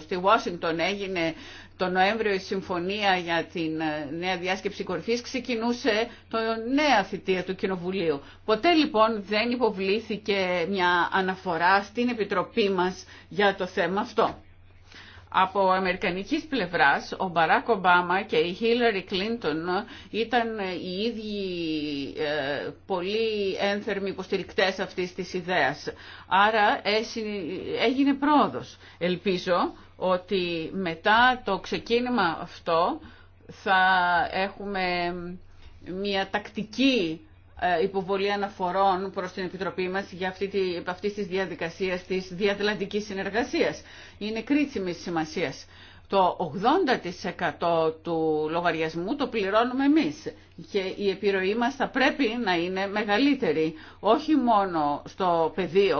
στη Ουάσιγκτον έγινε το Νοέμβριο η συμφωνία για την ε, νέα διάσκεψη κορφής ξεκινούσε το νέα θητεία του Κοινοβουλίου. Ποτέ λοιπόν δεν υποβλήθηκε μια αναφορά στην Επιτροπή μας για το θέμα αυτό. Από αμερικανικής πλευράς, ο Μπαράκ Ομπάμα και η Χίλαρη Κλίντον ήταν οι ίδιοι ε, πολύ ένθερμοι υποστηρικτές αυτής της ιδέας. Άρα έγινε πρόοδος. Ελπίζω ότι μετά το ξεκίνημα αυτό θα έχουμε μια τακτική ε, υποβολή αναφορών προς την Επιτροπή μας για αυτή τη, αυτής της διαδικασίας της συνεργασίας. Είναι κρίσιμη σημασία. Το 80% του λογαριασμού το πληρώνουμε εμείς και η επιρροή μας θα πρέπει να είναι μεγαλύτερη, όχι μόνο στο πεδίο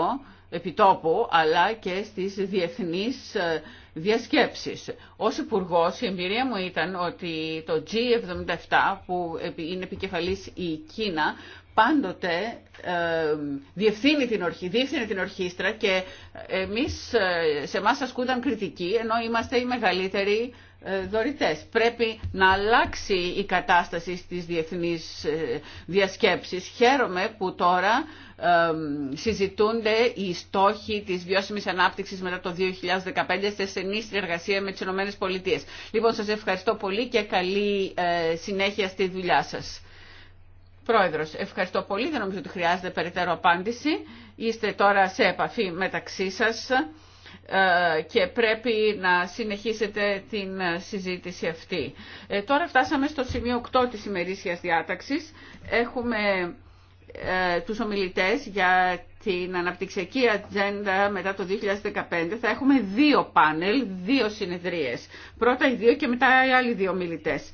επιτόπου, αλλά και στις διεθνείς ε, διασκέψεις. Ως υπουργό, η εμπειρία μου ήταν ότι το G77 που είναι επικεφαλής η Κίνα πάντοτε διευθύνει, την ορχή, διευθύνει την ορχήστρα και εμείς ε, σε μας ασκούνταν κριτική ενώ είμαστε οι μεγαλύτεροι ε, δωρητές. Πρέπει να αλλάξει η κατάσταση στις διεθνείς ε, διασκέψεις. Χαίρομαι που τώρα ε, συζητούνται οι στόχοι της βιώσιμης ανάπτυξης μετά το 2015 σε στενή συνεργασία με τις ΗΠΑ. Λοιπόν, σας ευχαριστώ πολύ και καλή συνέχεια στη δουλειά σας. Πρόεδρος, ευχαριστώ πολύ. Δεν νομίζω ότι χρειάζεται περαιτέρω απάντηση. Είστε τώρα σε επαφή μεταξύ σας. Ε, και πρέπει να συνεχίσετε την ε, συζήτηση αυτή. Ε, τώρα φτάσαμε στο σημείο 8 της ημερήσιας διάταξης. Έχουμε τους ομιλητές για την αναπτυξιακή ατζέντα μετά το 2015 θα έχουμε δύο πάνελ, δύο συνεδρίες. Πρώτα οι δύο και μετά οι άλλοι δύο ομιλητές.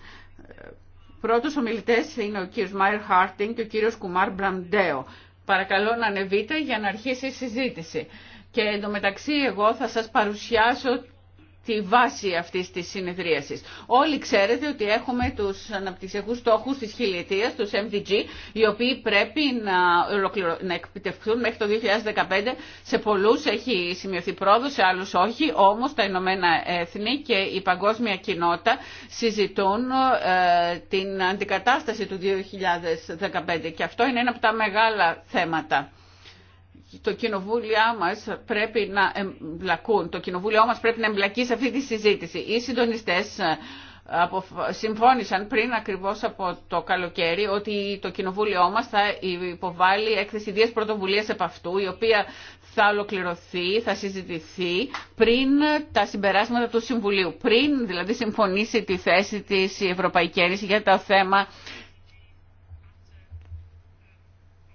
Πρώτος ομιλητές είναι ο κύριος Μάιρ Χάρτινγκ και ο κύριος Κουμάρ Μπραντέο. Παρακαλώ να ανεβείτε για να αρχίσει η συζήτηση. Και εντωμεταξύ εγώ θα σας παρουσιάσω τη βάση αυτής της συνεδρίασης. Όλοι ξέρετε ότι έχουμε τους αναπτυξιακούς στόχους της χιλιετίας, τους MDG, οι οποίοι πρέπει να, ολοκληρω... να μέχρι το 2015. Σε πολλούς έχει σημειωθεί πρόοδο, σε άλλους όχι, όμως τα Ηνωμένα Έθνη και η παγκόσμια κοινότητα συζητούν ε, την αντικατάσταση του 2015 και αυτό είναι ένα από τα μεγάλα θέματα το κοινοβούλιο μας πρέπει να εμπλακούν. Το κοινοβούλιο μας πρέπει να εμπλακεί σε αυτή τη συζήτηση. Οι συντονιστέ ε, συμφώνησαν πριν ακριβώ από το καλοκαίρι ότι το κοινοβούλιο μας θα υποβάλει έκθεση δύο πρωτοβουλίε επ' αυτού, η οποία θα ολοκληρωθεί, θα συζητηθεί πριν τα συμπεράσματα του Συμβουλίου, πριν δηλαδή συμφωνήσει τη θέση τη Ευρωπαϊκή Ένωση για το θέμα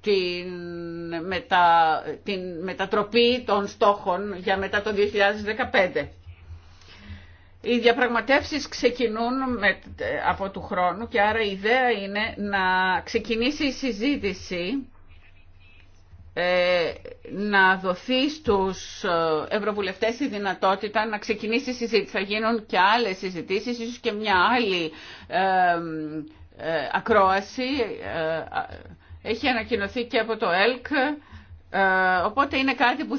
την, μετα, την μετατροπή των στόχων για μετά το 2015. Οι διαπραγματεύσεις ξεκινούν με, από του χρόνου και άρα η ιδέα είναι να ξεκινήσει η συζήτηση ε, να δοθεί στους ε, ευρωβουλευτές η δυνατότητα να ξεκινήσει η συζήτηση. Θα γίνουν και άλλες συζητήσεις, ίσως και μια άλλη ε, ε ακρόαση, έχει ανακοινωθεί και από το ΕΛΚ, ε, οπότε είναι κάτι που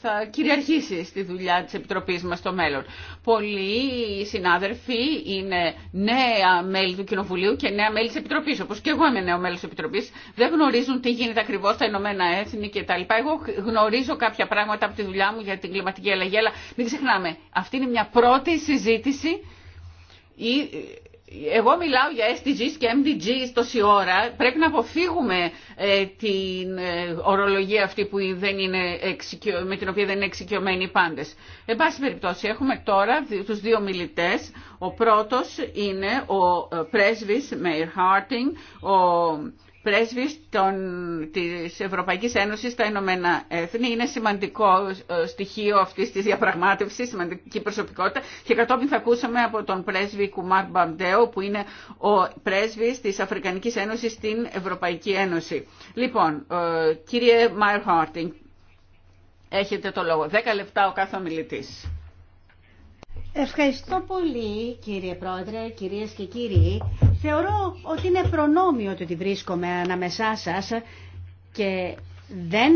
θα, κυριαρχήσει στη δουλειά της Επιτροπής μας στο μέλλον. Πολλοί συνάδελφοι είναι νέα μέλη του Κοινοβουλίου και νέα μέλη της Επιτροπής, όπως και εγώ είμαι νέο μέλος της Επιτροπής, δεν γνωρίζουν τι γίνεται ακριβώς στα Ηνωμένα Έθνη κτλ. Εγώ γνωρίζω κάποια πράγματα από τη δουλειά μου για την κλιματική αλλαγή, αλλά μην ξεχνάμε, αυτή είναι μια πρώτη συζήτηση εγώ μιλάω για SDGs και MDGs τόση ώρα. Πρέπει να αποφύγουμε ε, την ε, ορολογία αυτή που δεν είναι με την οποία δεν είναι εξοικειωμένοι οι πάντες. Εν πάση περιπτώσει, έχουμε τώρα τους δύο μιλητές. Ο πρώτος είναι ο ε, πρέσβης Μέιρ Χάρτινγκ, πρέσβης των, της Ευρωπαϊκής Ένωσης στα Ηνωμένα Έθνη. Είναι σημαντικό ε, στοιχείο αυτής της διαπραγμάτευσης, σημαντική προσωπικότητα και κατόπιν θα ακούσαμε από τον πρέσβη Κουμάρ Μπαμπτέο, που είναι ο πρέσβης της Αφρικανικής Ένωσης στην Ευρωπαϊκή Ένωση. Λοιπόν, ε, κύριε Μάιρ Χάρτινγκ, έχετε το λόγο. Δέκα λεπτά ο κάθε ομιλητής. Ευχαριστώ πολύ κύριε Πρόεδρε, κυρίες και κύριοι. Θεωρώ ότι είναι προνόμιο το ότι βρίσκομαι ανάμεσά σας και δεν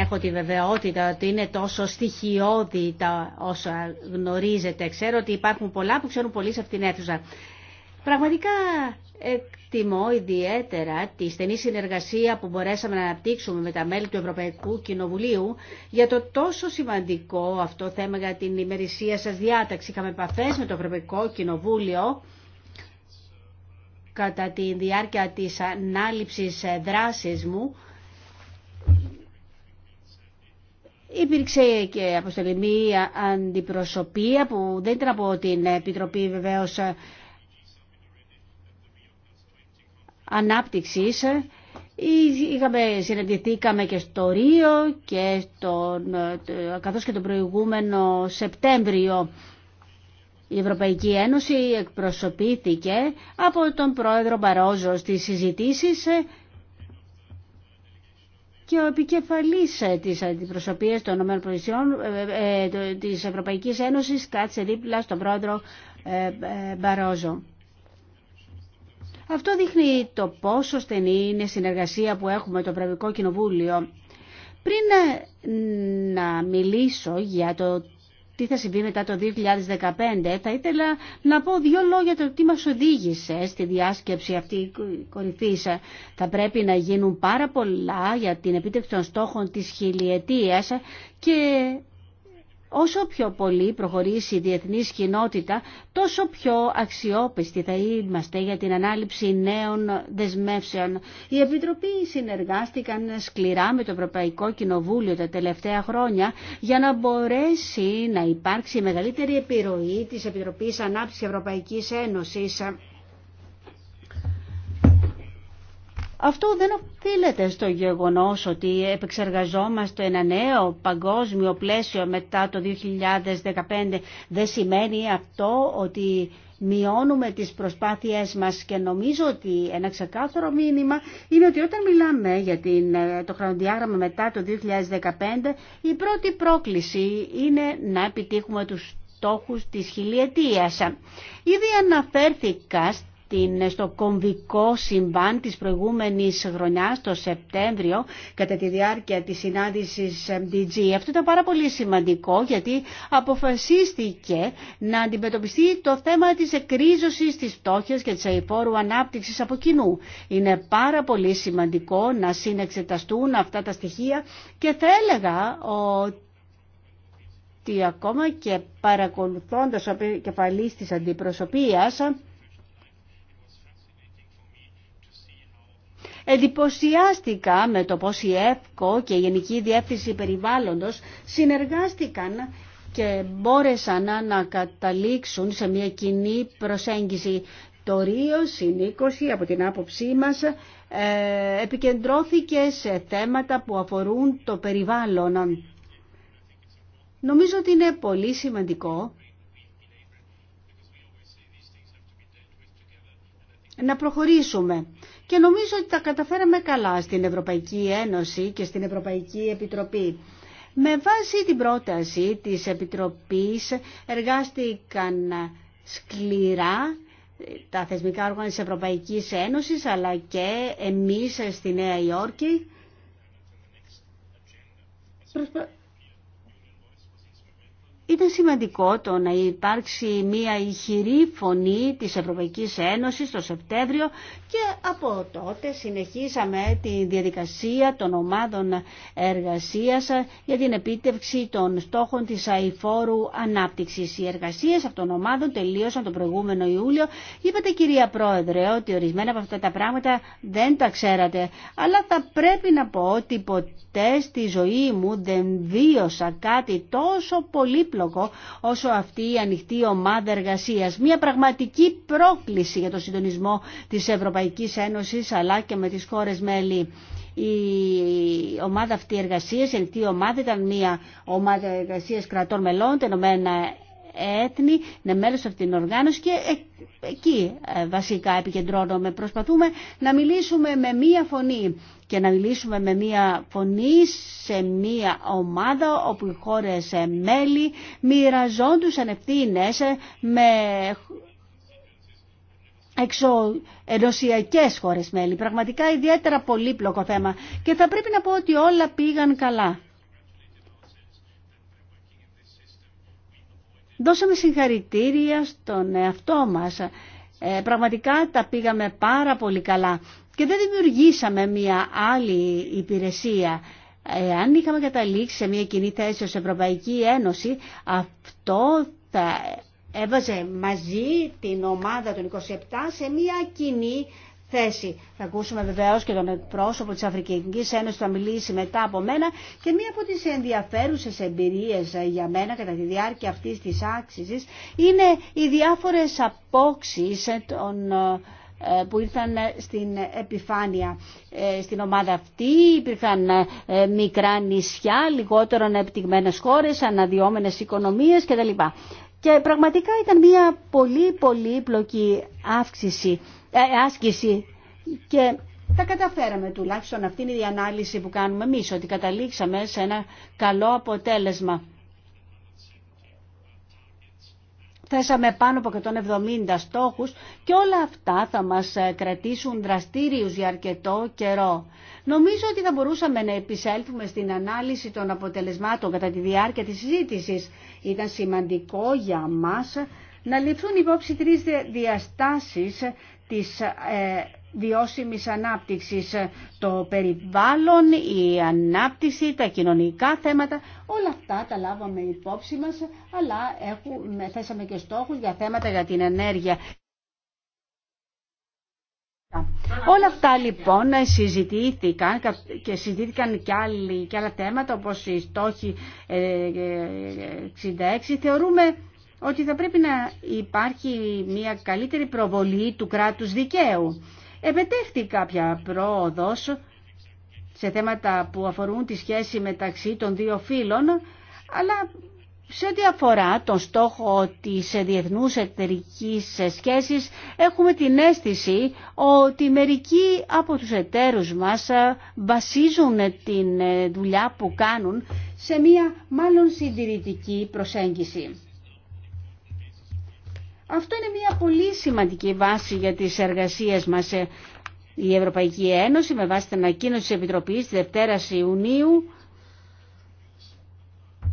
έχω τη βεβαιότητα ότι είναι τόσο στοιχειώδη τα όσα γνωρίζετε. Ξέρω ότι υπάρχουν πολλά που ξέρουν πολλοί σε αυτήν την αίθουσα. Πραγματικά εκτιμώ ιδιαίτερα τη στενή συνεργασία που μπορέσαμε να αναπτύξουμε με τα μέλη του Ευρωπαϊκού Κοινοβουλίου για το τόσο σημαντικό αυτό θέμα για την ημερησία σας διάταξη. Είχαμε επαφές με το Ευρωπαϊκό Κοινοβούλιο κατά τη διάρκεια της ανάληψης δράσης μου Υπήρξε και αποστολή μία αντιπροσωπεία που δεν ήταν από την Επιτροπή βεβαίως Ανάπτυξης. Είχαμε, συναντηθήκαμε και στο Ρίο και στον, ε, καθώς και τον προηγούμενο Σεπτέμβριο η Ευρωπαϊκή Ένωση εκπροσωπήθηκε από τον πρόεδρο Μπαρόζο στις συζητήσεις ε, και ο επικεφαλής ε, της αντιπροσωπείας των ΗΠΑ ε, της Ευρωπαϊκής Ένωσης κάτσε δίπλα στον πρόεδρο Μπαρόζο. Αυτό δείχνει το πόσο στενή είναι η συνεργασία που έχουμε με το Πρεβικό Κοινοβούλιο. Πριν να μιλήσω για το τι θα συμβεί μετά το 2015. Θα ήθελα να πω δύο λόγια το τι μας οδήγησε στη διάσκεψη αυτή κορυφής. Θα πρέπει να γίνουν πάρα πολλά για την επίτευξη των στόχων της χιλιετίας και Όσο πιο πολύ προχωρήσει η διεθνής κοινότητα, τόσο πιο αξιόπιστοι θα είμαστε για την ανάληψη νέων δεσμεύσεων. Οι επιτροπή συνεργάστηκαν σκληρά με το Ευρωπαϊκό Κοινοβούλιο τα τελευταία χρόνια για να μπορέσει να υπάρξει μεγαλύτερη επιρροή της Επιτροπής Ανάπτυξης Ευρωπαϊκής Ένωσης Αυτό δεν οφείλεται στο γεγονός ότι επεξεργαζόμαστε ένα νέο παγκόσμιο πλαίσιο μετά το 2015. Δεν σημαίνει αυτό ότι μειώνουμε τις προσπάθειές μας και νομίζω ότι ένα ξεκάθαρο μήνυμα είναι ότι όταν μιλάμε για το χρονοδιάγραμμα μετά το 2015 η πρώτη πρόκληση είναι να επιτύχουμε τους στόχους της χιλιετίας. Ήδη αναφέρθηκα την, στο κομβικό συμβάν της προηγούμενης χρονιάς, το Σεπτέμβριο, κατά τη διάρκεια της συνάντησης MDG. Αυτό ήταν πάρα πολύ σημαντικό γιατί αποφασίστηκε να αντιμετωπιστεί το θέμα της εκρίζωσης της φτώχειας και της αηφόρου ανάπτυξης από κοινού. Είναι πάρα πολύ σημαντικό να συνεξεταστούν αυτά τα στοιχεία και θα έλεγα ότι ακόμα και παρακολουθώντας ο κεφαλής της αντιπροσωπείας Εντυπωσιάστηκα με το πώς η ΕΦΚΟ και η Γενική Διεύθυνση Περιβάλλοντος συνεργάστηκαν και μπόρεσαν να καταλήξουν σε μια κοινή προσέγγιση. Το Ρίο Συνήκωση από την άποψή μας ε, επικεντρώθηκε σε θέματα που αφορούν το περιβάλλον. Νομίζω ότι είναι πολύ σημαντικό να προχωρήσουμε και νομίζω ότι τα καταφέραμε καλά στην Ευρωπαϊκή Ένωση και στην Ευρωπαϊκή Επιτροπή. Με βάση την πρόταση της Επιτροπής εργάστηκαν σκληρά τα θεσμικά όργανα της Ευρωπαϊκής Ένωσης αλλά και εμείς στη Νέα Υόρκη ήταν σημαντικό το να υπάρξει μια ηχηρή φωνή της Ευρωπαϊκής Ένωσης το Σεπτέμβριο και από τότε συνεχίσαμε τη διαδικασία των ομάδων εργασίας για την επίτευξη των στόχων της αηφόρου ανάπτυξης. Οι εργασίες αυτών των ομάδων τελείωσαν τον προηγούμενο Ιούλιο. Είπατε κυρία Πρόεδρε ότι ορισμένα από αυτά τα πράγματα δεν τα ξέρατε, αλλά θα πρέπει να πω ότι ποτέ στη ζωή μου δεν βίωσα κάτι τόσο πολύπλοκο όσο αυτή η ανοιχτή ομάδα εργασίας. Μια πραγματική πρόκληση για το συντονισμό της Ευρωπαϊκής Ένωσης αλλά και με τις χώρες μέλη. Η ομάδα αυτή εργασίας, η ανοιχτή ομάδα ήταν μια ομάδα εργασίας κρατών μελών, τα έθνη είναι μέλος αυτήν την οργάνωση και εκεί ε, βασικά επικεντρώνομαι. Προσπαθούμε να μιλήσουμε με μία φωνή και να μιλήσουμε με μία φωνή σε μία ομάδα όπου οι χώρες ε, μέλη μοιραζόντουσαν ευθύνε ε, με εξωενωσιακές χώρες μέλη. Πραγματικά ιδιαίτερα πολύπλοκο θέμα και θα πρέπει να πω ότι όλα πήγαν καλά. Δώσαμε συγχαρητήρια στον εαυτό μας. Ε, πραγματικά τα πήγαμε πάρα πολύ καλά και δεν δημιουργήσαμε μια άλλη υπηρεσία. Ε, αν είχαμε καταλήξει σε μια κοινή θέση ως Ευρωπαϊκή Ένωση, αυτό θα έβαζε μαζί την ομάδα των 27 σε μια κοινή θέση. Θα ακούσουμε βεβαίω και τον εκπρόσωπο τη Αφρικανική Ένωση που θα μιλήσει μετά από μένα και μία από τι ενδιαφέρουσε εμπειρίε για μένα κατά τη διάρκεια αυτή τη άξιση είναι οι διάφορε απόξει ε, που ήρθαν στην επιφάνεια ε, στην ομάδα αυτή. Υπήρχαν ε, μικρά νησιά, λιγότερο ανεπτυγμένες χώρες, αναδυόμενες οικονομίες κτλ. Και πραγματικά ήταν μια πολύ πολύ πλοκή αύξηση ε, άσκηση και τα καταφέραμε τουλάχιστον αυτή είναι η ανάλυση που κάνουμε εμείς ότι καταλήξαμε σε ένα καλό αποτέλεσμα. Θέσαμε πάνω από 170 στόχους και όλα αυτά θα μας ε, κρατήσουν δραστήριους για αρκετό καιρό. Νομίζω ότι θα μπορούσαμε να επισέλθουμε στην ανάλυση των αποτελεσμάτων κατά τη διάρκεια της συζήτηση. Ήταν σημαντικό για μας να ληφθούν υπόψη τρεις διαστάσεις της ε, βιώσιμης ανάπτυξης, το περιβάλλον, η ανάπτυξη, τα κοινωνικά θέματα, όλα αυτά τα λάβαμε υπόψη μας, αλλά έχουμε, θέσαμε και στόχους για θέματα για την ενέργεια. Όλα αυτά λοιπόν συζητήθηκαν και συζητήθηκαν και, άλλα θέματα όπως οι στόχοι 66. Ε, ε, Θεωρούμε ότι θα πρέπει να υπάρχει μια καλύτερη προβολή του κράτους δικαίου. Επετέχθη κάποια πρόοδος σε θέματα που αφορούν τη σχέση μεταξύ των δύο φύλων, αλλά σε ό,τι αφορά τον στόχο της διεθνούς εταιρικής σχέσης, έχουμε την αίσθηση ότι μερικοί από τους εταίρους μας βασίζουν την δουλειά που κάνουν σε μία μάλλον συντηρητική προσέγγιση. Αυτό είναι μια πολύ σημαντική βάση για τις εργασίες μας. Ε, η Ευρωπαϊκή Ένωση με βάση την ανακοίνωση της Επιτροπής της Δευτέρας Ιουνίου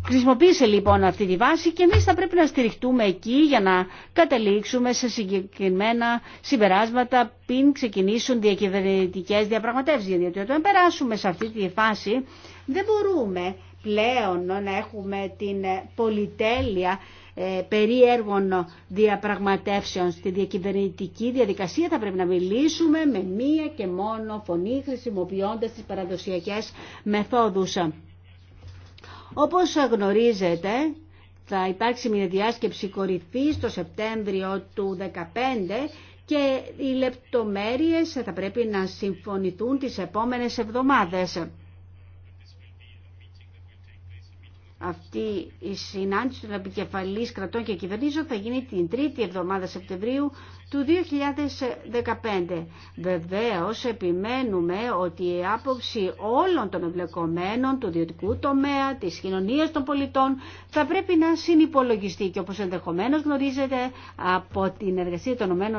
Χρησιμοποίησε λοιπόν αυτή τη βάση και εμείς θα πρέπει να στηριχτούμε εκεί για να καταλήξουμε σε συγκεκριμένα συμπεράσματα πριν ξεκινήσουν διακυβερνητικές διαπραγματεύσεις. Γιατί όταν περάσουμε σε αυτή τη φάση δεν μπορούμε πλέον να έχουμε την πολυτέλεια ε, περίεργων διαπραγματεύσεων στη διακυβερνητική διαδικασία θα πρέπει να μιλήσουμε με μία και μόνο φωνή χρησιμοποιώντας τις παραδοσιακές μεθόδους. Όπως γνωρίζετε, θα υπάρξει μια διάσκεψη κορυφής το Σεπτέμβριο του 2015 και οι λεπτομέρειες θα πρέπει να συμφωνηθούν τις επόμενες εβδομάδες. Αυτή η συνάντηση των επικεφαλής κρατών και κυβερνήσεων θα γίνει την τρίτη εβδομάδα Σεπτεμβρίου του 2015. Βεβαίως επιμένουμε ότι η άποψη όλων των εμπλεκομένων του ιδιωτικού τομέα, της κοινωνίας των πολιτών θα πρέπει να συνυπολογιστεί και όπως ενδεχομένως γνωρίζετε από την εργασία των ΗΕ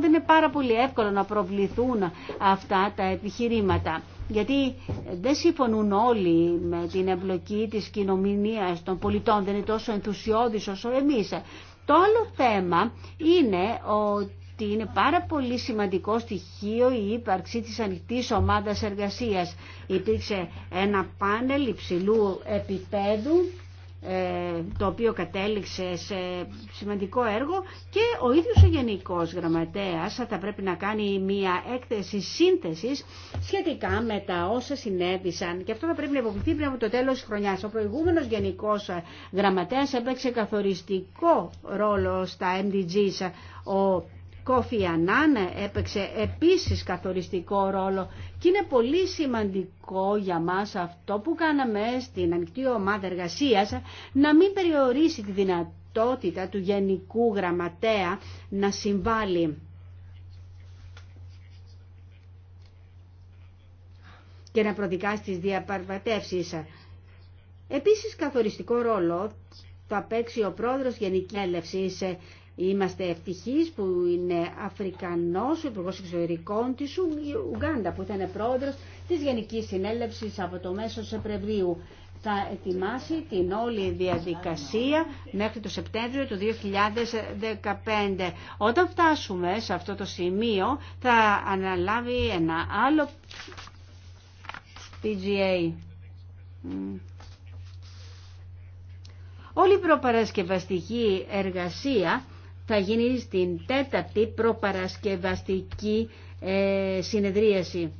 δεν είναι πάρα πολύ εύκολο να προβληθούν αυτά τα επιχειρήματα γιατί δεν συμφωνούν όλοι με την εμπλοκή της κοινωνίας των πολιτών, δεν είναι τόσο ενθουσιώδης όσο εμείς. Το άλλο θέμα είναι ότι είναι πάρα πολύ σημαντικό στοιχείο η ύπαρξη της ανοιχτής ομάδας εργασίας. Υπήρξε ένα πάνελ υψηλού επίπεδου ε, το οποίο κατέληξε σε σημαντικό έργο και ο ίδιος ο Γενικός Γραμματέας θα πρέπει να κάνει μια έκθεση σύνθεσης σχετικά με τα όσα συνέβησαν και αυτό θα πρέπει να υποβληθεί πριν από το τέλος της χρονιάς. Ο προηγούμενος Γενικός Γραμματέας έπαιξε καθοριστικό ρόλο στα MDGs. Ο Κόφι Ανάν έπαιξε επίσης καθοριστικό ρόλο και είναι πολύ σημαντικό για μας αυτό που κάναμε στην ανοιχτή ομάδα εργασίας να μην περιορίσει τη δυνατότητα του Γενικού Γραμματέα να συμβάλλει. και να προδικάσει τις διαπαρβατεύσεις. Επίσης καθοριστικό ρόλο θα παίξει ο πρόεδρος γενική έλευση. Είμαστε ευτυχείς που είναι Αφρικανός ο Υπουργός Εξωτερικών της Ουγγάντα που ήταν πρόεδρος της Γενικής Συνέλευσης από το μέσο Σεπρεβρίου. Θα ετοιμάσει την όλη διαδικασία μέχρι το Σεπτέμβριο του 2015. Όταν φτάσουμε σε αυτό το σημείο θα αναλάβει ένα άλλο PGA. Όλη η προπαρασκευαστική εργασία θα γίνει στην τέταρτη προπαρασκευαστική ε, συνεδρίαση.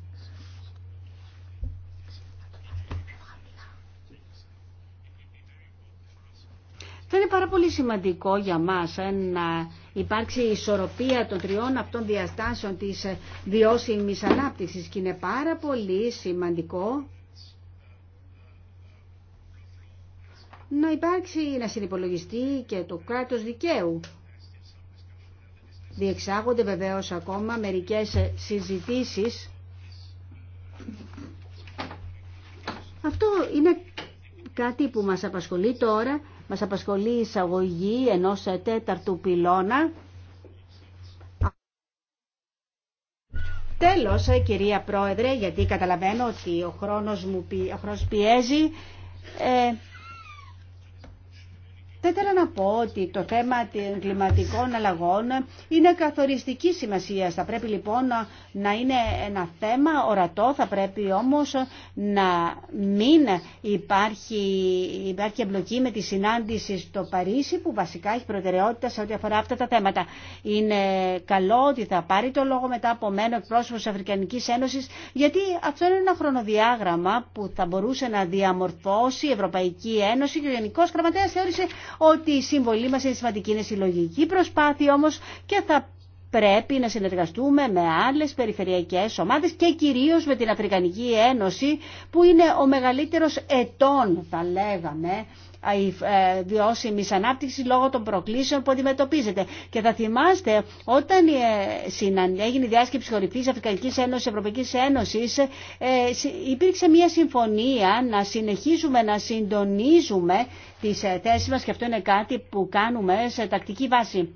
Θα είναι πάρα πολύ σημαντικό για μας ε, να υπάρξει ισορροπία των τριών αυτών διαστάσεων της ε, βιώσιμη ανάπτυξης και είναι πάρα πολύ σημαντικό να υπάρξει, να συνυπολογιστεί και το κράτος δικαίου Διεξάγονται βεβαίως ακόμα μερικές συζητήσεις. Αυτό είναι κάτι που μας απασχολεί τώρα. Μας απασχολεί η εισαγωγή ενός τέταρτου πυλώνα. Τέλος, κυρία Πρόεδρε, γιατί καταλαβαίνω ότι ο χρόνος, μου, πιέζει, ε, θα ήθελα να πω ότι το θέμα των κλιματικών αλλαγών είναι καθοριστική σημασία. Θα πρέπει λοιπόν να είναι ένα θέμα ορατό, θα πρέπει όμως να μην υπάρχει, υπάρχει εμπλοκή με τη συνάντηση στο Παρίσι που βασικά έχει προτεραιότητα σε ό,τι αφορά αυτά τα θέματα. Είναι καλό ότι θα πάρει το λόγο μετά από μένα εκπρόσωπος της Αφρικανικής Ένωσης γιατί αυτό είναι ένα χρονοδιάγραμμα που θα μπορούσε να διαμορφώσει η Ευρωπαϊκή Ένωση και ο Γενικό Γραμματέας θεώρησε ότι η συμβολή μας είναι σημαντική, είναι συλλογική προσπάθεια όμως και θα πρέπει να συνεργαστούμε με άλλες περιφερειακές ομάδες και κυρίως με την Αφρικανική Ένωση που είναι ο μεγαλύτερος ετών θα λέγαμε ε, βιώσιμη ανάπτυξη λόγω των προκλήσεων που αντιμετωπίζεται. Και θα θυμάστε όταν ε, έγινε η διάσκεψη κορυφή Αφρικανική Ένωση Ευρωπαϊκή Ένωση, ε, υπήρξε μια συμφωνία να συνεχίσουμε να συντονίζουμε τι θέσει μα και αυτό είναι κάτι που κάνουμε σε τακτική βάση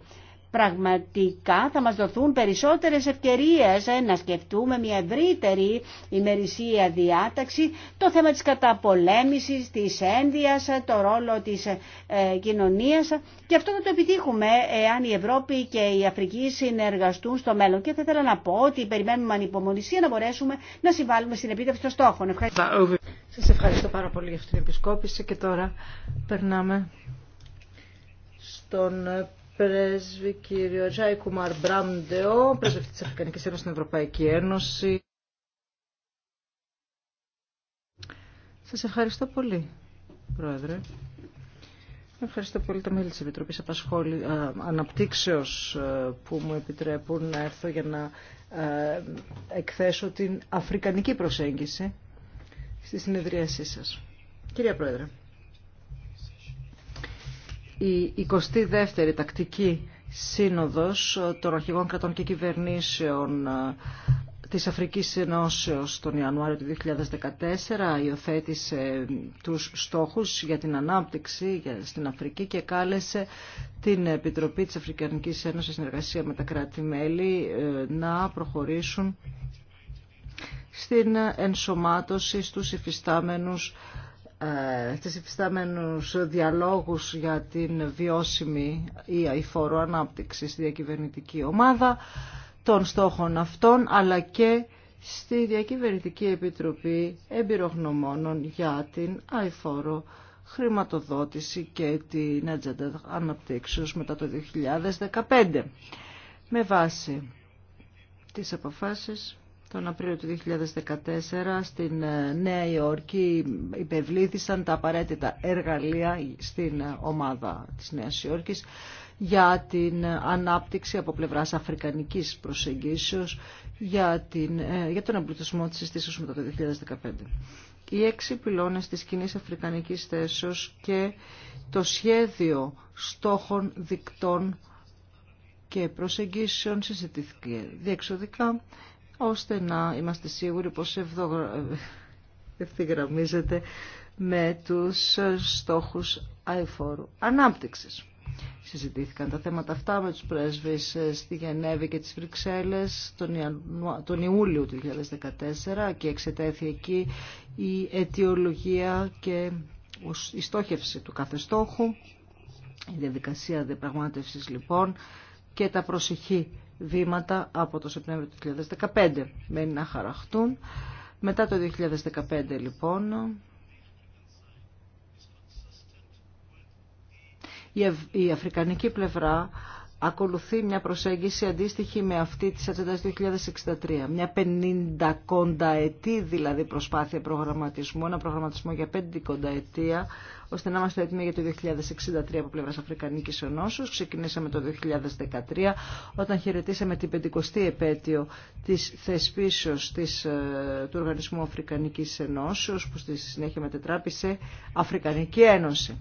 πραγματικά θα μας δοθούν περισσότερες ευκαιρίες ε, να σκεφτούμε μια ευρύτερη ημερησία διάταξη, το θέμα της καταπολέμησης, της ένδυας, ε, το ρόλο της ε, κοινωνίας και αυτό θα το επιτύχουμε εάν η Ευρώπη και η Αφρική συνεργαστούν στο μέλλον. Και θα ήθελα να πω ότι περιμένουμε ανυπομονησία να μπορέσουμε να συμβάλλουμε στην επίτευξη των στόχων. Ευχαριστώ. Σας ευχαριστώ πάρα πολύ για αυτή την επισκόπηση και τώρα περνάμε στον πρέσβη κύριο Τζάι Κουμαρ Μπράμντεο, πρέσβευτη της Αφρικανικής Ένωσης στην Ευρωπαϊκή Ένωση. Σας ευχαριστώ πολύ, Πρόεδρε. Ευχαριστώ πολύ τα μέλη της Επιτροπής Απασχόλη, Αναπτύξεως που μου επιτρέπουν να έρθω για να εκθέσω την αφρικανική προσέγγιση στη συνεδρίασή σας. Κυρία Πρόεδρε η 22η τακτική σύνοδος των αρχηγών κρατών και κυβερνήσεων ε, της Αφρικής Ενώσεως τον Ιανουάριο του 2014 υιοθέτησε τους στόχους για την ανάπτυξη στην Αφρική και κάλεσε την Επιτροπή της Αφρικανικής Ένωσης συνεργασία με τα κράτη-μέλη ε, να προχωρήσουν στην ενσωμάτωση στους υφιστάμενους ε, στις υφιστάμενους διαλόγους για την βιώσιμη ή αηφόρο ανάπτυξη στη διακυβερνητική ομάδα των στόχων αυτών, αλλά και στη Διακυβερνητική Επιτροπή Εμπειρογνωμόνων για την αηφόρο χρηματοδότηση και την ατζέντα αναπτύξεως μετά το 2015. Με βάση τις αποφάσεις τον Απρίλιο του 2014 στην ε, Νέα Υόρκη υπευλήθησαν τα απαραίτητα εργαλεία στην ε, ομάδα της Νέας Υόρκης για την ε, ανάπτυξη από πλευράς αφρικανικής προσεγγίσεως για, την, για τον εμπλουτισμό της συστήσεως μετά το 2015. Οι έξι πυλώνες της κοινή αφρικανικής θέσεως και το σχέδιο στόχων δικτών και προσεγγίσεων συζητήθηκε διεξοδικά ώστε να είμαστε σίγουροι πως ευθυγραμμίζεται με τους στόχους αεφόρου ανάπτυξης. Συζητήθηκαν τα θέματα αυτά με τους πρέσβεις ε, στη Γενέβη και τις Βρυξέλλες τον, Ιούλιο του 2014 και εξετέθη εκεί η αιτιολογία και η στόχευση του κάθε στόχου, η διαδικασία διαπραγμάτευσης λοιπόν και τα προσεχή βήματα από το Σεπτέμβριο του 2015. Μένει να χαραχτούν. Μετά το 2015 λοιπόν η αφρικανική πλευρά ακολουθεί μια προσέγγιση αντίστοιχη με αυτή της Ατζέντας 2063. Μια 50 κονταετή δηλαδή προσπάθεια προγραμματισμού, ένα προγραμματισμό για 5 κονταετία, ώστε να είμαστε έτοιμοι για το 2063 από πλευράς Αφρικανικής Ενώσεως. Ξεκινήσαμε το 2013, όταν χαιρετήσαμε την 50η επέτειο της θεσπίσεως της, ε, του Οργανισμού Αφρικανικής Ενώσεως, που στη συνέχεια μετετράπησε Αφρικανική Ένωση.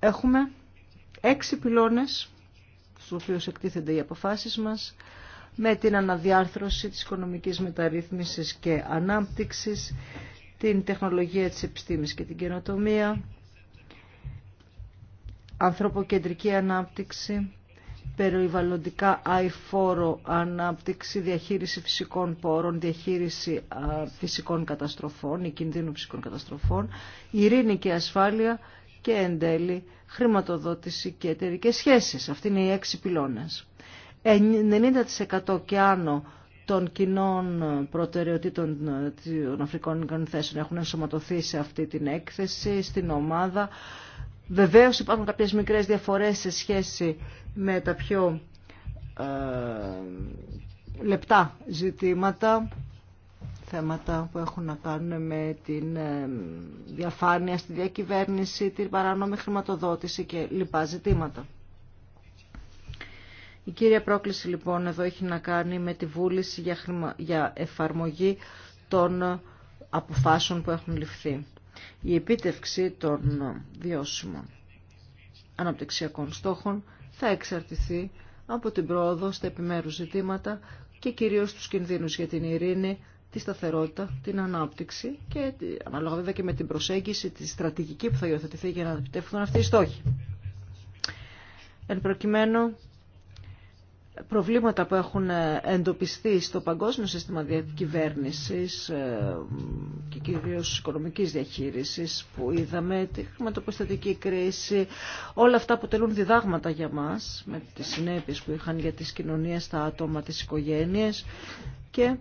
Έχουμε έξι πυλώνες στους οποίους εκτίθενται οι αποφάσεις μας με την αναδιάρθρωση της οικονομικής μεταρρύθμισης και ανάπτυξης, την τεχνολογία της επιστήμης και την καινοτομία, ανθρωποκεντρική ανάπτυξη, περιβαλλοντικά αηφόρο ανάπτυξη, διαχείριση φυσικών πόρων, διαχείριση φυσικών καταστροφών ή κινδύνου φυσικών καταστροφών, ειρήνη και ασφάλεια και εν τέλει χρηματοδότηση και εταιρικές σχέσεις. Αυτή είναι οι έξι πυλώνες. 90% και άνω των κοινών προτεραιοτήτων ε, των Αφρικών θέσεων έχουν ενσωματωθεί σε αυτή την έκθεση, στην ομάδα. Βεβαίως υπάρχουν κάποιες μικρές διαφορές σε σχέση με τα πιο ε, λεπτά ζητήματα θέματα που έχουν να κάνουν με την ε, διαφάνεια στη διακυβέρνηση, την παράνομη χρηματοδότηση και λοιπά ζητήματα. Η κύρια πρόκληση λοιπόν εδώ έχει να κάνει με τη βούληση για, εφαρμογή των αποφάσεων που έχουν ληφθεί. Η επίτευξη των βιώσιμων αναπτυξιακών στόχων θα εξαρτηθεί από την πρόοδο στα επιμέρους ζητήματα και κυρίως τους κινδύνους για την ειρήνη, τη σταθερότητα, την ανάπτυξη και ανάλογα βέβαια και με την προσέγγιση, τη στρατηγική που θα υιοθετηθεί για να επιτευχθούν αυτοί οι στόχοι. Εν προκειμένου, προβλήματα που έχουν ε, εντοπιστεί στο παγκόσμιο σύστημα διακυβέρνησης ε, και κυρίως οικονομικής διαχείρισης που είδαμε, τη χρηματοπιστωτική κρίση, όλα αυτά αποτελούν διδάγματα για μας με τις συνέπειες που είχαν για τις κοινωνίες, τα άτομα, τις οικογένειες και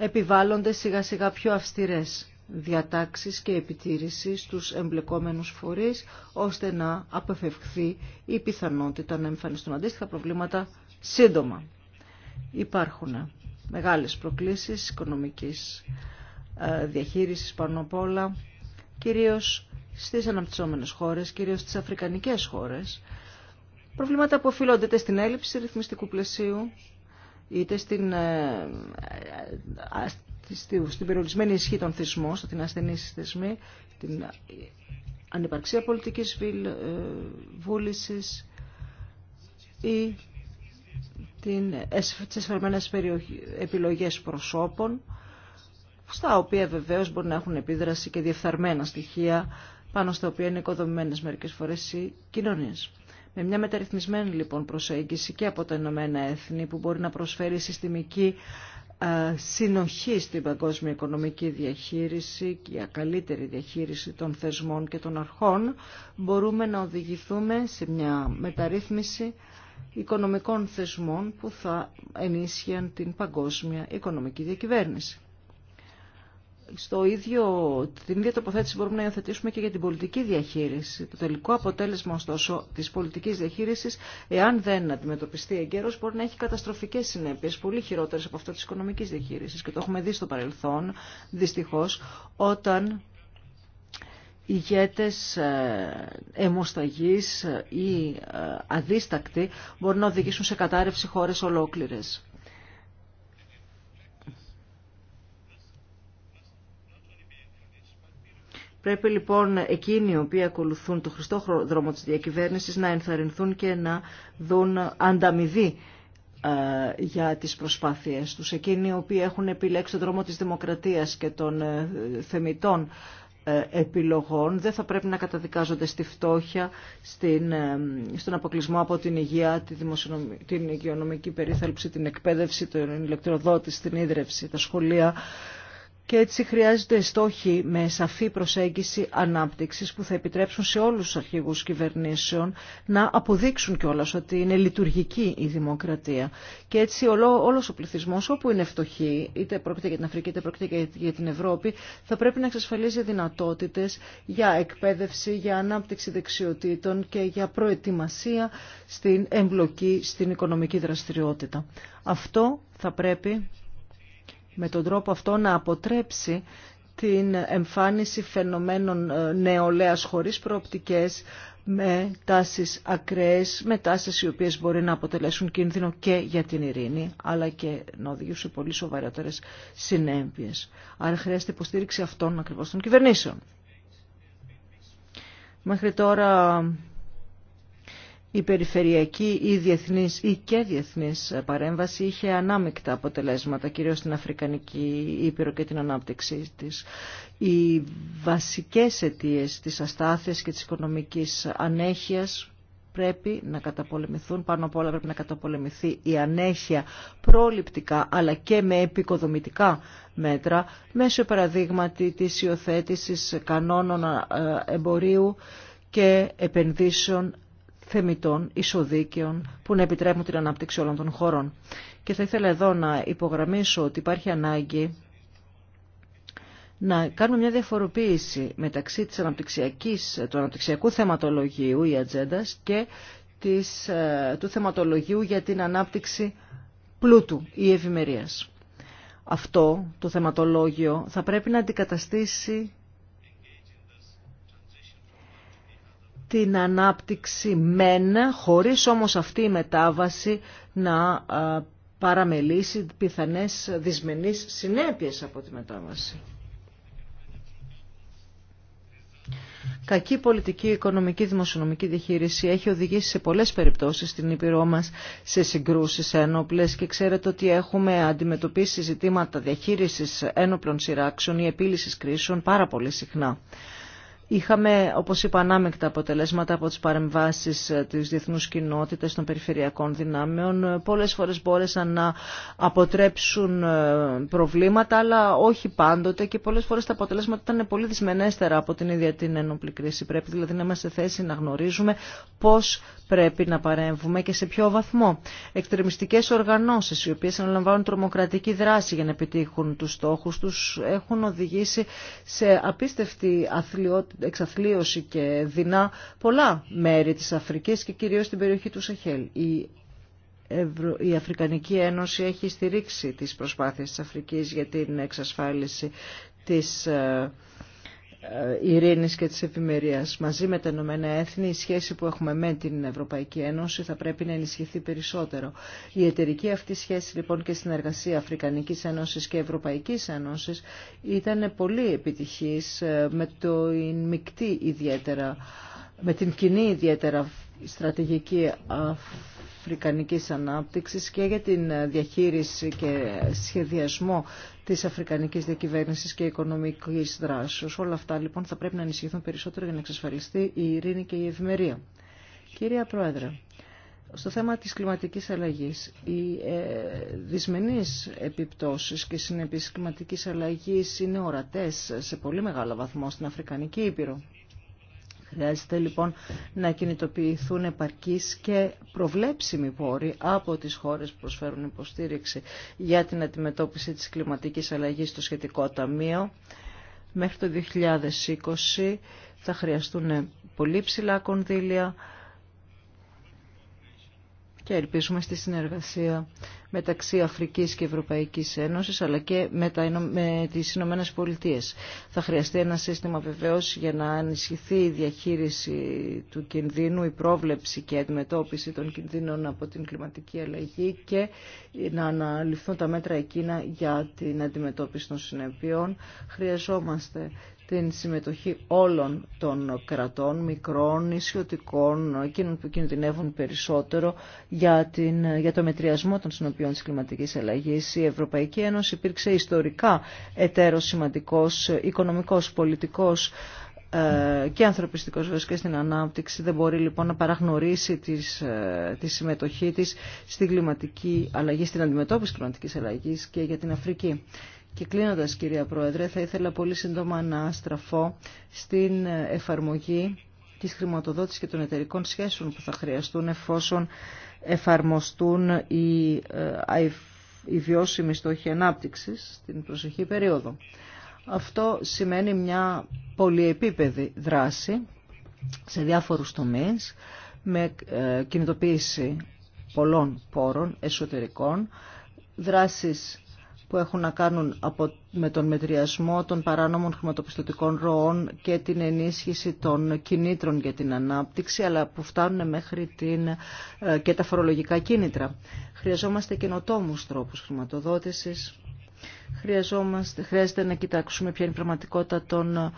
επιβάλλονται σιγά σιγά πιο αυστηρές διατάξεις και επιτήρηση στους εμπλεκόμενους φορείς ώστε να αποφευχθεί η πιθανότητα να εμφανιστούν αντίστοιχα προβλήματα σύντομα. Υπάρχουν μεγάλες προκλήσεις οικονομικής ε, διαχείρισης πάνω απ' όλα, κυρίως στις αναπτυσσόμενες χώρες, κυρίως στις αφρικανικές χώρες. Προβλήματα που οφείλονται στην έλλειψη ρυθμιστικού πλαισίου, είτε στην, ε, ε, ε, στην περιορισμένη ισχύ των θεσμών, στην ασθενή την ανυπαρξία πολιτικής βούλησης ή την, τις επιλογέ επιλογές προσώπων, στα οποία βεβαίως μπορεί να έχουν επίδραση και διεφθαρμένα στοιχεία, πάνω στα οποία είναι οικοδομημένες μερικές φορές οι κοινωνίες. Με μια μεταρρυθμισμένη λοιπόν προσέγγιση και από τα Ηνωμένα Έθνη που μπορεί να προσφέρει συστημική ε, συνοχή στην παγκόσμια οικονομική διαχείριση και για καλύτερη διαχείριση των θεσμών και των αρχών μπορούμε να οδηγηθούμε σε μια μεταρρύθμιση οικονομικών θεσμών που θα ενίσχυαν την παγκόσμια οικονομική διακυβέρνηση στο ίδιο, την ίδια τοποθέτηση μπορούμε να υιοθετήσουμε και για την πολιτική διαχείριση. Το τελικό αποτέλεσμα ωστόσο της πολιτικής διαχείρισης, εάν δεν αντιμετωπιστεί εγκαίρως, μπορεί να έχει καταστροφικές συνέπειες, πολύ χειρότερες από αυτό της οικονομικής διαχείρισης. Και το έχουμε δει στο παρελθόν, δυστυχώς, όταν ηγέτες ε, αιμοσταγείς ή ε, αδίστακτοι μπορούν να οδηγήσουν σε κατάρρευση χώρες ολόκληρες. Πρέπει λοιπόν εκείνοι οι οποίοι ακολουθούν το χρηστό δρόμο της διακυβέρνησης να ενθαρρυνθούν και να δουν ανταμοιβή ε, για τις προσπάθειές τους. Εκείνοι οι οποίοι έχουν επιλέξει τον δρόμο της δημοκρατίας και των ε, θεμητών ε, επιλογών δεν θα πρέπει να καταδικάζονται στη φτώχεια, στην, στον αποκλεισμό από την υγεία, τη την υγειονομική περίθαλψη, την εκπαίδευση, τον ηλεκτροδότη, την ίδρυυση, τα σχολεία και έτσι χρειάζεται στόχοι με σαφή προσέγγιση ανάπτυξης που θα επιτρέψουν σε όλους τους αρχηγούς κυβερνήσεων να αποδείξουν κιόλα ότι είναι λειτουργική η δημοκρατία. Και έτσι όλο, όλος ο πληθυσμός όπου είναι φτωχή, είτε πρόκειται για την Αφρική είτε πρόκειται για την Ευρώπη, θα πρέπει να εξασφαλίζει δυνατότητες για εκπαίδευση, για ανάπτυξη δεξιοτήτων και για προετοιμασία στην εμπλοκή στην οικονομική δραστηριότητα. Αυτό θα πρέπει με τον τρόπο αυτό να αποτρέψει την εμφάνιση φαινομένων ε, νεολαίας χωρίς προοπτικές, με τάσεις ακραίες, με τάσεις οι οποίες μπορεί να αποτελέσουν κίνδυνο και για την ειρήνη, αλλά και να οδηγήσουν πολύ σοβαρότερες συνέπειες. Άρα χρειάζεται υποστήριξη αυτών ακριβώς των κυβερνήσεων. Μέχρι τώρα η περιφερειακή ή διεθνής ή και διεθνής παρέμβαση είχε ανάμεικτα αποτελέσματα, κυρίως στην Αφρικανική Ήπειρο και την ανάπτυξή της. Οι βασικές αιτίες της αστάθειας και της οικονομικής ανέχειας πρέπει να καταπολεμηθούν, πάνω απ' όλα πρέπει να καταπολεμηθεί η ανέχεια προληπτικά αλλά και με επικοδομητικά μέτρα μέσω παραδείγματι της υιοθέτηση κανόνων ε, εμπορίου και επενδύσεων θεμητών, ισοδίκαιων, που να επιτρέπουν την ανάπτυξη όλων των χωρών. Και θα ήθελα εδώ να υπογραμμίσω ότι υπάρχει ανάγκη να κάνουμε μια διαφοροποίηση μεταξύ της αναπτυξιακής, του αναπτυξιακού θεματολογίου ή ατζέντα και της, ε, του θεματολογίου για την ανάπτυξη πλούτου ή ευημερίας. Αυτό το θεματολόγιο θα πρέπει να αντικαταστήσει την ανάπτυξη μεν, χωρίς όμως αυτή η μετάβαση να παραμελήσει πιθανές δυσμενείς συνέπειες από τη μετάβαση. Κακή πολιτική, οικονομική, δημοσιονομική διαχείριση έχει οδηγήσει σε πολλές περιπτώσεις στην Ήπειρό μας σε συγκρούσεις ένοπλες και ξέρετε ότι έχουμε αντιμετωπίσει ζητήματα διαχείρισης ένοπλων σειράξεων ή επίλυσης κρίσεων πάρα πολύ συχνά. Είχαμε, όπως είπα, ανάμεκτα αποτελέσματα από τις παρεμβάσεις ε, της διεθνούς κοινότητας των περιφερειακών δυνάμεων. Ε, πολλές φορές μπόρεσαν να αποτρέψουν ε, προβλήματα, αλλά όχι πάντοτε και πολλές φορές τα αποτελέσματα ήταν πολύ δυσμενέστερα από την ίδια την ενόπλη κρίση. Πρέπει δηλαδή να είμαστε θέση να γνωρίζουμε πώς πρέπει να παρέμβουμε και σε ποιο βαθμό. Εκτρεμιστικές οργανώσεις οι οποίες αναλαμβάνουν τρομοκρατική δράση για να επιτύχουν τους στόχους τους έχουν οδηγήσει σε απίστευτη αθλειότητα εξαθλίωση και δεινά πολλά μέρη της Αφρικής και κυρίως την περιοχή του Σαχέλ. Η, η Αφρικανική Ένωση έχει στηρίξει τις προσπάθειες της Αφρικής για την εξασφάλιση της ε, ε, ειρήνης και της ευημερίας. Μαζί με τα Ηνωμένα Έθνη η σχέση που έχουμε με την Ευρωπαϊκή Ένωση θα πρέπει να ενισχυθεί περισσότερο. Η εταιρική αυτή σχέση λοιπόν και συνεργασία Αφρικανικής Ένωσης και Ευρωπαϊκής Ένωσης ήταν πολύ επιτυχής ε, με το μεικτή ιδιαίτερα με την κοινή ιδιαίτερα στρατηγική Αφρικανικής Ανάπτυξης και για την διαχείριση και σχεδιασμό της αφρικανικής διακυβέρνησης και οικονομικής δράσεως. Όλα αυτά λοιπόν θα πρέπει να ενισχυθούν περισσότερο για να εξασφαλιστεί η ειρήνη και η ευημερία. Κυρία Πρόεδρε, στο θέμα της κλιματικής αλλαγής, οι ε, δυσμενείς επιπτώσεις και συνεπείς κλιματικής αλλαγής είναι ορατές σε πολύ μεγάλο βαθμό στην Αφρικανική Ήπειρο. Χρειάζεται λοιπόν να κινητοποιηθούν επαρκείς και προβλέψιμοι πόροι από τις χώρες που προσφέρουν υποστήριξη για την αντιμετώπιση της κλιματικής αλλαγής στο σχετικό ταμείο. Μέχρι το 2020 θα χρειαστούν πολύ ψηλά κονδύλια και ελπίζουμε στη συνεργασία μεταξύ Αφρικής και Ευρωπαϊκής Ένωσης αλλά και με, τα, τις Ηνωμένε Πολιτείε. Θα χρειαστεί ένα σύστημα βεβαίω για να ανισχυθεί η διαχείριση του κινδύνου, η πρόβλεψη και η αντιμετώπιση των κινδύνων από την κλιματική αλλαγή και να αναλυφθούν τα μέτρα εκείνα για την αντιμετώπιση των συνεπειών. Χρειαζόμαστε την συμμετοχή όλων των κρατών, μικρών, νησιωτικών, εκείνων που κινδυνεύουν περισσότερο για, την, το μετριασμό των συνοπιών της κλιματικής αλλαγής. Η Ευρωπαϊκή Ένωση υπήρξε ιστορικά εταίρος σημαντικός, οικονομικός, πολιτικός, ε, και ανθρωπιστικός βέβαια και στην ανάπτυξη δεν μπορεί λοιπόν να παραγνωρίσει τις, ε, τη συμμετοχή της στην κλιματική αλλαγή, στην αντιμετώπιση κλιματικής αλλαγής και για την Αφρική. Και κλείνοντας κυρία Πρόεδρε θα ήθελα πολύ σύντομα να στραφώ στην εφαρμογή της χρηματοδότησης και των εταιρικών σχέσεων που θα χρειαστούν εφόσον εφαρμοστούν οι, ε, οι βιώσιμοι στόχοι ανάπτυξης στην προσεχή περίοδο. Αυτό σημαίνει μια πολυεπίπεδη δράση σε διάφορους τομείς με ε, κινητοποίηση πολλών πόρων εσωτερικών, δράσεις που έχουν να κάνουν με τον μετριασμό των παράνομων χρηματοπιστωτικών ροών και την ενίσχυση των κινήτρων για την ανάπτυξη, αλλά που φτάνουν μέχρι την, ε, και τα φορολογικά κίνητρα. Χρειαζόμαστε καινοτόμους τρόπους χρηματοδότησης. Χρειαζόμαστε, χρειάζεται να κοιτάξουμε ποια είναι η πραγματικότητα των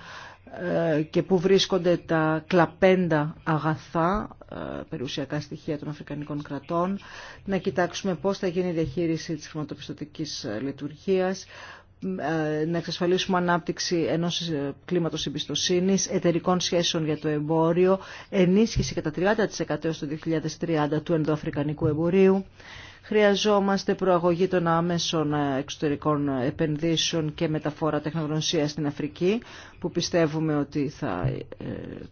ε, και πού βρίσκονται τα κλαπέντα αγαθά, ε, περιουσιακά στοιχεία των Αφρικανικών κρατών, να κοιτάξουμε πώς θα γίνει η διαχείριση της χρηματοπιστωτικής ε, λειτουργίας, να εξασφαλίσουμε ανάπτυξη ενός κλίματος εμπιστοσύνης, εταιρικών σχέσεων για το εμπόριο, ενίσχυση κατά 30% έως το 2030 του ενδοαφρικανικού εμπορίου Χρειαζόμαστε προαγωγή των άμεσων εξωτερικών επενδύσεων και μεταφορά τεχνογνωσία στην Αφρική, που πιστεύουμε ότι θα ε,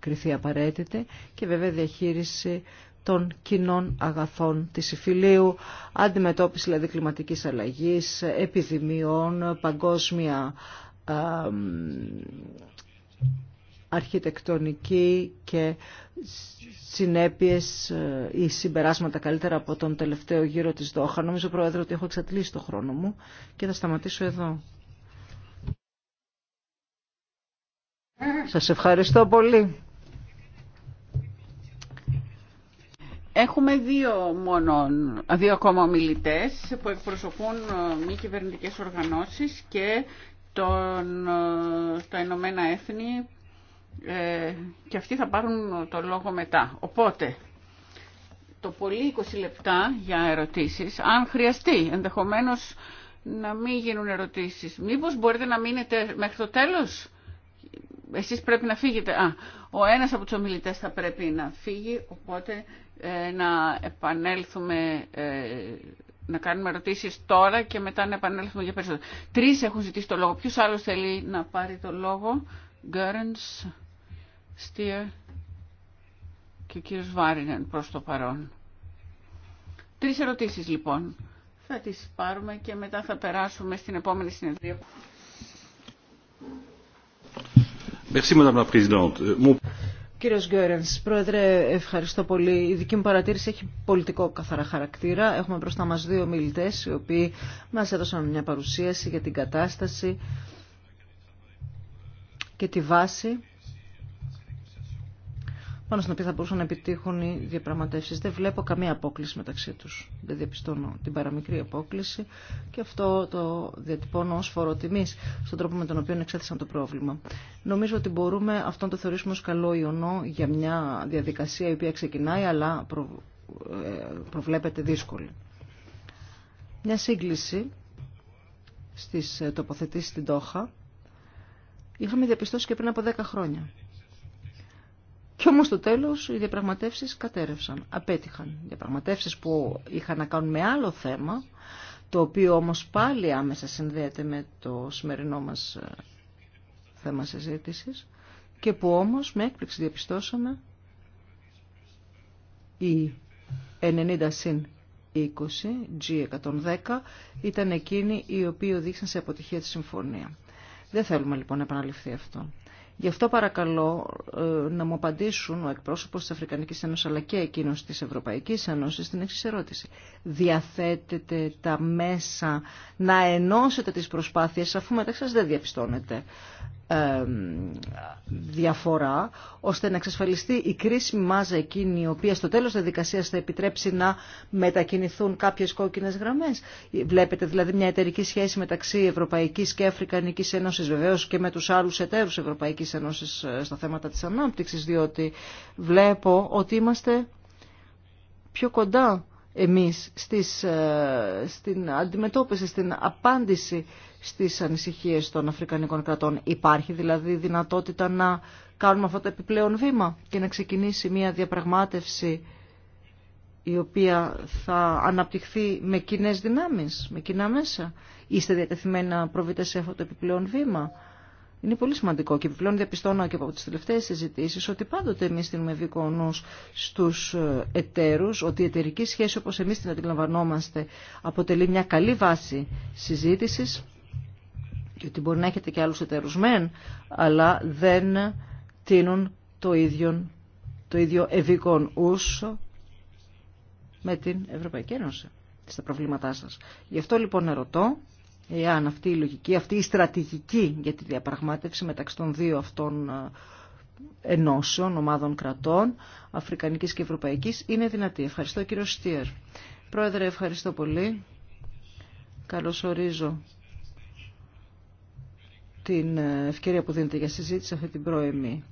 κριθεί απαραίτητη, και βέβαια διαχείριση των κοινών αγαθών της Ιφιλίου, αντιμετώπιση δηλαδή κλιματικής αλλαγής, επιδημιών, παγκόσμια ε, αρχιτεκτονική και συνέπειες ε, ή συμπεράσματα καλύτερα από τον τελευταίο γύρο της Δόχα. Νομίζω, Πρόεδρε, ότι έχω εξατλήσει το χρόνο μου και θα σταματήσω εδώ. Σας ευχαριστώ πολύ. Έχουμε δύο, μόνο, δύο ακόμα ομιλητές που εκπροσωπούν ε, μη κυβερνητικές οργανώσεις και τον, ε, τα Ηνωμένα Έθνη ε, και αυτοί θα πάρουν το λόγο μετά. Οπότε, το πολύ 20 λεπτά για ερωτήσεις, αν χρειαστεί, ενδεχομένως να μην γίνουν ερωτήσεις. Μήπως μπορείτε να μείνετε μέχρι το τέλος. Εσείς πρέπει να φύγετε. Α, ο ένας από τους ομιλητές θα πρέπει να φύγει, οπότε ε, να επανέλθουμε, ε, να κάνουμε ερωτήσεις τώρα και μετά να επανέλθουμε για περισσότερο. Τρεις έχουν ζητήσει το λόγο. Ποιος άλλος θέλει να πάρει το λόγο. Στίερ και ο κύριος Βάρινεν προς το παρόν. Τρεις ερωτήσεις λοιπόν. Θα τις πάρουμε και μετά θα περάσουμε στην επόμενη συνεδρία. Ε, κύριος Γκέρενς, Πρόεδρε, ευχαριστώ πολύ. Η δική μου παρατήρηση έχει πολιτικό καθαρά χαρακτήρα. Έχουμε μπροστά μας δύο μιλητές, οι οποίοι μας έδωσαν μια παρουσίαση για την κατάσταση και τη βάση πάνω στην οποία θα μπορούσαν να επιτύχουν οι διαπραγματεύσει. Δεν βλέπω καμία απόκληση μεταξύ του. Δεν διαπιστώνω την παραμικρή απόκληση και αυτό το διατυπώνω ω φοροτιμή στον τρόπο με τον οποίο εξέθεσαν το πρόβλημα. Νομίζω ότι μπορούμε αυτό το θεωρήσουμε ω καλό ιονό για μια διαδικασία η οποία ξεκινάει αλλά προ... Ε, προβλέπεται δύσκολη. Μια σύγκληση στις τοποθετήσεις στην Τόχα είχαμε διαπιστώσει και πριν από 10 χρόνια και όμως στο τέλος οι διαπραγματεύσεις κατέρευσαν, απέτυχαν. Διαπραγματεύσεις που είχαν να κάνουν με άλλο θέμα, το οποίο όμως πάλι άμεσα συνδέεται με το σημερινό μας ε, θέμα συζήτηση και που όμως με έκπληξη διαπιστώσαμε η 90 20, G110, ήταν εκείνη η οποία οδήγησαν σε αποτυχία τη συμφωνία. Δεν θέλουμε λοιπόν να επαναληφθεί αυτό. Γι' αυτό παρακαλώ ε, να μου απαντήσουν ο εκπρόσωπος της Αφρικανικής Ένωσης αλλά και εκείνος της Ευρωπαϊκής Ένωσης στην εξής ερώτηση. Διαθέτετε τα μέσα να ενώσετε τις προσπάθειες αφού μεταξύ σας δεν διαπιστώνετε διαφορά, ώστε να εξασφαλιστεί η κρίσιμη μάζα εκείνη η οποία στο τέλος της δικασίας θα επιτρέψει να μετακινηθούν κάποιες κόκκινες γραμμές. Βλέπετε δηλαδή μια εταιρική σχέση μεταξύ Ευρωπαϊκής και Αφρικανικής Ένωσης βεβαίως και με τους άλλους εταίρους Ευρωπαϊκής Ένωσης ε, στα θέματα της ανάπτυξης, διότι βλέπω ότι είμαστε πιο κοντά εμείς στις, ε, στην αντιμετώπιση, στην απάντηση στις ανησυχίες των Αφρικανικών κρατών. Υπάρχει δηλαδή δυνατότητα να κάνουμε αυτό το επιπλέον βήμα και να ξεκινήσει μια διαπραγμάτευση η οποία θα αναπτυχθεί με κοινέ δυνάμεις, με κοινά μέσα. Είστε διατεθειμένοι να προβείτε σε αυτό το επιπλέον βήμα. Είναι πολύ σημαντικό και επιπλέον διαπιστώνω και από τις τελευταίες συζητήσεις ότι πάντοτε εμείς την ευηκονούς στους ε, εταίρους, ότι η εταιρική σχέση όπως εμείς την αντιλαμβανόμαστε αποτελεί μια καλή βάση συζήτησης και ότι μπορεί να έχετε και άλλους εταίρους μεν, αλλά δεν τίνουν το ίδιο, το ίδιο με την Ευρωπαϊκή Ένωση στα προβλήματά σας. Γι' αυτό λοιπόν ερωτώ Εάν αυτή η λογική, αυτή η στρατηγική για τη διαπραγμάτευση μεταξύ των δύο αυτών ε, ενώσεων, ομάδων κρατών, Αφρικανικής και Ευρωπαϊκής, είναι δυνατή. Ευχαριστώ κύριο Στίερ. Πρόεδρε, ευχαριστώ πολύ. Καλώς ορίζω την ε, ευκαιρία που δίνεται για συζήτηση αυτή την πρώιμη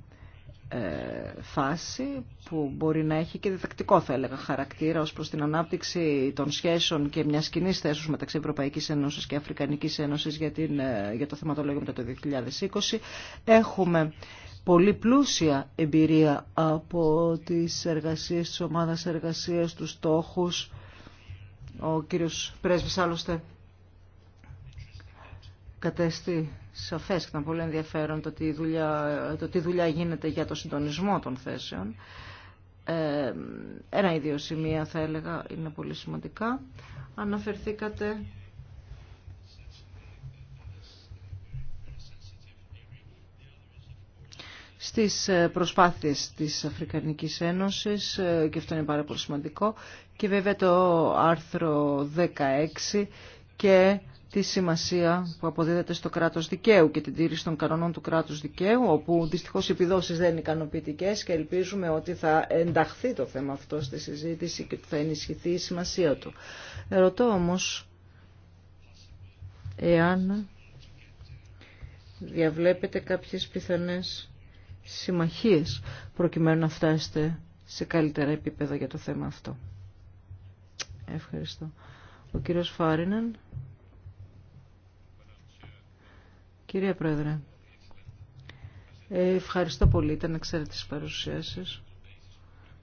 ε, φάση που μπορεί να έχει και διδακτικό θα έλεγα χαρακτήρα ως προς την ανάπτυξη των σχέσεων και μια κοινή θέσης μεταξύ Ευρωπαϊκής Ένωσης και Αφρικανικής Ένωσης για, την, ε, για το θεματολόγιο μετά το 2020. Έχουμε πολύ πλούσια εμπειρία από τις εργασίες της ομάδας εργασίας, τους στόχους. Ο κύριος Πρέσβης άλλωστε κατέστη σαφές και ήταν πολύ ενδιαφέρον το τι, δουλειά, το τι δουλειά γίνεται για το συντονισμό των θέσεων. Ε, ένα ή δύο σημεία θα έλεγα είναι πολύ σημαντικά. Αναφερθήκατε στις ε, προσπάθειες της Αφρικανικής Ένωσης ε, και αυτό είναι πάρα πολύ σημαντικό και βέβαια το άρθρο 16 και τη σημασία που αποδίδεται στο κράτος δικαίου και την τήρηση των κανονών του κράτους δικαίου, όπου δυστυχώς οι επιδόσεις δεν είναι ικανοποιητικέ και ελπίζουμε ότι θα ενταχθεί το θέμα αυτό στη συζήτηση και ότι θα ενισχυθεί η σημασία του. Ρωτώ όμως, εάν διαβλέπετε κάποιες πιθανές συμμαχίες προκειμένου να φτάσετε σε καλύτερα επίπεδα για το θέμα αυτό. Ευχαριστώ. Ο κύριος Φάρινεν. Κυρία Πρόεδρε, ευχαριστώ πολύ. Ήταν εξαίρετης παρουσίαση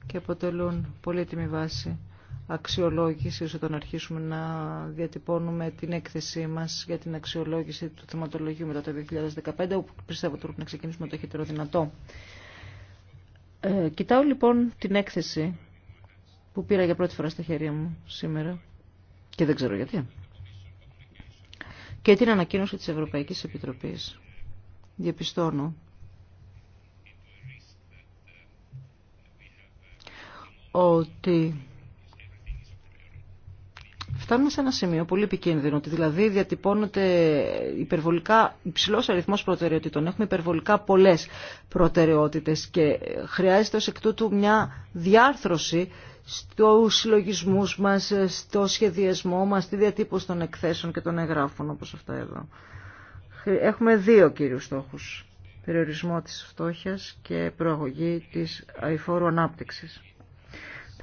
και αποτελούν πολύτιμη βάση αξιολόγηση όταν αρχίσουμε να διατυπώνουμε την έκθεσή μας για την αξιολόγηση του θεματολογίου μετά το 2015 όπου πιστεύω ότι να ξεκινήσουμε το χειτερό δυνατό. Ε, κοιτάω λοιπόν την έκθεση που πήρα για πρώτη φορά στα χέρια μου σήμερα και δεν ξέρω γιατί και την ανακοίνωση της Ευρωπαϊκής Επιτροπής. Διαπιστώνω ότι φτάνουμε σε ένα σημείο πολύ επικίνδυνο, ότι δηλαδή διατυπώνονται υπερβολικά υψηλό αριθμό προτεραιοτήτων. Έχουμε υπερβολικά πολλέ προτεραιότητε και χρειάζεται ω εκ τούτου μια διάρθρωση στου συλλογισμού μα, στο σχεδιασμό μα, στη διατύπωση των εκθέσεων και των εγγράφων όπω αυτά εδώ. Έχουμε δύο κύριου στόχου. Περιορισμό τη φτώχεια και προαγωγή τη αηφόρου ανάπτυξη.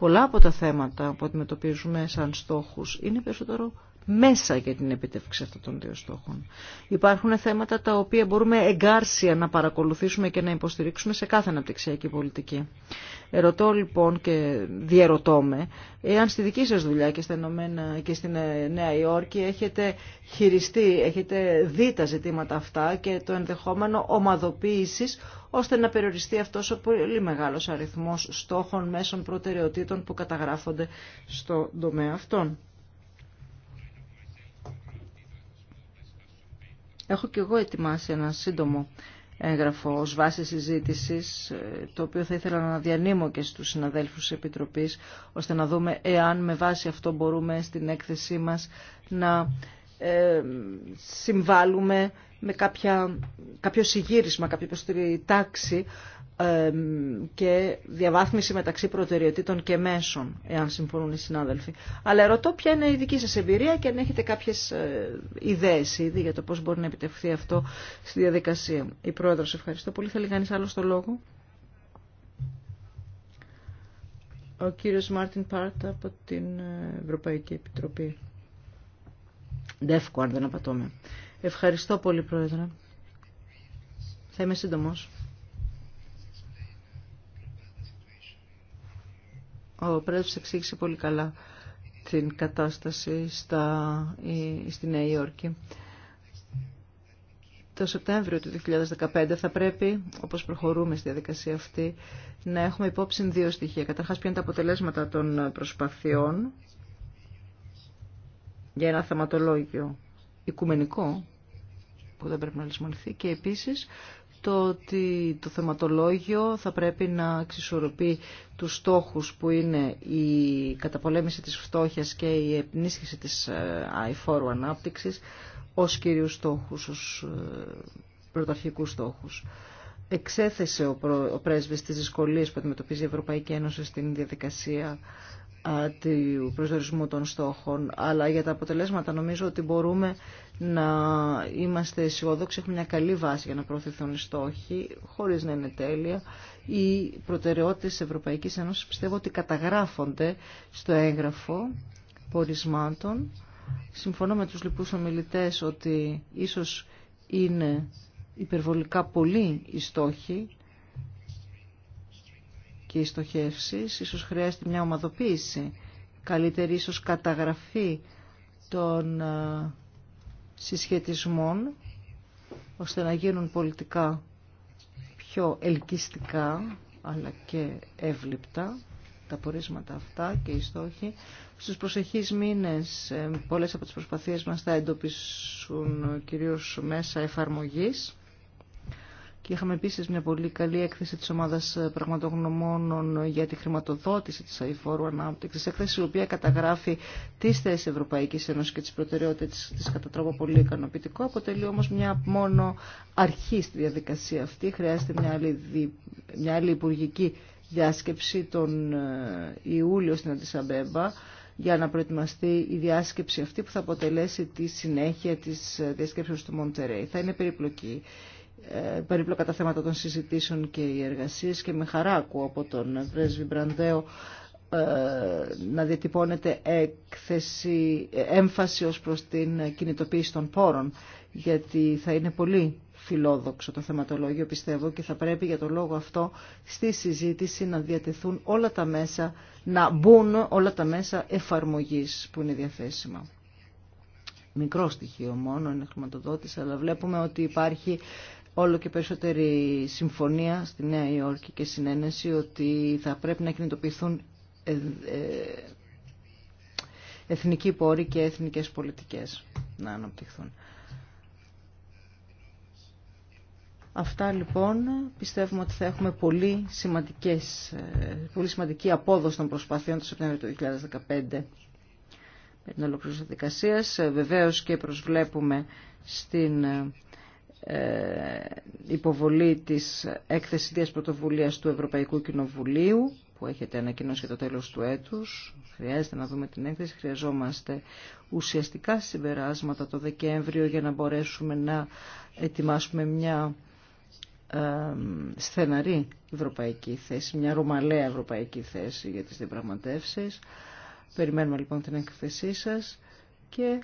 Πολλά από τα θέματα που αντιμετωπίζουμε σαν στόχους είναι περισσότερο μέσα για την επιτεύξη αυτών των δύο στόχων. Υπάρχουν θέματα τα οποία μπορούμε εγκάρσια να παρακολουθήσουμε και να υποστηρίξουμε σε κάθε αναπτυξιακή πολιτική. Ερωτώ λοιπόν και διαρωτώ με, εάν στη δική σας δουλειά και, στα και στην ε, Νέα Υόρκη έχετε χειριστεί, έχετε δει τα ζητήματα αυτά και το ενδεχόμενο ομαδοποίησης ώστε να περιοριστεί αυτός ο πολύ μεγάλος αριθμός στόχων μέσων προτεραιοτήτων που καταγράφονται στον τομέα αυτών. Έχω και εγώ ετοιμάσει ένα σύντομο έγγραφο ως βάση συζήτησης, ε, το οποίο θα ήθελα να διανύμω και στους συναδέλφους της Επιτροπής, ώστε να δούμε εάν με βάση αυτό μπορούμε στην έκθεσή μας να ε, συμβάλλουμε με κάποια, κάποιο συγύρισμα, κάποια υποστηρή τάξη και διαβάθμιση μεταξύ προτεραιοτήτων και μέσων, εάν συμφωνούν οι συνάδελφοι. Αλλά ρωτώ ποια είναι η δική σας εμπειρία και αν έχετε κάποιες ε, ιδέες ήδη για το πώς μπορεί να επιτευχθεί αυτό στη διαδικασία. Η Πρόεδρος, ευχαριστώ πολύ. Θέλει κανείς άλλο το λόγο. Ο κύριος Μάρτιν Πάρτ από την ε, Ευρωπαϊκή Επιτροπή. Δεύκο, αν δεν απατώμε. Ευχαριστώ πολύ, Πρόεδρε. Θα είμαι σύντομος Ο Πρέσβης εξήγησε πολύ καλά την κατάσταση στα, στη Νέα Υόρκη. Το Σεπτέμβριο του 2015 θα πρέπει, όπως προχωρούμε στη διαδικασία αυτή, να έχουμε υπόψη δύο στοιχεία. Καταρχάς, ποια είναι τα αποτελέσματα των προσπαθειών για ένα θεματολόγιο οικουμενικό, που δεν πρέπει να λησμονηθεί, και επίσης το ότι το θεματολόγιο θα πρέπει να εξισορροπεί τους στόχους που είναι η καταπολέμηση της φτώχειας και η ενίσχυση της ε, αηφόρου ανάπτυξης ως κυρίους στόχους, ως ε, πρωταρχικούς στόχους. Εξέθεσε ο πρέσβης τις δυσκολίες που αντιμετωπίζει η Ευρωπαϊκή Ένωση στην διαδικασία του προσδορισμού των στόχων, αλλά για τα αποτελέσματα νομίζω ότι μπορούμε να είμαστε αισιόδοξοι, έχουμε μια καλή βάση για να προωθηθούν οι στόχοι, χωρίς να είναι τέλεια. Οι προτεραιότητες της Ευρωπαϊκής Ένωσης πιστεύω ότι καταγράφονται στο έγγραφο πορισμάτων. Συμφωνώ με τους λοιπούς ομιλητές ότι ίσως είναι υπερβολικά πολλοί οι στόχοι και Ίσως χρειάζεται μια ομαδοποίηση, καλύτερη ίσως καταγραφή των ε, συσχετισμών, ώστε να γίνουν πολιτικά πιο ελκυστικά, αλλά και εύληπτα τα πορίσματα αυτά και οι στόχοι. Στους προσεχείς μήνες ε, πολλές από τις προσπαθίες μας θα εντοπίσουν ε, κυρίως μέσα εφαρμογής και είχαμε επίσης μια πολύ καλή έκθεση της ομάδας ε, πραγματογνωμόνων για τη χρηματοδότηση της αηφόρου ανάπτυξης. Έκθεση η οποία καταγράφει τις θέσεις Ευρωπαϊκής Ένωσης και τις προτεραιότητες της κατά τρόπο πολύ ικανοποιητικό. Αποτελεί όμως μια μόνο αρχή στη διαδικασία αυτή. Χρειάζεται μια άλλη, μια άλλη υπουργική διάσκεψη τον ε, Ιούλιο στην Αντισαμπέμπα για να προετοιμαστεί η διάσκεψη αυτή που θα αποτελέσει τη συνέχεια της ε, διάσκεψης του Μοντερέι. Θα είναι περιπλοκή. Ε, περίπλοκα τα θέματα των συζητήσεων και οι εργασίες και με χαρά ακούω από τον πρέσβη Μπραντέο ε, να διατυπώνεται έκθεση, ε, έμφαση ως προς την κινητοποίηση των πόρων γιατί θα είναι πολύ φιλόδοξο το θεματολόγιο πιστεύω και θα πρέπει για το λόγο αυτό στη συζήτηση να διατεθούν όλα τα μέσα, να μπουν όλα τα μέσα εφαρμογής που είναι διαθέσιμα. Μικρό στοιχείο μόνο είναι χρηματοδότηση, αλλά βλέπουμε ότι υπάρχει όλο και περισσότερη συμφωνία στη Νέα Υόρκη και συνένεση ότι θα πρέπει να κινητοποιηθούν ε, ε, εθνικοί πόροι και εθνικές πολιτικές να αναπτυχθούν. Αυτά λοιπόν πιστεύουμε ότι θα έχουμε πολύ, σημαντικές, ε, πολύ σημαντική απόδοση των προσπαθειών το Σεπτέμβριο του 2015 με την ολοκλήρωση της Βεβαίως και προσβλέπουμε στην ε, υποβολή της έκθεσης της πρωτοβουλίας του Ευρωπαϊκού Κοινοβουλίου που έχετε ανακοινώσει το τέλος του έτους. Χρειάζεται να δούμε την έκθεση, χρειαζόμαστε ουσιαστικά συμπεράσματα το Δεκέμβριο για να μπορέσουμε να ετοιμάσουμε μια ε, στεναρή ευρωπαϊκή θέση, μια ρωμαλαία ευρωπαϊκή θέση για τις διαπραγματεύσεις. Περιμένουμε λοιπόν την έκθεσή σας και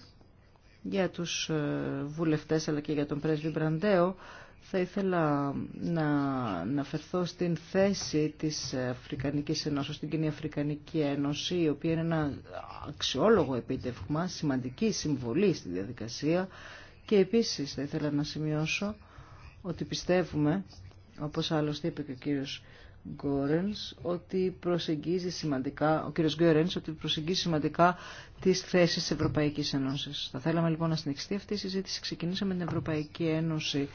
για τους ε, βουλευτές αλλά και για τον πρέσβη Μπραντέο θα ήθελα να αναφερθώ στην θέση της Αφρικανικής Ένωσης, στην Κοινή Αφρικανική Ένωση, η οποία είναι ένα αξιόλογο επίτευγμα, σημαντική συμβολή στη διαδικασία και επίσης θα ήθελα να σημειώσω ότι πιστεύουμε, όπως άλλωστε είπε και ο κύριος Γκόρενς ότι προσεγγίζει σημαντικά, ο κύριος Γκόρενς ότι προσεγγίζει σημαντικά τις θέσεις της Ευρωπαϊκής Ένωσης. Θα θέλαμε λοιπόν να συνεχιστεί αυτή η συζήτηση. Ξεκινήσαμε την Ευρωπαϊκή Ένωση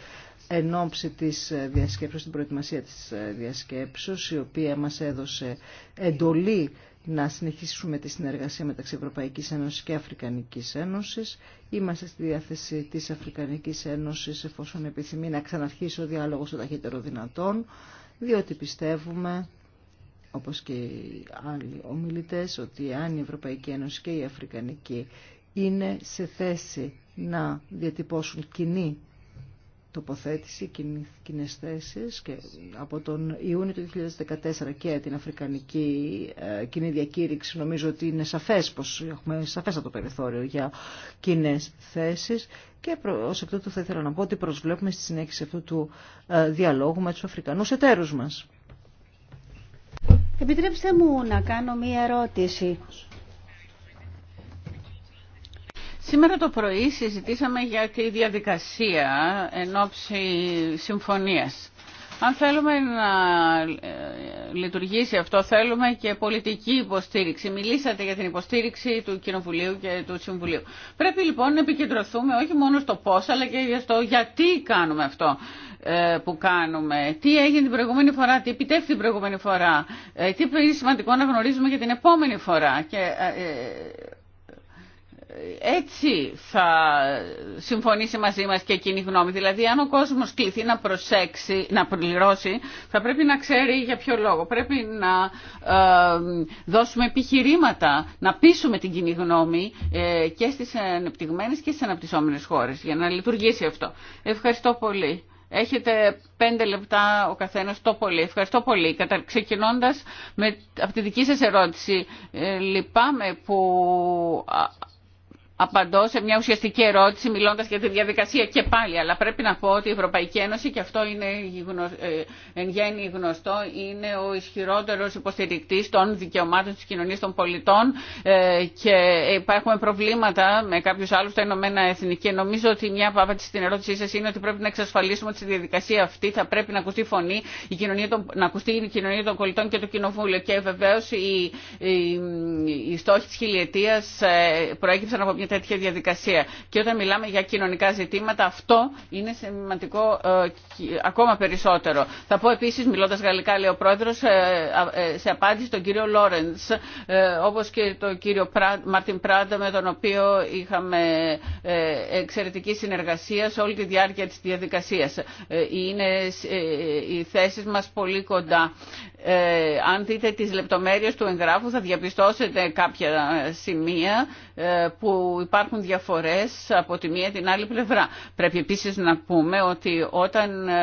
εν ώψη της ε, διασκέψεως, την προετοιμασία της ε, διασκέψεως, η οποία μας έδωσε εντολή να συνεχίσουμε τη συνεργασία μεταξύ Ευρωπαϊκής Ένωσης και Αφρικανικής Ένωσης. Είμαστε στη διάθεση της Αφρικανικής Ένωσης εφόσον επιθυμεί να ξαναρχίσει ο διάλογος των ταχύτερο δυνατόν διότι πιστεύουμε όπως και οι άλλοι ομιλητές, ότι αν η Ευρωπαϊκή Ένωση και η Αφρικανική είναι σε θέση να διατυπώσουν κοινή τοποθέτηση, κοινέ θέσει και από τον Ιούνιο του 2014 και την Αφρικανική ε, κοινή διακήρυξη νομίζω ότι είναι σαφές πως έχουμε σαφές το περιθώριο για κοινέ θέσεις και ως εκ τούτου θα ήθελα να πω ότι προσβλέπουμε στη συνέχιση αυτού του ε, διαλόγου με τους Αφρικανούς εταίρους μας. Επιτρέψτε μου να κάνω μία ερώτηση. Σήμερα το πρωί συζητήσαμε για τη διαδικασία εν ώψη συμφωνίας. Αν θέλουμε να ε, λειτουργήσει αυτό, θέλουμε και πολιτική υποστήριξη. Μιλήσατε για την υποστήριξη του Κοινοβουλίου και του Συμβουλίου. Πρέπει λοιπόν να επικεντρωθούμε όχι μόνο στο πώς, αλλά και στο γιατί κάνουμε αυτό ε, που κάνουμε, τι έγινε την προηγούμενη φορά, τι επιτεύχθη την προηγούμενη φορά, ε, τι είναι σημαντικό να γνωρίζουμε για την επόμενη φορά. Και έτσι θα συμφωνήσει μαζί μας και εκείνη η γνώμη. Δηλαδή, αν ο κόσμος κληθεί να προσέξει, να πληρώσει, θα πρέπει να ξέρει για ποιο λόγο. Πρέπει να ε, δώσουμε επιχειρήματα, να πείσουμε την κοινή γνώμη ε, και στις ανεπτυγμένες και στις αναπτυσσόμενες χώρες για να λειτουργήσει αυτό. Ευχαριστώ πολύ. Έχετε πέντε λεπτά ο καθένας το πολύ. Ευχαριστώ πολύ. Κατα... Ξεκινώντας με... από τη δική σας ερώτηση, ε, λυπάμαι που απαντώ σε μια ουσιαστική ερώτηση μιλώντας για τη διαδικασία και πάλι. Αλλά πρέπει να πω ότι η Ευρωπαϊκή Ένωση, και αυτό είναι ε, εν γέννη γνωστό, είναι ο ισχυρότερος υποστηρικτής των δικαιωμάτων της κοινωνίας των πολιτών ε, και υπάρχουν προβλήματα με κάποιους άλλους τα Ηνωμένα Έθνη. Και νομίζω ότι μια απάντηση στην ερώτησή σας είναι ότι πρέπει να εξασφαλίσουμε ότι στη διαδικασία αυτή θα πρέπει να ακουστεί φωνή, η κοινωνία των, να ακουστεί η κοινωνία των πολιτών και το κοινοβούλιο. Και βεβαίως η, της χιλιετίας ε, προέκυψαν από μια τέτοια διαδικασία. Και όταν μιλάμε για κοινωνικά ζητήματα αυτό είναι σημαντικό ε, ακόμα περισσότερο. Θα πω επίσης, μιλώντας γαλλικά λέει ο Πρόεδρος, ε, ε, σε απάντηση τον κύριο Λόρενς, όπως και τον κύριο Μάρτιν Πράντα με τον οποίο είχαμε εξαιρετική συνεργασία σε όλη τη διάρκεια της διαδικασίας. Είναι οι θέσεις μας πολύ κοντά. αν δείτε τις λεπτομέρειες του εγγράφου θα διαπιστώσετε κάποια σημεία που υπάρχουν διαφορές από τη μία την άλλη πλευρά. Πρέπει επίσης να πούμε ότι όταν ε,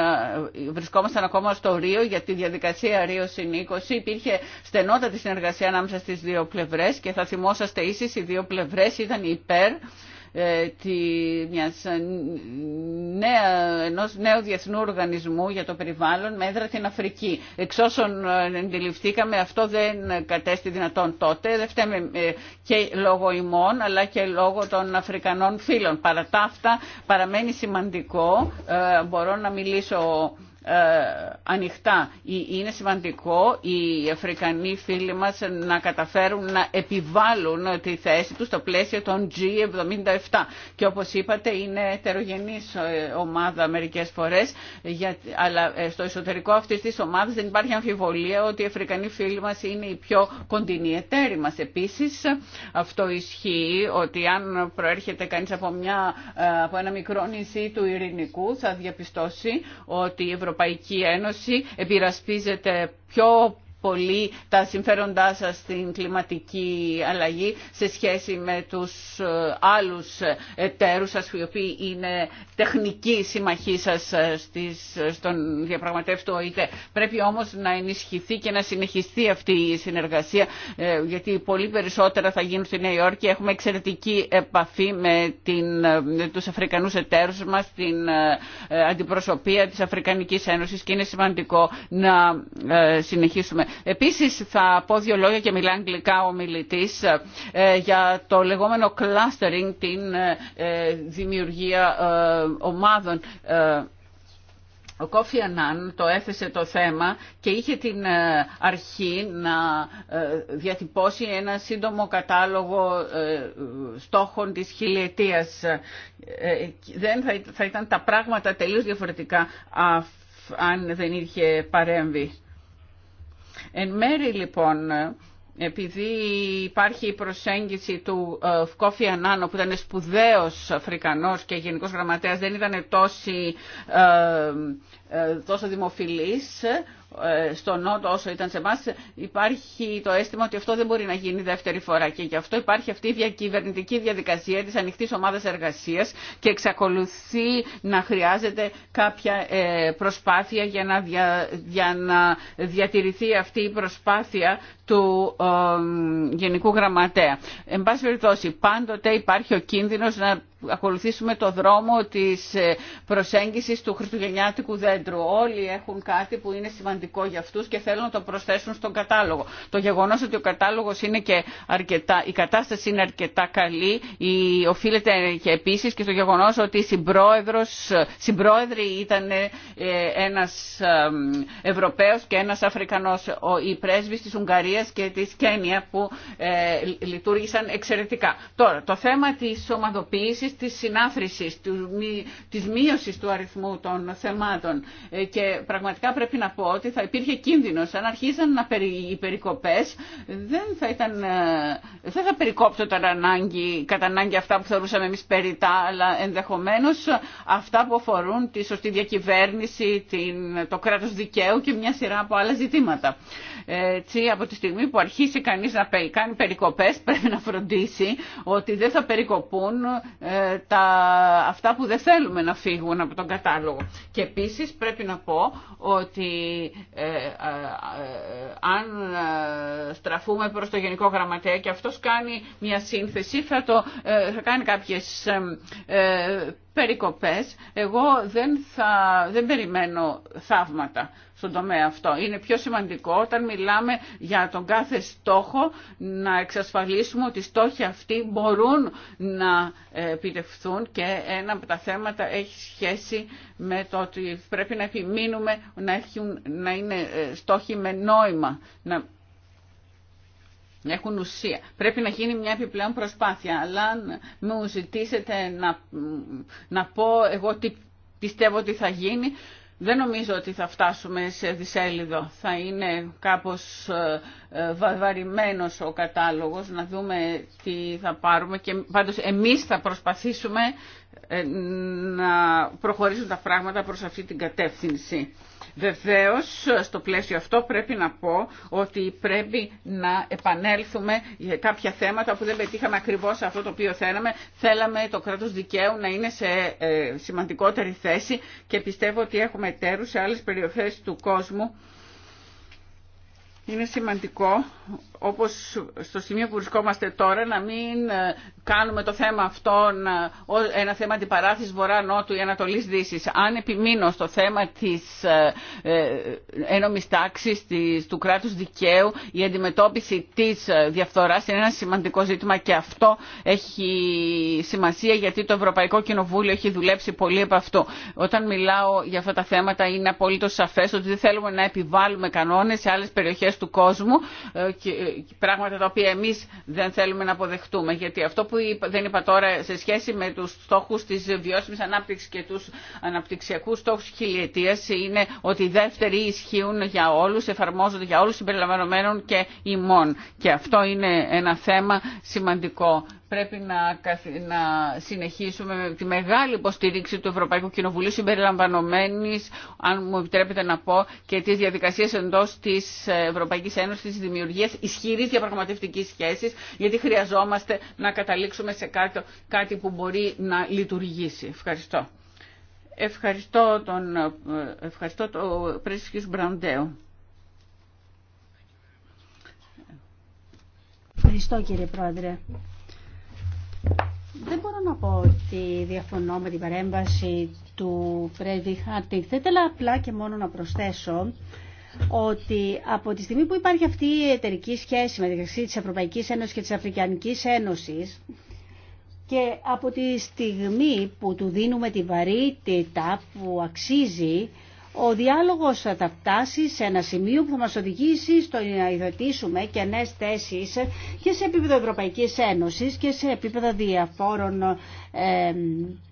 βρισκόμασταν ακόμα στο Ρίο για τη διαδικασία Ρίο Ρίο-Συνήκωση υπήρχε στενότατη συνεργασία ανάμεσα στις δύο πλευρές και θα θυμόσαστε ίσως οι δύο πλευρές ήταν υπέρ ε, τη, μιας νέα, ενός νέου διεθνού οργανισμού για το περιβάλλον με έδρα την Αφρική. Εξ όσων ε, αντιληφθήκαμε αυτό δεν κατέστη δυνατόν τότε, δεν φταίμε ε, και λόγω ημών αλλά και λόγω των Αφρικανών φίλων. Παρά τα αυτά παραμένει σημαντικό, μπορώ να μιλήσω ε, ανοιχτά. Είναι σημαντικό οι Αφρικανοί φίλοι μας να καταφέρουν να επιβάλλουν τη θέση τους στο πλαίσιο των G77. Και όπως είπατε είναι ετερογενής ε, ομάδα μερικές φορές, αλλά ε, στο εσωτερικό αυτής της ομάδας δεν υπάρχει αμφιβολία ότι οι Αφρικανοί φίλοι μας είναι οι πιο κοντινοί εταίροι μας. Επίσης αυτό ισχύει ότι αν προέρχεται κανείς από, από ένα μικρό νησί του Ειρηνικού θα διαπιστώσει ότι η Ευρωπαϊκή Ευρωπαϊκή Ένωση επειρασπίζεται πιο πολύ τα συμφέροντά σας στην κλιματική αλλαγή σε σχέση με τους ε, άλλους εταίρους σας οι οποίοι είναι τεχνική συμμαχοί σας ε, στις, ε, στον διαπραγματεύτο του ΟΗΤΕ. Πρέπει όμως να ενισχυθεί και να συνεχιστεί αυτή η συνεργασία γιατί πολύ περισσότερα θα γίνουν στη Νέα Υόρκη. Έχουμε εξαιρετική επαφή με, την, με τους Αφρικανούς εταίρους μας, την αντιπροσωπεία της Αφρικανικής Ένωσης και είναι σημαντικό να συνεχίσουμε Επίσης θα πω δύο λόγια και μιλά αγγλικά ο μιλητής ε, για το λεγόμενο clustering, την ε, ε, δημιουργία ομάδων. Ο Κόφι Ανάν το έθεσε το θέμα και είχε την αρχή να διατυπώσει ένα σύντομο κατάλογο στόχων της χιλιετίας. Δεν θα ήταν τα πράγματα τελείως διαφορετικά αν δεν είχε παρέμβει. Εν μέρη λοιπόν επειδή υπάρχει η προσέγγιση του Φκόφια ε, Ανάνο που ήταν σπουδαίος Αφρικανός και γενικός γραμματέας δεν ήταν ε, ε, τόσο δημοφιλής ε, στο Νότο όσο ήταν σε εμά, υπάρχει το αίσθημα ότι αυτό δεν μπορεί να γίνει δεύτερη φορά. Και γι' αυτό υπάρχει αυτή η διακυβερνητική διαδικασία τη ανοιχτή ομάδα εργασία και εξακολουθεί να χρειάζεται κάποια ε, προσπάθεια για να, για να διατηρηθεί αυτή η προσπάθεια του ε, Γενικού Γραμματέα. Εν πάση περιπτώσει, πάντοτε υπάρχει ο κίνδυνο να ακολουθήσουμε το δρόμο της ε, προσέγγισης του χριστουγεννιάτικου δέντρου. Όλοι έχουν κάτι που είναι σημαντικό για αυτούς και θέλουν να το προσθέσουν στον κατάλογο. Το γεγονός ότι ο κατάλογος είναι και αρκετά, η κατάσταση είναι αρκετά καλή, η, οφείλεται και επίσης και στο γεγονός ότι συμπρόεδρος, συμπρόεδροι ήταν ε, ένας Ευρωπαίος και ένας Αφρικανός, ο, οι πρέσβεις της Ουγγαρίας και της Κένια που ε, λειτουργήσαν εξαιρετικά. Τώρα, το θέμα της ομαδοποίησης Τη της συνάφρησης, της μείωσης του αριθμού των θεμάτων. Ε, και πραγματικά πρέπει να πω ότι θα υπήρχε κίνδυνος. Αν αρχίζαν να περι, οι περικοπές, δεν θα, ήταν, ε, δεν θα ανάγκη, κατά ανάγκη αυτά που θεωρούσαμε εμείς περιτά, αλλά ενδεχομένως αυτά που αφορούν τη σωστή διακυβέρνηση, την, το κράτος δικαίου και μια σειρά από άλλα ζητήματα. Έτσι, από τη στιγμή που αρχίσει κανείς να κάνει περικοπές, πρέπει να φροντίσει ότι δεν θα περικοπούν ε, τα, αυτά που δεν θέλουμε να φύγουν από τον κατάλογο. Και επίσης πρέπει να πω ότι ε, ε, ε, αν στραφούμε προς το Γενικό Γραμματέα και αυτός κάνει μια σύνθεση θα, το, θα κάνει κάποιες περικοπές. Εγώ δεν, θα, δεν περιμένω θαύματα στον τομέα αυτό. Είναι πιο σημαντικό όταν μιλάμε για τον κάθε στόχο να εξασφαλίσουμε ότι οι στόχοι αυτοί μπορούν να επιτευχθούν και ένα από τα θέματα έχει σχέση με το ότι πρέπει να επιμείνουμε να, έχουν, να είναι ε, στόχοι με νόημα, να έχουν ουσία. Πρέπει να γίνει μια επιπλέον προσπάθεια, αλλά αν μου ζητήσετε να, να πω εγώ τι πιστεύω ότι θα γίνει, δεν νομίζω ότι θα φτάσουμε σε δισέλιδο. Θα είναι κάπως ε, ε, βαρβαρημένος ο κατάλογος να δούμε τι θα πάρουμε και πάντως εμείς θα προσπαθήσουμε ε, να προχωρήσουν τα πράγματα προς αυτή την κατεύθυνση. Βεβαίως, στο πλαίσιο αυτό πρέπει να πω ότι πρέπει να επανέλθουμε για κάποια θέματα που δεν πετύχαμε ακριβώς αυτό το οποίο θέλαμε. Θέλαμε το κράτος δικαίου να είναι σε ε, σημαντικότερη θέση και πιστεύω ότι έχουμε τέρους σε άλλες περιοχές του κόσμου. Είναι σημαντικό όπως στο σημείο που βρισκόμαστε τώρα, να μην ε, κάνουμε το θέμα αυτό ε, ένα θέμα αντιπαράθεσης βορρά-νότου ή ανατολής-δύσης. Αν επιμείνω στο θέμα της ε, ένομης τάξης, του κράτους δικαίου, η αντιμετώπιση της διαφθοράς είναι ένα σημαντικό ζήτημα και αυτό έχει σημασία γιατί το Ευρωπαϊκό Κοινοβούλιο έχει δουλέψει πολύ από αυτού. Όταν μιλάω για αυτά τα θέματα είναι απολύτως σαφές ότι δεν θέλουμε να επιβάλλουμε κανόνες σε άλλες περιοχές του κρατους δικαιου η αντιμετωπιση της διαφθορας ειναι ενα σημαντικο ζητημα και αυτο εχει σημασια γιατι το ευρωπαικο κοινοβουλιο εχει δουλεψει πολυ απο αυτό. οταν μιλαω για αυτα τα θεματα ειναι απολυτως σαφες οτι δεν θελουμε να επιβαλλουμε κανονες σε αλλες περιοχες του κοσμου πράγματα τα οποία εμείς δεν θέλουμε να αποδεχτούμε. Γιατί αυτό που δεν είπα τώρα σε σχέση με τους στόχους της βιώσιμης ανάπτυξης και τους αναπτυξιακούς στόχους χιλιετίας είναι ότι οι δεύτεροι ισχύουν για όλους, εφαρμόζονται για όλους συμπεριλαμβανομένων και ημών. Και αυτό είναι ένα θέμα σημαντικό πρέπει να, να συνεχίσουμε με τη μεγάλη υποστήριξη του Ευρωπαϊκού Κοινοβουλίου συμπεριλαμβανομένης, αν μου επιτρέπετε να πω, και τη διαδικασίες εντός της Ευρωπαϊκής Ένωσης της δημιουργία, ισχυρή διαπραγματευτικής σχέση, γιατί χρειαζόμαστε να καταλήξουμε σε κάτι, κάτι που μπορεί να λειτουργήσει. Ευχαριστώ. Ευχαριστώ τον ευχαριστώ τον Πρέσβη Ευχαριστώ κύριε Πρόεδρε. Δεν μπορώ να πω ότι διαφωνώ με την παρέμβαση του πρέσβη Χάρτινγκ. Θα ήθελα απλά και μόνο να προσθέσω ότι από τη στιγμή που υπάρχει αυτή η εταιρική σχέση μεταξύ της Ευρωπαϊκής Ένωσης και της Αφρικανικής Ένωσης και από τη στιγμή που του δίνουμε τη βαρύτητα που αξίζει ο διάλογος θα φτάσει σε ένα σημείο που θα μας οδηγήσει στο να υιοθετήσουμε και νέες θέσεις και σε επίπεδο Ευρωπαϊκής Ένωσης και σε επίπεδο διαφόρων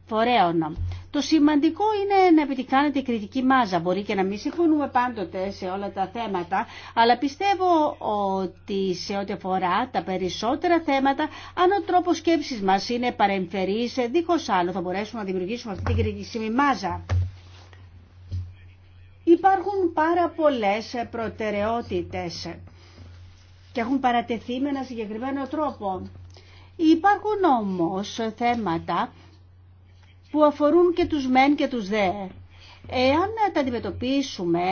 φορέων. Το σημαντικό είναι να επιτυχάνετε κριτική μάζα. Μπορεί και να μην συμφωνούμε πάντοτε σε όλα τα θέματα, αλλά πιστεύω ότι σε ό,τι αφορά τα περισσότερα θέματα, αν ο τρόπο σκέψη μα είναι παρεμφερή, δίχω άλλο θα μπορέσουμε να δημιουργήσουμε αυτή την κριτική μάζα. Υπάρχουν πάρα πολλές προτεραιότητες και έχουν παρατεθεί με ένα συγκεκριμένο τρόπο. Υπάρχουν όμως θέματα που αφορούν και τους μεν και τους δε. Εάν τα αντιμετωπίσουμε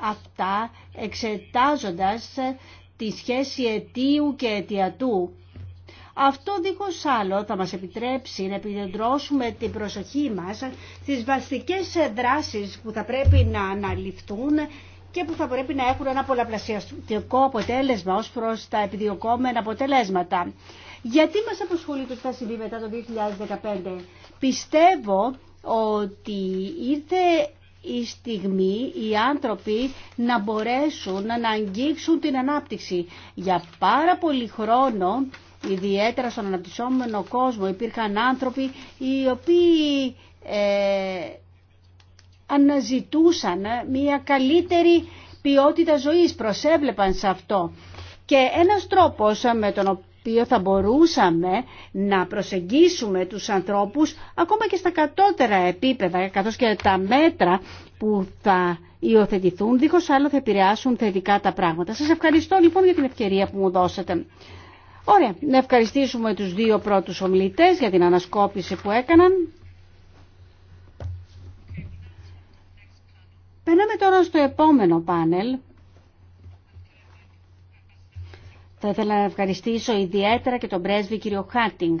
αυτά εξετάζοντας τη σχέση αιτίου και αιτιατού αυτό δίχως άλλο θα μας επιτρέψει να επιδεντρώσουμε την προσοχή μας στις βασικές δράσεις που θα πρέπει να αναλυφθούν και που θα πρέπει να έχουν ένα πολλαπλασιαστικό αποτέλεσμα ως προς τα επιδιωκόμενα αποτελέσματα. Γιατί μας απασχολεί το τι συμβεί μετά το 2015. Πιστεύω ότι ήρθε η στιγμή οι άνθρωποι να μπορέσουν να αγγίξουν την ανάπτυξη. Για πάρα πολύ χρόνο Ιδιαίτερα στον αναπτυσσόμενο κόσμο υπήρχαν άνθρωποι οι οποίοι ε, αναζητούσαν μια καλύτερη ποιότητα ζωής, προσέβλεπαν σε αυτό. Και ένας τρόπος με τον οποίο θα μπορούσαμε να προσεγγίσουμε τους ανθρώπους ακόμα και στα κατώτερα επίπεδα, καθώς και τα μέτρα που θα υιοθετηθούν, δίχως άλλο θα επηρεάσουν θετικά τα πράγματα. Σας ευχαριστώ λοιπόν για την ευκαιρία που μου δώσατε. Ωραία, να ευχαριστήσουμε τους δύο πρώτους ομιλητές για την ανασκόπηση που έκαναν. Περνάμε τώρα στο επόμενο πάνελ. Θα ήθελα να ευχαριστήσω ιδιαίτερα και τον πρέσβη κύριο Χάτινγκ.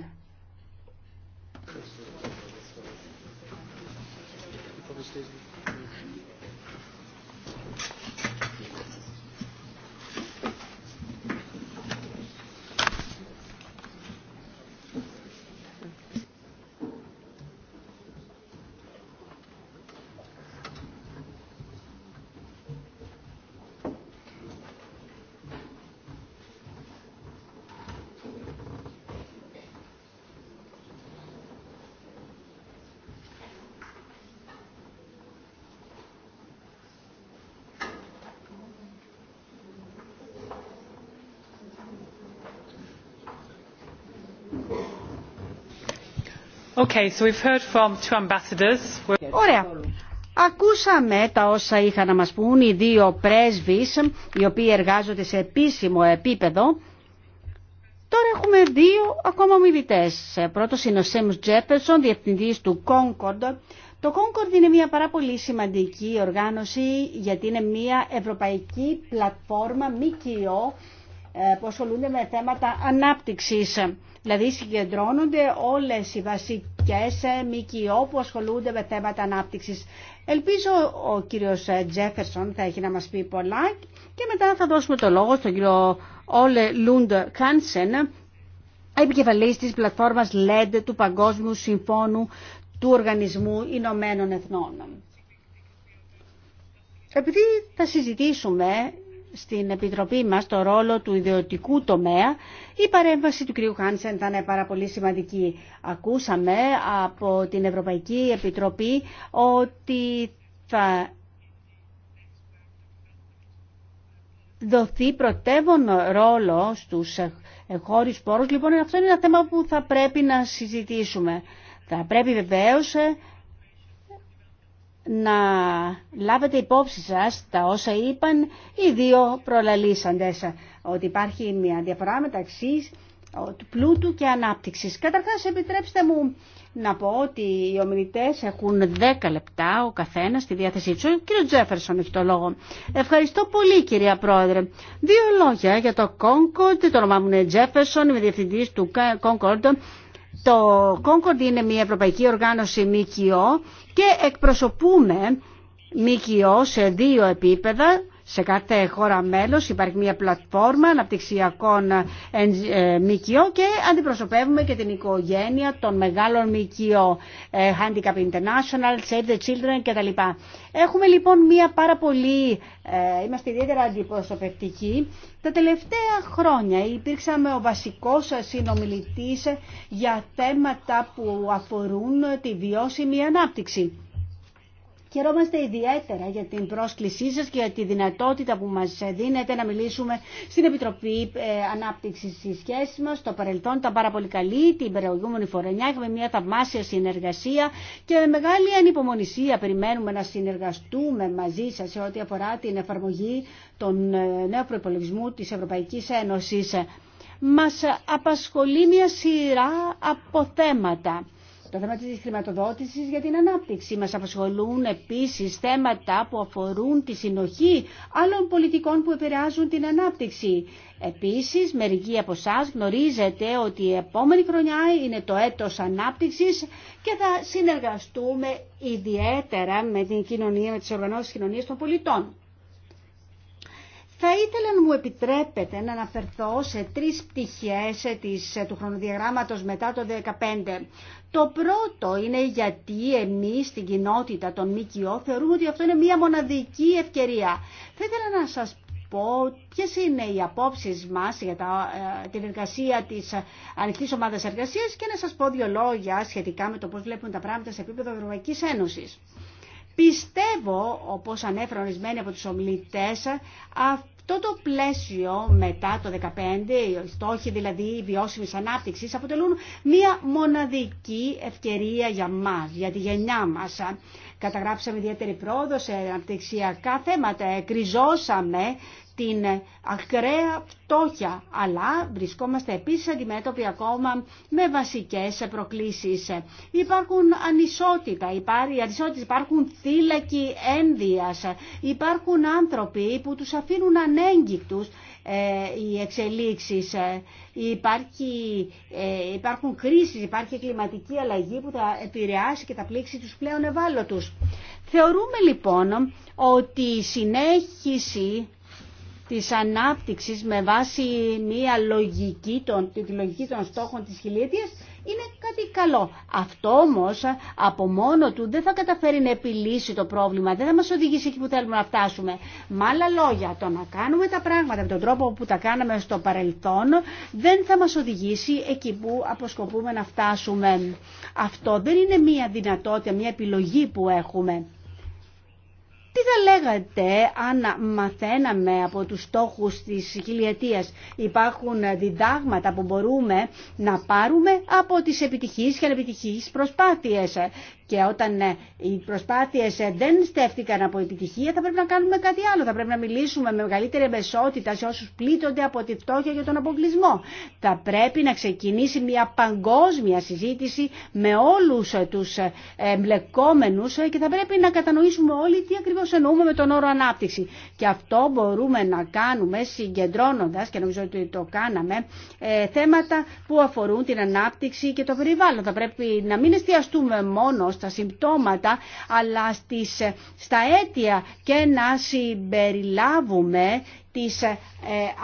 Ωραία. Ακούσαμε τα όσα είχαν να μας πούν οι δύο πρέσβεις, οι οποίοι εργάζονται σε επίσημο επίπεδο. Τώρα έχουμε δύο ακόμα ομιλητές. Πρώτος είναι ο Σέμους Τζέπερσον, διευθυντής του Concord. Το Concord είναι μια πάρα πολύ σημαντική οργάνωση, γιατί είναι μια ευρωπαϊκή πλατφόρμα ΜΚΟ ε, που ασχολούνται με θέματα ανάπτυξης. Δηλαδή συγκεντρώνονται όλες οι βασικές ΜΚΟ που ασχολούνται με θέματα ανάπτυξης. Ελπίζω ο κύριος Τζέφερσον θα έχει να μας πει πολλά και μετά θα δώσουμε το λόγο στον κύριο Όλε Λούντ Κάνσεν, επικεφαλής της πλατφόρμας LED του Παγκόσμιου Συμφώνου του Οργανισμού Ηνωμένων Εθνών. Επειδή θα συζητήσουμε στην Επιτροπή μας το ρόλο του ιδιωτικού τομέα, η παρέμβαση του κ. Χάνσεν θα πάρα πολύ σημαντική. Ακούσαμε από την Ευρωπαϊκή Επιτροπή ότι θα δοθεί πρωτεύον ρόλο στους χώρους πόρους. Λοιπόν, αυτό είναι ένα θέμα που θα πρέπει να συζητήσουμε. Θα πρέπει βεβαίως να λάβετε υπόψη σας τα όσα είπαν οι δύο προλαλήσαντες ότι υπάρχει μια διαφορά μεταξύ του πλούτου και ανάπτυξης. Καταρχάς επιτρέψτε μου να πω ότι οι ομιλητές έχουν 10 λεπτά ο καθένας στη διάθεσή του. Ο κύριος Τζέφερσον έχει το λόγο. Ευχαριστώ πολύ κυρία Πρόεδρε. Δύο λόγια για το Concord. Το όνομά μου είναι Τζέφερσον, είμαι διευθυντής του Concord το Concord είναι μια ευρωπαϊκή οργάνωση ΜΚΟ και εκπροσωπούμε ΜΚΟ σε δύο επίπεδα σε κάθε χώρα μέλος υπάρχει μια πλατφόρμα αναπτυξιακών ε, ΜΚΟ και αντιπροσωπεύουμε και την οικογένεια των μεγάλων ΜΚΟ, ε, Handicap International, Save the Children κτλ. Έχουμε λοιπόν μια πάρα πολύ, ε, είμαστε ιδιαίτερα αντιπροσωπευτικοί. Τα τελευταία χρόνια υπήρξαμε ο βασικός συνομιλητής για θέματα που αφορούν τη βιώσιμη ανάπτυξη. Χαιρόμαστε ιδιαίτερα για την πρόσκλησή σας και για τη δυνατότητα που μας δίνετε να μιλήσουμε στην Επιτροπή ε, Ανάπτυξης της σχέσης μας. Το παρελθόν ήταν πάρα πολύ καλή, την προηγούμενη φορενιά είχαμε μια θαυμάσια συνεργασία και με μεγάλη ανυπομονησία περιμένουμε να συνεργαστούμε μαζί σας σε ό,τι αφορά την εφαρμογή των ε, νέων προπολογισμού της Ευρωπαϊκής Ένωσης. Μας απασχολεί μια σειρά από θέματα το θέμα της χρηματοδότησης για την ανάπτυξη. Μας απασχολούν επίσης θέματα που αφορούν τη συνοχή άλλων πολιτικών που επηρεάζουν την ανάπτυξη. Επίσης, μερικοί από εσά γνωρίζετε ότι η επόμενη χρονιά είναι το έτος ανάπτυξης και θα συνεργαστούμε ιδιαίτερα με την κοινωνία, με τις οργανώσεις κοινωνίας των πολιτών. Θα ήθελα να μου επιτρέπετε να αναφερθώ σε τρεις πτυχές της, του χρονοδιαγράμματος μετά το 2015. Το πρώτο είναι γιατί εμείς στην κοινότητα των ΜΚΟ θεωρούμε ότι αυτό είναι μια μοναδική ευκαιρία. Θα ήθελα να σας πω ποιε είναι οι απόψει μας για τα, ε, την εργασία της ε, Ανοιχτή ομάδα εργασία και να σας πω δύο λόγια σχετικά με το πώς βλέπουν τα πράγματα σε επίπεδο Ευρωπαϊκή Ένωσης. Πιστεύω, όπως ανέφεραν ορισμένοι από τους ομιλητές, αυτό το πλαίσιο μετά το 2015, οι στόχοι δηλαδή βιώσιμη ανάπτυξη, αποτελούν μία μοναδική ευκαιρία για μα, για τη γενιά μα. Καταγράψαμε ιδιαίτερη πρόοδο σε αναπτυξιακά θέματα, κρυζώσαμε την ακραία φτώχεια, αλλά βρισκόμαστε επίσης αντιμέτωποι ακόμα με βασικές προκλήσεις. Υπάρχουν ανισότητα, υπάρχουν, υπάρχουν θύλακοι ένδυας, υπάρχουν άνθρωποι που τους αφήνουν ανέγκυκτους ε, οι εξελίξεις. Ε, υπάρχει, ε, υπάρχουν κρίσεις, υπάρχει κλιματική αλλαγή που θα επηρεάσει και θα πλήξει τους πλέον ευάλωτους. Θεωρούμε λοιπόν ότι η συνέχιση της ανάπτυξης με βάση μια λογική των, τη λογική των στόχων της χιλιετίας είναι κάτι καλό. Αυτό όμως από μόνο του δεν θα καταφέρει να επιλύσει το πρόβλημα, δεν θα μας οδηγήσει εκεί που θέλουμε να φτάσουμε. Με άλλα λόγια, το να κάνουμε τα πράγματα με τον τρόπο που τα κάναμε στο παρελθόν δεν θα μας οδηγήσει εκεί που αποσκοπούμε να φτάσουμε. Αυτό δεν είναι μια δυνατότητα, μια επιλογή που έχουμε. Τι θα λέγατε αν μαθαίναμε από τους στόχους της χιλιετίας. Υπάρχουν διδάγματα που μπορούμε να πάρουμε από τις επιτυχείς και ανεπιτυχείς προσπάθειες και όταν ε, οι προσπάθειε ε, δεν στέφτηκαν από επιτυχία θα πρέπει να κάνουμε κάτι άλλο. Θα πρέπει να μιλήσουμε με μεγαλύτερη μεσότητα... σε όσου πλήττονται από τη φτώχεια και τον αποκλεισμό. Θα πρέπει να ξεκινήσει μια παγκόσμια συζήτηση με όλου ε, του εμπλεκόμενου και θα πρέπει να κατανοήσουμε όλοι τι ακριβώ εννοούμε με τον όρο ανάπτυξη. Και αυτό μπορούμε να κάνουμε συγκεντρώνοντα και νομίζω ότι το κάναμε θέματα που αφορούν την ανάπτυξη και το περιβάλλον. Θα πρέπει να μην εστιαστούμε μόνο στα συμπτώματα αλλά στις, στα αίτια και να συμπεριλάβουμε τις ε,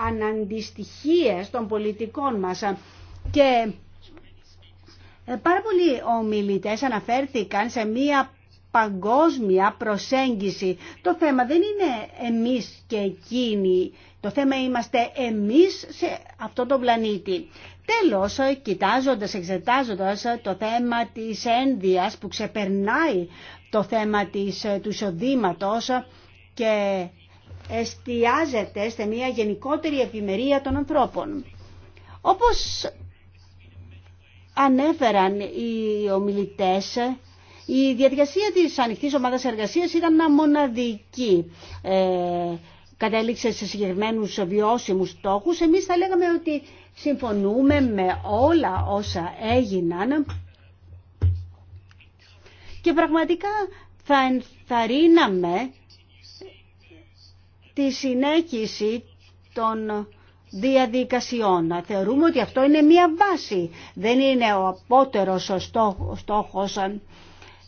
αναντιστοιχίες των πολιτικών μας και ε, πάρα πολλοί ομιλητές αναφέρθηκαν σε μία παγκόσμια προσέγγιση. Το θέμα δεν είναι εμείς και εκείνοι. Το θέμα είμαστε εμείς σε αυτό το πλανήτη. Τέλος, κοιτάζοντας, εξετάζοντας το θέμα της ένδυας που ξεπερνάει το θέμα του εισοδήματο και εστιάζεται σε μια γενικότερη επιμερία των ανθρώπων. Όπως ανέφεραν οι ομιλητές, η διαδικασία της ανοιχτής ομάδας εργασίας ήταν μοναδική. Ε, κατέληξε σε συγκεκριμένους βιώσιμους στόχους, εμείς θα λέγαμε ότι συμφωνούμε με όλα όσα έγιναν και πραγματικά θα ενθαρρύναμε τη συνέχιση των διαδικασιών. Θεωρούμε ότι αυτό είναι μία βάση, δεν είναι ο απότερος ο στόχος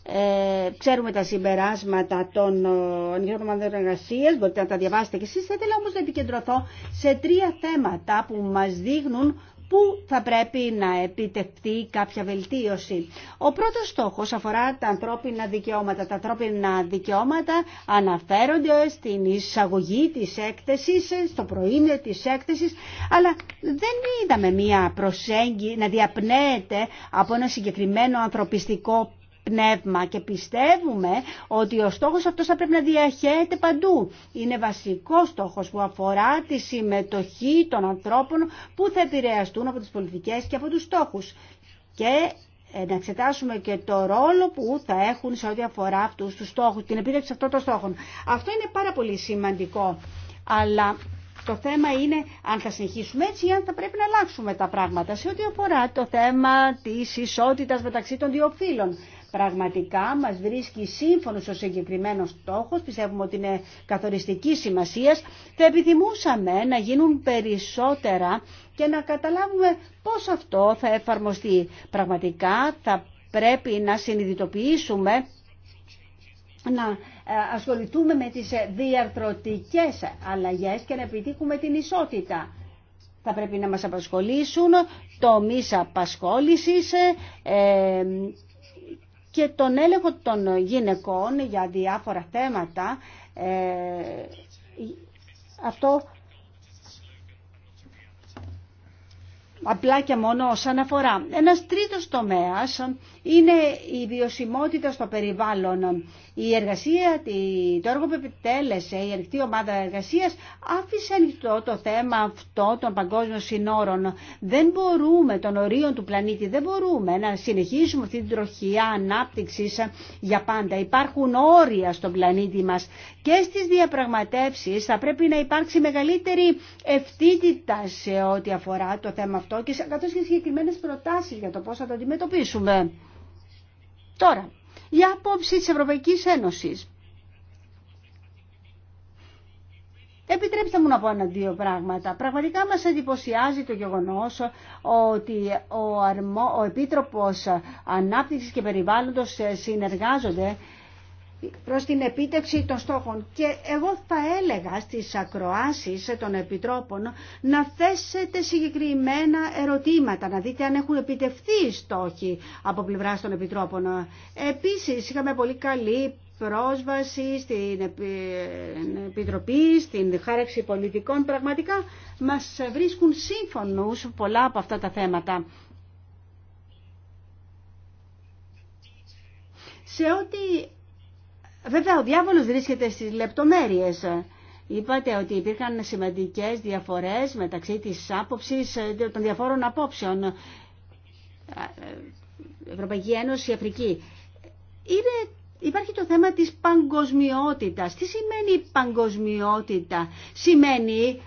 ε, ξέρουμε τα συμπεράσματα των ε, ανοιχτών ομάδων εργασία, μπορείτε να τα διαβάσετε και εσεί. Θα ήθελα όμω να επικεντρωθώ σε τρία θέματα που μα δείχνουν πού θα πρέπει να επιτευχθεί κάποια βελτίωση. Ο πρώτος στόχος αφορά τα ανθρώπινα δικαιώματα. Τα ανθρώπινα δικαιώματα αναφέρονται στην εισαγωγή της έκθεσης, στο προήμιο της έκθεσης, αλλά δεν είδαμε μία προσέγγιση να διαπνέεται από ένα συγκεκριμένο ανθρωπιστικό πνεύμα και πιστεύουμε ότι ο στόχος αυτός θα πρέπει να διαχέεται παντού. Είναι βασικό στόχος που αφορά τη συμμετοχή των ανθρώπων που θα επηρεαστούν από τις πολιτικές και από τους στόχους. Και ε, να εξετάσουμε και το ρόλο που θα έχουν σε ό,τι αφορά αυτούς τους στόχους, την επίτευξη αυτών των στόχων. Αυτό είναι πάρα πολύ σημαντικό. Αλλά το θέμα είναι αν θα συνεχίσουμε έτσι ή αν θα πρέπει να αλλάξουμε τα πράγματα σε ό,τι αφορά το θέμα της ισότητας μεταξύ των δύο φύλων πραγματικά μας βρίσκει σύμφωνος ο συγκεκριμένο στόχο, πιστεύουμε ότι είναι καθοριστική σημασία, θα επιθυμούσαμε να γίνουν περισσότερα και να καταλάβουμε πώς αυτό θα εφαρμοστεί. Πραγματικά θα πρέπει να συνειδητοποιήσουμε να ε, ασχοληθούμε με τις ε, διαρθρωτικές αλλαγές και να επιτύχουμε την ισότητα. Θα πρέπει να μας απασχολήσουν τομείς απασχόλησης, ε, και τον έλεγχο των γυναικών για διάφορα θέματα. Ε, αυτό απλά και μόνο σαν αφορά. Ένας τρίτος τομέας είναι η βιωσιμότητα στο περιβάλλον. Η εργασία, το έργο που επιτέλεσε η ανοιχτή ομάδα εργασία, άφησε ανοιχτό το θέμα αυτό των παγκόσμιων συνόρων. Δεν μπορούμε, των ορίων του πλανήτη, δεν μπορούμε να συνεχίσουμε αυτή την τροχιά ανάπτυξη για πάντα. Υπάρχουν όρια στον πλανήτη μα. και στι διαπραγματεύσει θα πρέπει να υπάρξει μεγαλύτερη ευθύτητα σε ό,τι αφορά το θέμα αυτό και καθώ και συγκεκριμένε προτάσει για το πώ θα το αντιμετωπίσουμε. Τώρα, η άποψη της Ευρωπαϊκής Ένωσης. Επιτρέψτε μου να πω ένα-δύο πράγματα. Πραγματικά μας εντυπωσιάζει το γεγονός ότι ο, αρμο... ο Επίτροπος Ανάπτυξης και Περιβάλλοντος συνεργάζονται προς την επίτευξη των στόχων. Και εγώ θα έλεγα στις ακροάσεις των επιτρόπων να θέσετε συγκεκριμένα ερωτήματα, να δείτε αν έχουν επιτευθεί οι στόχοι από πλευράς των επιτρόπων. Επίσης είχαμε πολύ καλή πρόσβαση στην Επιτροπή, στην χάραξη πολιτικών. Πραγματικά μας βρίσκουν σύμφωνους πολλά από αυτά τα θέματα. Σε ό,τι Βέβαια ο διάβολος βρίσκεται στις λεπτομέρειες. Είπατε ότι υπήρχαν σημαντικές διαφορές μεταξύ της άποψης ε, των διαφόρων απόψεων. Ε, ε, Ευρωπαϊκή Ένωση, Αφρική. Υπάρχει το θέμα της παγκοσμιότητας. Τι σημαίνει παγκοσμιότητα. Σημαίνει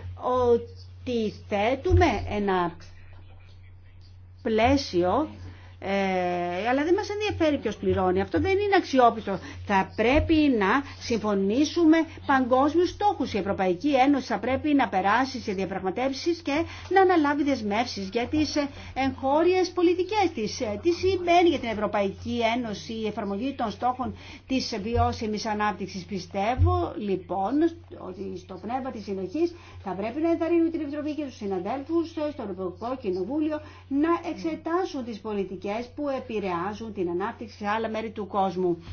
ότι θέτουμε ένα πλαίσιο ε, αλλά δεν μας ενδιαφέρει ποιος πληρώνει. Αυτό δεν είναι αξιόπιστο. Θα πρέπει να συμφωνήσουμε παγκόσμιους στόχους. Η Ευρωπαϊκή Ένωση θα πρέπει να περάσει σε διαπραγματεύσεις και να αναλάβει δεσμεύσεις για τις ε, εγχώριες πολιτικές της. Ε, τι σημαίνει για την Ευρωπαϊκή Ένωση η εφαρμογή των στόχων της βιώσιμης ανάπτυξης. Πιστεύω λοιπόν ότι στο πνεύμα της συνοχής θα πρέπει να ενθαρρύνουμε την Επιτροπή και τους συναδέλφους ε, στο Ευρωπαϊκό Κοινοβούλιο να εξετάσουν τις πολιτικές που επηρεάζουν την ανάπτυξη σε άλλα μέρη του κόσμου.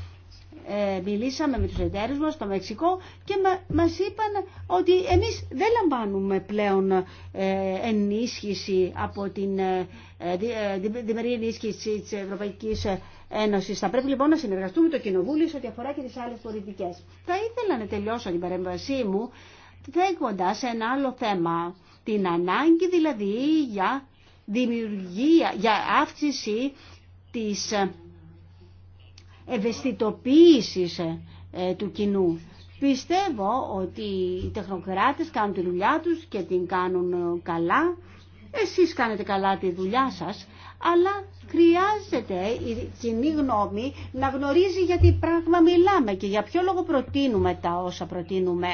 Ε, μιλήσαμε με τους εταίρους μας στο Μεξικό και μα, μας είπαν ότι εμείς δεν λαμβάνουμε πλέον ε, ενίσχυση από την ε, ε διμερή ενίσχυση της Ευρωπαϊκής Ένωσης. Θα πρέπει λοιπόν να συνεργαστούμε το Κοινοβούλιο σε ό,τι αφορά και τις άλλες πολιτικές. Θα ήθελα να τελειώσω την παρέμβασή μου θέτοντας ένα άλλο θέμα. Την ανάγκη δηλαδή για δημιουργία, για αύξηση της ευαισθητοποίησης ε, του κοινού. Πιστεύω ότι οι τεχνοκράτες κάνουν τη δουλειά τους και την κάνουν ε, καλά. Εσείς κάνετε καλά τη δουλειά σας, αλλά χρειάζεται η κοινή γνώμη να γνωρίζει για τι πράγμα μιλάμε και για ποιο λόγο προτείνουμε τα όσα προτείνουμε.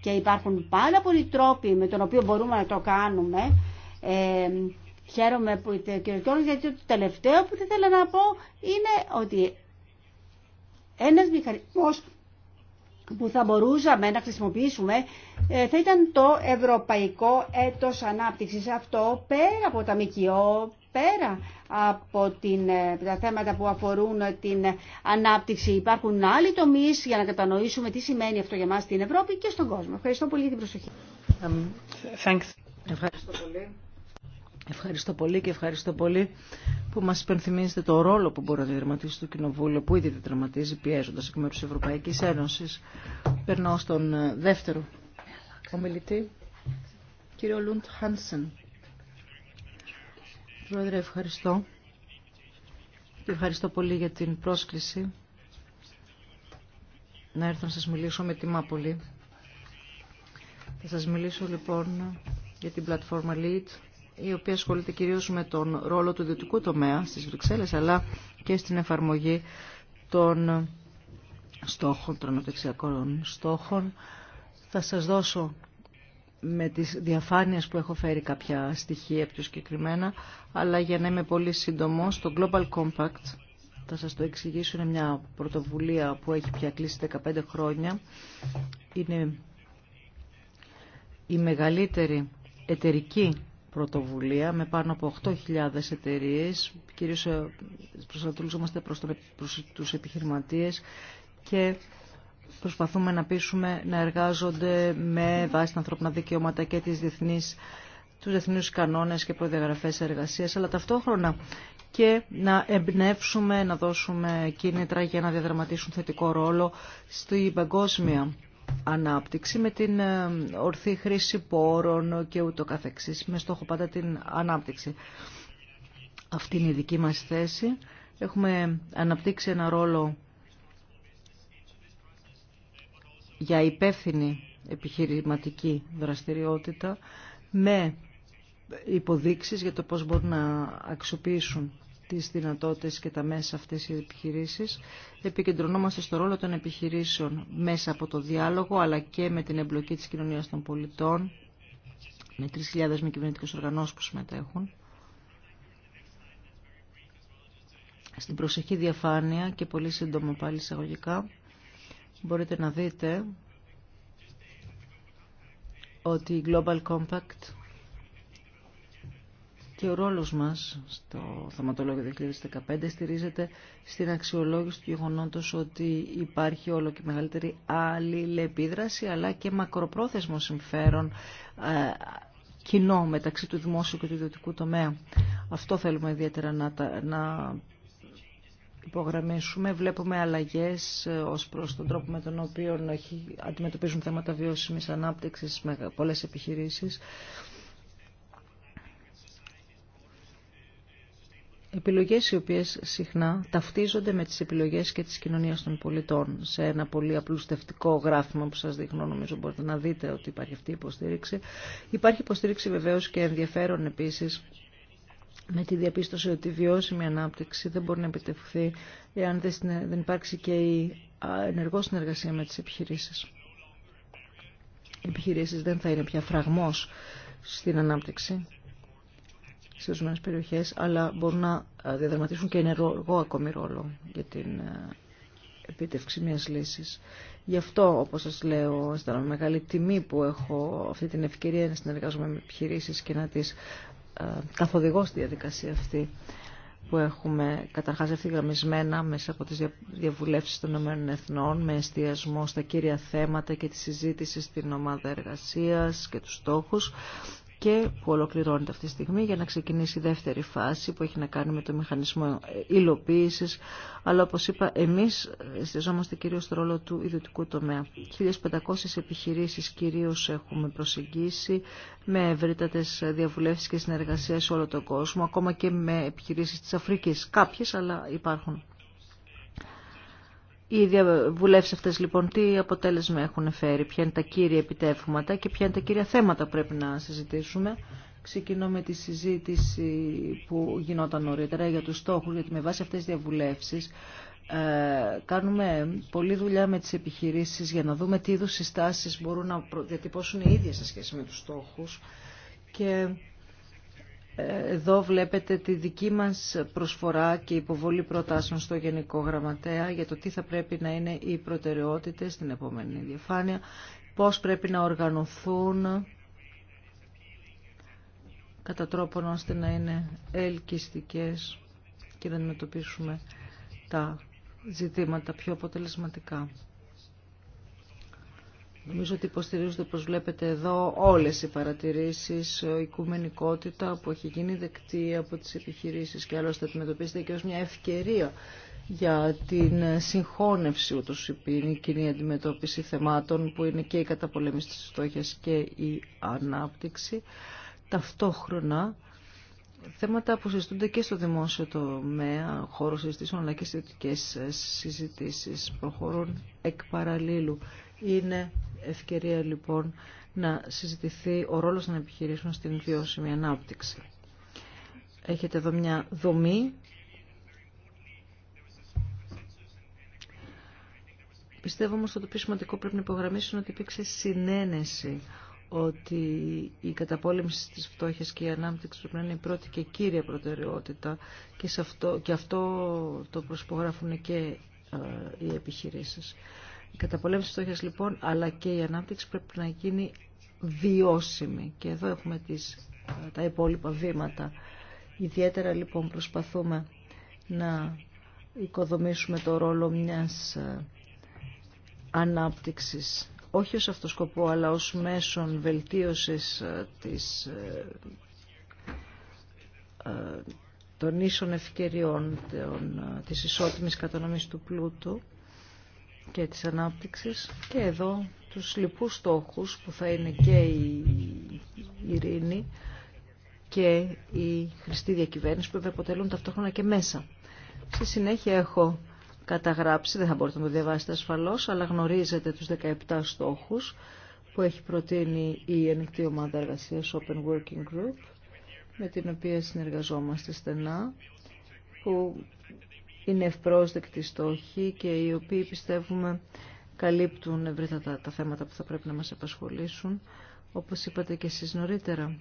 Και υπάρχουν πάρα πολλοί τρόποι με τον οποίο μπορούμε να το κάνουμε. Ε, Χαίρομαι που είτε ο γιατί το τελευταίο που θα ήθελα να πω είναι ότι ένας μηχανισμός που θα μπορούσαμε να χρησιμοποιήσουμε ε, θα ήταν το Ευρωπαϊκό Έτος Ανάπτυξης. Αυτό πέρα από τα ΜΚΟ, πέρα από την, ε, τα θέματα που αφορούν την ανάπτυξη. Υπάρχουν άλλοι τομείς για να κατανοήσουμε τι σημαίνει αυτό για μας στην Ευρώπη και στον κόσμο. Ευχαριστώ πολύ για την προσοχή. Um, Ευχαριστώ πολύ και ευχαριστώ πολύ που μας υπενθυμίζετε το ρόλο που μπορεί να διαδραματίσει το Κοινοβούλιο, που ήδη διδραματίζει πιέζοντας εκ μέρους της Ευρωπαϊκής Ένωσης. περνώ στον ε, δεύτερο ομιλητή, κύριο Λούντ Χάνσεν. Πρόεδρε, ευχαριστώ. Και ευχαριστώ πολύ για την πρόσκληση να έρθω να σας μιλήσω με τιμά πολύ. Θα σας μιλήσω λοιπόν για την πλατφόρμα LEAD, η οποία ασχολείται κυρίως με τον ρόλο του ιδιωτικού τομέα στις Βρυξέλλες, αλλά και στην εφαρμογή των στόχων, των αναπτυξιακών στόχων. Θα σας δώσω με τις διαφάνειες που έχω φέρει κάποια στοιχεία πιο συγκεκριμένα, αλλά για να είμαι πολύ σύντομο, το Global Compact, θα σας το εξηγήσω, είναι μια πρωτοβουλία που έχει πια κλείσει 15 χρόνια. Είναι η μεγαλύτερη εταιρική πρωτοβουλία με πάνω από 8.000 εταιρείε. Κυρίως ε, προσανατολίζομαστε προς, προς τους επιχειρηματίες και προσπαθούμε να πείσουμε να εργάζονται με βάση τα ανθρώπινα δικαιώματα και τις διεθνείς τους διεθνείς κανόνες και προδιαγραφές εργασίας, αλλά ταυτόχρονα και να εμπνεύσουμε, να δώσουμε κίνητρα για να διαδραματίσουν θετικό ρόλο στη παγκόσμια ανάπτυξη με την ε, ορθή χρήση πόρων και ούτω καθεξής με στόχο πάντα την ανάπτυξη. Αυτή είναι η δική μας θέση. Έχουμε αναπτύξει ένα ρόλο για υπεύθυνη επιχειρηματική δραστηριότητα με υποδείξεις για το πώς μπορούν να αξιοποιήσουν τις δυνατότητες και τα μέσα αυτές οι επιχειρήσεις. Επικεντρωνόμαστε στο ρόλο των επιχειρήσεων μέσα από το διάλογο αλλά και με την εμπλοκή της κοινωνίας των πολιτών με 3.000 μη κυβερνητικούς οργανώσεις που συμμετέχουν. Στην προσεχή διαφάνεια και πολύ σύντομα πάλι εισαγωγικά μπορείτε να δείτε ότι η Global Compact και ο ρόλος μας στο θεματολόγιο 2015 στηρίζεται στην αξιολόγηση του γεγονότος ότι υπάρχει όλο και μεγαλύτερη αλληλεπίδραση αλλά και μακροπρόθεσμο συμφέρον ε, κοινό μεταξύ του δημόσιου και του ιδιωτικού τομέα. Αυτό θέλουμε ιδιαίτερα να, να υπογραμμίσουμε. Βλέπουμε αλλαγές ε, ως προς τον τρόπο με τον οποίο αντιμετωπίζουν θέματα βιώσιμης ανάπτυξης με πολλές επιχειρήσεις. Επιλογές οι οποίες συχνά ταυτίζονται με τις επιλογές και της κοινωνίας των πολιτών. Σε ένα πολύ απλουστευτικό γράφημα που σας δείχνω, νομίζω μπορείτε να δείτε ότι υπάρχει αυτή η υποστήριξη. Υπάρχει υποστήριξη βεβαίως και ενδιαφέρον επίσης με τη διαπίστωση ότι η βιώσιμη ανάπτυξη δεν μπορεί να επιτευχθεί εάν δεν υπάρξει και η ενεργό συνεργασία με τις επιχειρήσεις. Οι επιχειρήσεις δεν θα είναι πια φραγμός στην ανάπτυξη σε ορισμένε περιοχές, αλλά μπορούν να ε, διαδραματίσουν και ενεργό ακόμη ρόλο για την ε, επίτευξη μιας λύσης. Γι' αυτό, όπως σας λέω, αισθάνομαι μεγάλη τιμή που έχω αυτή την ευκαιρία να συνεργάζομαι με επιχειρήσεις και να τις ε, καθοδηγώ στη διαδικασία αυτή που έχουμε καταρχάς ευθυγραμμισμένα μέσα από τις διαβουλεύσεις των ΗΕ Εθνών με εστιασμό στα κύρια θέματα και τη συζήτηση στην ομάδα εργασίας και του στόχους και που ολοκληρώνεται αυτή τη στιγμή για να ξεκινήσει η δεύτερη φάση που έχει να κάνει με το μηχανισμό υλοποίηση, αλλά όπως είπα εμείς στεζόμαστε κυρίως στο ρόλο του ιδιωτικού τομέα. 1500 επιχειρήσεις κυρίως έχουμε προσεγγίσει με ευρύτατες διαβουλεύσεις και συνεργασία σε όλο τον κόσμο ακόμα και με επιχειρήσεις της Αφρικής κάποιες αλλά υπάρχουν. Οι διαβουλεύσει αυτέ λοιπόν τι αποτέλεσμα έχουν φέρει, ποια είναι τα κύρια επιτεύγματα και ποια είναι τα κύρια θέματα που πρέπει να συζητήσουμε. Ξεκινώ με τη συζήτηση που γινόταν νωρίτερα για τους στόχους, γιατί με βάση αυτές τις διαβουλεύσεις ε, κάνουμε πολλή δουλειά με τις επιχειρήσεις για να δούμε τι είδους συστάσεις μπορούν να διατυπώσουν οι ίδιες σε σχέση με τους στόχους εδώ βλέπετε τη δική μας προσφορά και υποβολή προτάσεων στο Γενικό Γραμματέα για το τι θα πρέπει να είναι οι προτεραιότητες στην επόμενη διαφάνεια, πώς πρέπει να οργανωθούν κατά τρόπον ώστε να είναι ελκυστικές και να αντιμετωπίσουμε τα ζητήματα πιο αποτελεσματικά. Νομίζω ότι υποστηρίζονται, όπως βλέπετε εδώ, όλες οι παρατηρήσεις, ε, η οικουμενικότητα που έχει γίνει δεκτή από τις επιχειρήσεις και άλλωστε αντιμετωπίζεται και ως μια ευκαιρία για την συγχώνευση ούτως είπε η κοινή αντιμετώπιση θεμάτων που είναι και η καταπολέμηση της φτώχειας και η ανάπτυξη. Ταυτόχρονα θέματα που συζητούνται και στο δημόσιο τομέα, χώρο συζητήσεων αλλά και στις ε, συζητήσεις προχωρούν εκ παραλίλου. Είναι ευκαιρία λοιπόν να συζητηθεί ο ρόλος των επιχειρήσεων στην βιώσιμη ανάπτυξη. Έχετε εδώ μια δομή. Πιστεύω όμως ότι το πιο σημαντικό πρέπει να υπογραμμίσουν ότι υπήρξε συνένεση ότι η καταπόλεμηση της φτώχειας και η ανάπτυξη πρέπει να είναι η πρώτη και κύρια προτεραιότητα και, αυτό, και αυτό το προσπογράφουν και ε, οι επιχειρήσεις καταπολέμηση φτώχειας, λοιπόν, αλλά και η ανάπτυξη πρέπει να γίνει βιώσιμη. Και εδώ έχουμε τις, ε, τα υπόλοιπα βήματα. Ιδιαίτερα λοιπόν προσπαθούμε να οικοδομήσουμε το ρόλο μιας ε, ανάπτυξης όχι ως αυτό σκοπό αλλά ως μέσον βελτίωσης ε, της, των ίσων ευκαιριών, των, της ισότιμης κατανομής του πλούτου και της ανάπτυξης και εδώ τους λοιπούς στόχους που θα είναι και η ειρήνη και η χρηστή διακυβέρνηση που θα αποτελούν ταυτόχρονα και μέσα. Στη συνέχεια έχω καταγράψει, δεν θα μπορείτε να το διαβάσετε ασφαλώς, αλλά γνωρίζετε τους 17 στόχους που έχει προτείνει η Ενικτή Ομάδα Εργασίας Open Working Group, με την οποία συνεργαζόμαστε στενά, που είναι ευπρόσδεκτοι στόχοι και οι οποίοι πιστεύουμε καλύπτουν ευρύτατα τα θέματα που θα πρέπει να μας απασχολήσουν. Όπως είπατε και εσείς νωρίτερα,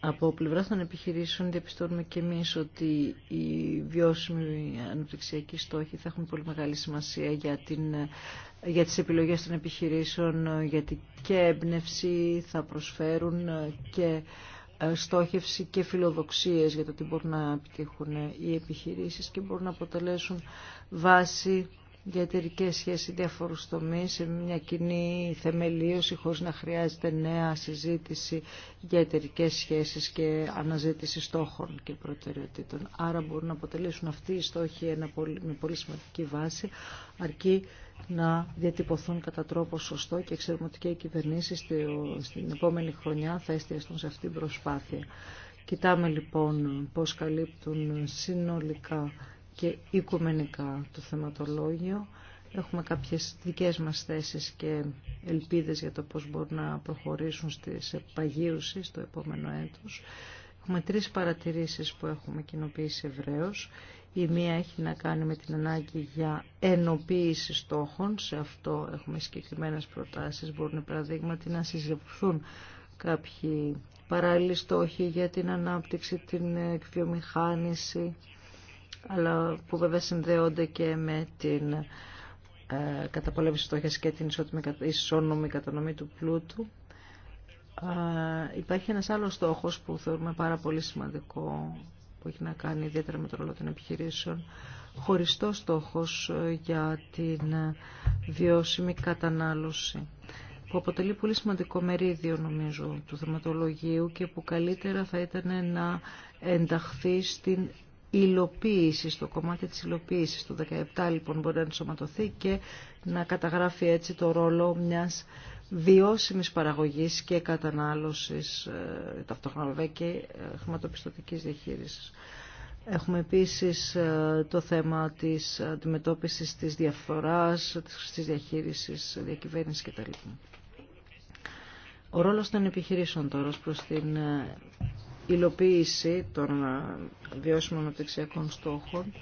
από πλευρά των επιχειρήσεων διαπιστώνουμε και εμείς ότι οι βιώσιμοι αναπτυξιακοί στόχοι θα έχουν πολύ μεγάλη σημασία για, την, για τις επιλογές των επιχειρήσεων, γιατί και έμπνευση θα προσφέρουν και στόχευση και φιλοδοξίες για το τι μπορούν να επιτύχουν οι επιχειρήσεις και μπορούν να αποτελέσουν βάση για εταιρικέ σχέσεις διαφορου τομεί σε μια κοινή θεμελίωση χωρίς να χρειάζεται νέα συζήτηση για εταιρικέ σχέσεις και αναζήτηση στόχων και προτεραιοτήτων. Άρα μπορούν να αποτελέσουν αυτοί οι στόχοι με πολύ σημαντική βάση αρκεί να διατυπωθούν κατά τρόπο σωστό και ξέρουμε ότι και οι κυβερνήσεις στην επόμενη χρονιά θα εστιαστούν σε αυτήν την προσπάθεια. Κοιτάμε λοιπόν πώς καλύπτουν συνολικά και οικουμενικά το θεματολόγιο. Έχουμε κάποιες δικές μας θέσεις και ελπίδες για το πώς μπορούν να προχωρήσουν στις παγίωση το επόμενο έτος. Έχουμε τρεις παρατηρήσεις που έχουμε κοινοποιήσει ευρέως. Η μία έχει να κάνει με την ανάγκη για ενοποίηση στόχων. Σε αυτό έχουμε συγκεκριμένε προτάσεις. Μπορούν παραδείγματι να συζητηθούν κάποιοι παράλληλοι στόχοι για την ανάπτυξη, την εκβιομηχάνηση, αλλά που βέβαια συνδέονται και με την ε, καταπολέμηση φτώχειας και την ισόνομη κατανομή του πλούτου. υπάρχει ένας άλλος στόχος που θεωρούμε πάρα πολύ σημαντικό, που έχει να κάνει ιδιαίτερα με το ρόλο των επιχειρήσεων, χωριστό στόχος ε, για την ε, βιώσιμη κατανάλωση που αποτελεί πολύ σημαντικό μερίδιο νομίζω του θεματολογίου και που καλύτερα θα ήταν να ενταχθεί στην υλοποίηση, κομμάτι της υλοποίηση του 17 λοιπόν μπορεί να ενσωματωθεί και να καταγράφει έτσι το ρόλο μιας βιώσιμης παραγωγής και κατανάλωσης ε, ταυτόχρονα βέβαια και ε, χρηματοπιστωτικής διαχείρισης. Έχουμε επίσης ε, το θέμα της αντιμετώπισης της διαφοράς, της χρηστής διαχείρισης, διακυβέρνησης κτλ. Ο ρόλος των επιχειρήσεων τώρα προς την υλοποίηση των ε, βιώσιμων αναπτυξιακών στόχων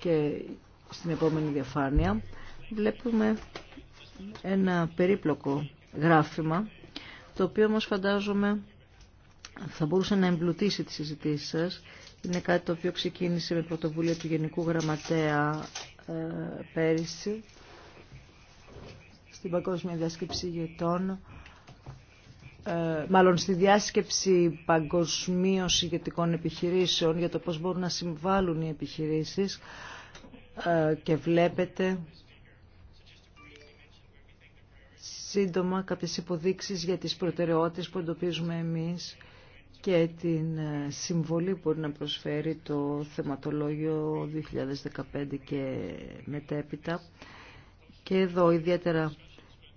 και στην επόμενη διαφάνεια βλέπουμε ένα περίπλοκο γράφημα το οποίο όμως φαντάζομαι θα μπορούσε να εμπλουτίσει τις συζητήσεις σας. Είναι κάτι το οποίο ξεκίνησε με πρωτοβουλία του Γενικού Γραμματέα ε, πέρυσι στην Παγκόσμια Διάσκεψη Γετών. Ε, μάλλον στη διάσκεψη παγκοσμίω ηγετικών επιχειρήσεων για το πώς μπορούν να συμβάλλουν οι επιχειρήσεις ε, και βλέπετε σύντομα κάποιες υποδείξεις για τις προτεραιότητες που εντοπίζουμε εμείς και την ε, συμβολή που μπορεί να προσφέρει το θεματολόγιο 2015 και μετέπειτα. Και εδώ ιδιαίτερα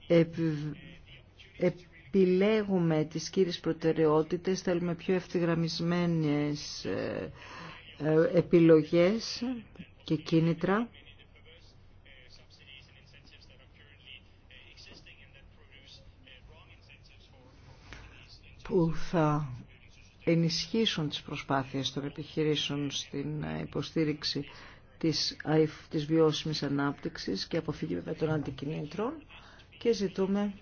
επι επιλέγουμε τις κύριες προτεραιότητες, θέλουμε πιο ευθυγραμμισμένες ε, ε, επιλογές και κίνητρα. που θα ενισχύσουν τις προσπάθειες των επιχειρήσεων στην ε, υποστήριξη της, της βιώσιμης ανάπτυξης και αποφύγει με τον και ζητούμε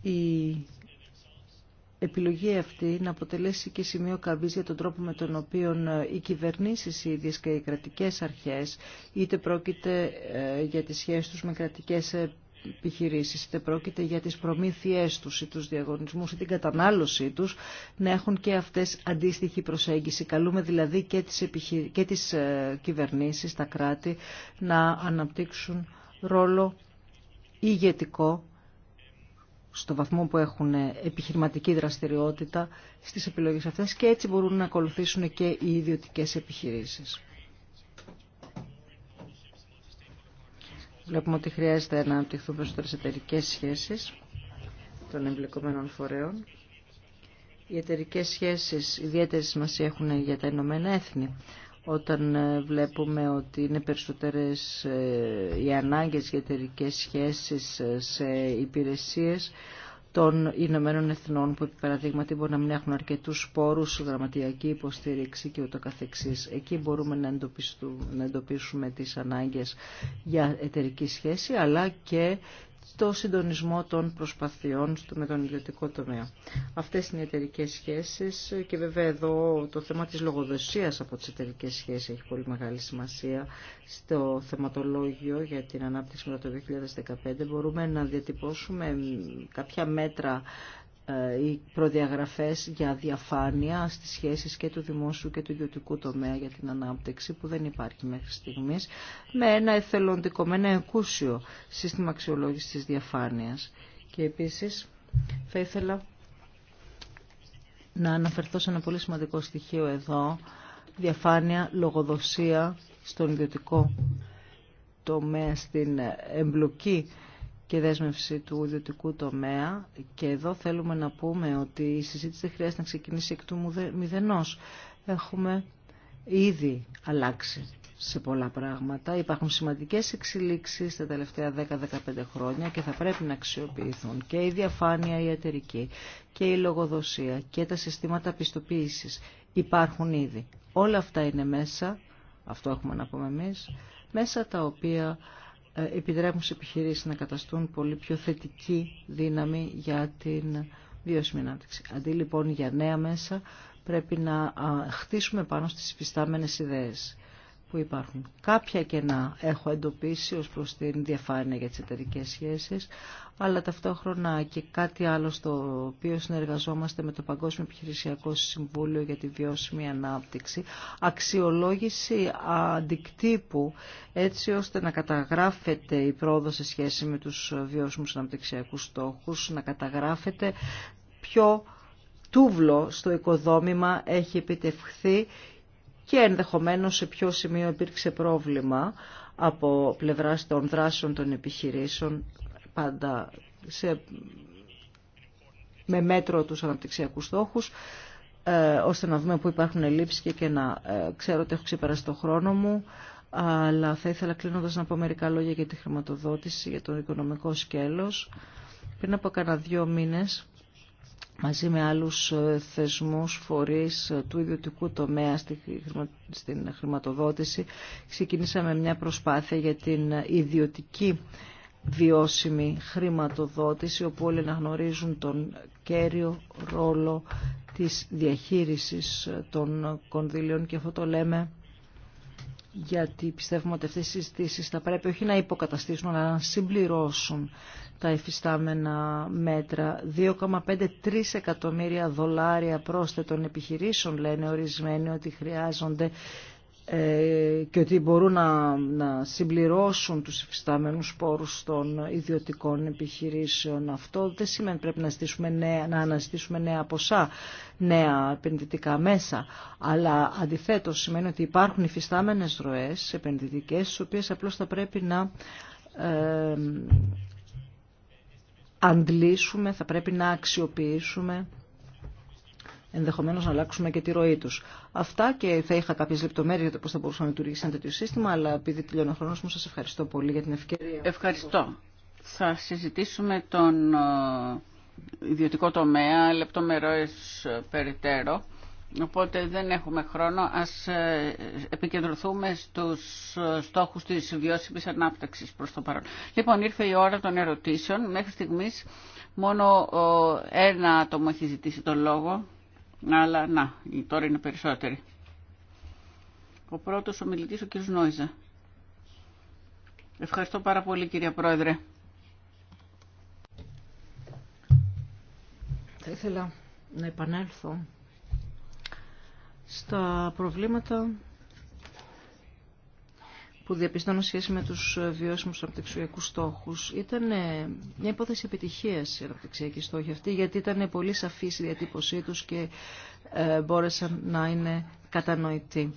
η επιλογή αυτή να αποτελέσει και σημείο καμπής για τον τρόπο με τον οποίο ε, οι κυβερνήσεις οι ίδιες και οι κρατικές αρχές είτε πρόκειται ε, για τις σχέσεις τους με κρατικές επιχειρήσεις, είτε πρόκειται για τις προμήθειές τους ή τους διαγωνισμούς ή την κατανάλωσή τους, να έχουν και αυτές αντίστοιχη προσέγγιση. Καλούμε δηλαδή και τις, επιχει... και τις ε, κυβερνήσεις, τα κράτη, να αναπτύξουν ρόλο ηγετικό στο βαθμό που έχουν επιχειρηματική δραστηριότητα στις επιλογές αυτές και έτσι μπορούν να ακολουθήσουν και οι ιδιωτικές επιχειρήσεις. Βλέπουμε ότι χρειάζεται να αναπτυχθούν περισσότερε εταιρικέ σχέσεις των εμπλεκομένων φορέων. Οι εταιρικέ σχέσεις ιδιαίτερη σημασία έχουν για τα Ηνωμένα Έθνη όταν ε, βλέπουμε ότι είναι περισσότερες ε, οι ανάγκες για εταιρικέ σχέσεις ε, σε υπηρεσίες των Ηνωμένων Εθνών που επί παραδείγματι μπορεί να μην έχουν αρκετούς πόρους, γραμματιακή υποστήριξη και ούτω καθεξής. Εκεί μπορούμε να, να εντοπίσουμε τις ανάγκες για εταιρική σχέση αλλά και στο συντονισμό των προσπαθειών στο με τον ιδιωτικό τομέα. Αυτές είναι οι εταιρικέ σχέσεις και βέβαια εδώ το θέμα της λογοδοσίας από τις εταιρικέ σχέσεις έχει πολύ μεγάλη σημασία στο θεματολόγιο για την ανάπτυξη μετά το 2015. Μπορούμε να διατυπώσουμε κάποια μέτρα ε, οι προδιαγραφές για διαφάνεια στις σχέσεις και του δημόσιου και του ιδιωτικού τομέα για την ανάπτυξη που δεν υπάρχει μέχρι στιγμής με ένα εθελοντικό, με ένα εκούσιο σύστημα αξιολόγησης της διαφάνειας. Και επίσης θα ήθελα να αναφερθώ σε ένα πολύ σημαντικό στοιχείο εδώ, διαφάνεια, λογοδοσία στον ιδιωτικό τομέα, στην εμπλοκή και δέσμευση του ιδιωτικού τομέα και εδώ θέλουμε να πούμε ότι η συζήτηση δεν χρειάζεται να ξεκινήσει εκ του μηδενός. Έχουμε ήδη αλλάξει σε πολλά πράγματα. Υπάρχουν σημαντικές εξελίξεις τα τελευταία 10-15 χρόνια και θα πρέπει να αξιοποιηθούν και η διαφάνεια η εταιρική και η λογοδοσία και τα συστήματα πιστοποίησης. Υπάρχουν ήδη. Όλα αυτά είναι μέσα, αυτό έχουμε να πούμε εμείς, μέσα τα οποία ε, επιτρέπουν σε επιχειρήσεις να καταστούν πολύ πιο θετική δύναμη για την βιώσιμη ανάπτυξη. Αντί λοιπόν για νέα μέσα πρέπει να χτίσουμε πάνω στις υφιστάμενες ιδέες που υπάρχουν. Κάποια κενά έχω εντοπίσει ως προς την διαφάνεια για τις εταιρικέ σχέσεις, αλλά ταυτόχρονα και κάτι άλλο στο οποίο συνεργαζόμαστε με το Παγκόσμιο Επιχειρησιακό Συμβούλιο για τη Βιώσιμη Ανάπτυξη, αξιολόγηση αντικτύπου έτσι ώστε να καταγράφεται η πρόοδο σε σχέση με τους βιώσιμους αναπτυξιακούς στόχους, να καταγράφεται ποιο τούβλο στο οικοδόμημα έχει επιτευχθεί και ενδεχομένως σε ποιο σημείο υπήρξε πρόβλημα από πλευράς των δράσεων των επιχειρήσεων πάντα σε, με μέτρο τους αναπτυξιακούς στόχους ε, ώστε να δούμε που υπάρχουν ελλείψεις και, και να ε, ξέρω ότι έχω ξεπεράσει το χρόνο μου αλλά θα ήθελα κλείνοντας να πω μερικά λόγια για τη χρηματοδότηση, για τον οικονομικό σκέλος. Πριν από κανένα δύο μήνες μαζί με άλλους ε, θεσμούς, φορείς ε, του ιδιωτικού τομέα στην χρηματοδότηση. Ξεκινήσαμε μια προσπάθεια για την ε, ιδιωτική βιώσιμη χρηματοδότηση, όπου όλοι να γνωρίζουν τον κέριο ρόλο της διαχείρισης των κονδύλιων και αυτό το λέμε γιατί πιστεύουμε ότι αυτές οι συζητήσεις θα πρέπει όχι να υποκαταστήσουν αλλά να συμπληρώσουν τα εφιστάμενα μέτρα. 2,5-3 εκατομμύρια δολάρια πρόσθετων επιχειρήσεων λένε ορισμένοι ότι χρειάζονται ε, και ότι μπορούν να, να συμπληρώσουν τους υφιστάμενους πόρους των ιδιωτικών επιχειρήσεων. Αυτό δεν σημαίνει πρέπει να, νέα, να αναστήσουμε νέα ποσά, νέα επενδυτικά μέσα, αλλά αντιθέτως σημαίνει ότι υπάρχουν υφιστάμενες ροές επενδυτικές, τις οποίες απλώς θα πρέπει να ε, αντλήσουμε, θα πρέπει να αξιοποιήσουμε ενδεχομένως να αλλάξουμε και τη ροή τους. Αυτά και θα είχα κάποιες λεπτομέρειες για το πώς θα μπορούσε να λειτουργήσει ένα τέτοιο σύστημα, αλλά επειδή τελειώνει ο χρόνος μου, σας ευχαριστώ πολύ για την ευκαιρία. Ευχαριστώ. Θα συζητήσουμε τον ε, ιδιωτικό τομέα λεπτομερώες περιττέρω. Οπότε δεν έχουμε χρόνο. Ας ε, επικεντρωθούμε στους στόχους της βιώσιμης ανάπτυξης προς το παρόν. Λοιπόν, ήρθε η ώρα των ερωτήσεων. Μέχρι στιγμής μόνο ένα άτομο έχει ζητήσει τον λόγο, αλλά να, τώρα είναι περισσότεροι. Ο πρώτος ομιλητής, ο κ. Νόιζα. Ευχαριστώ πάρα πολύ κυρία Πρόεδρε. Θα ήθελα να επανέλθω στα προβλήματα που διαπιστώνω σχέση με τους βιώσιμους αναπτυξιακούς στόχους. Ήταν ε, μια υπόθεση επιτυχίας η αναπτυξιακή στόχη αυτή, γιατί ήταν πολύ σαφής η διατύπωσή τους και ε, μπόρεσαν να είναι κατανοητοί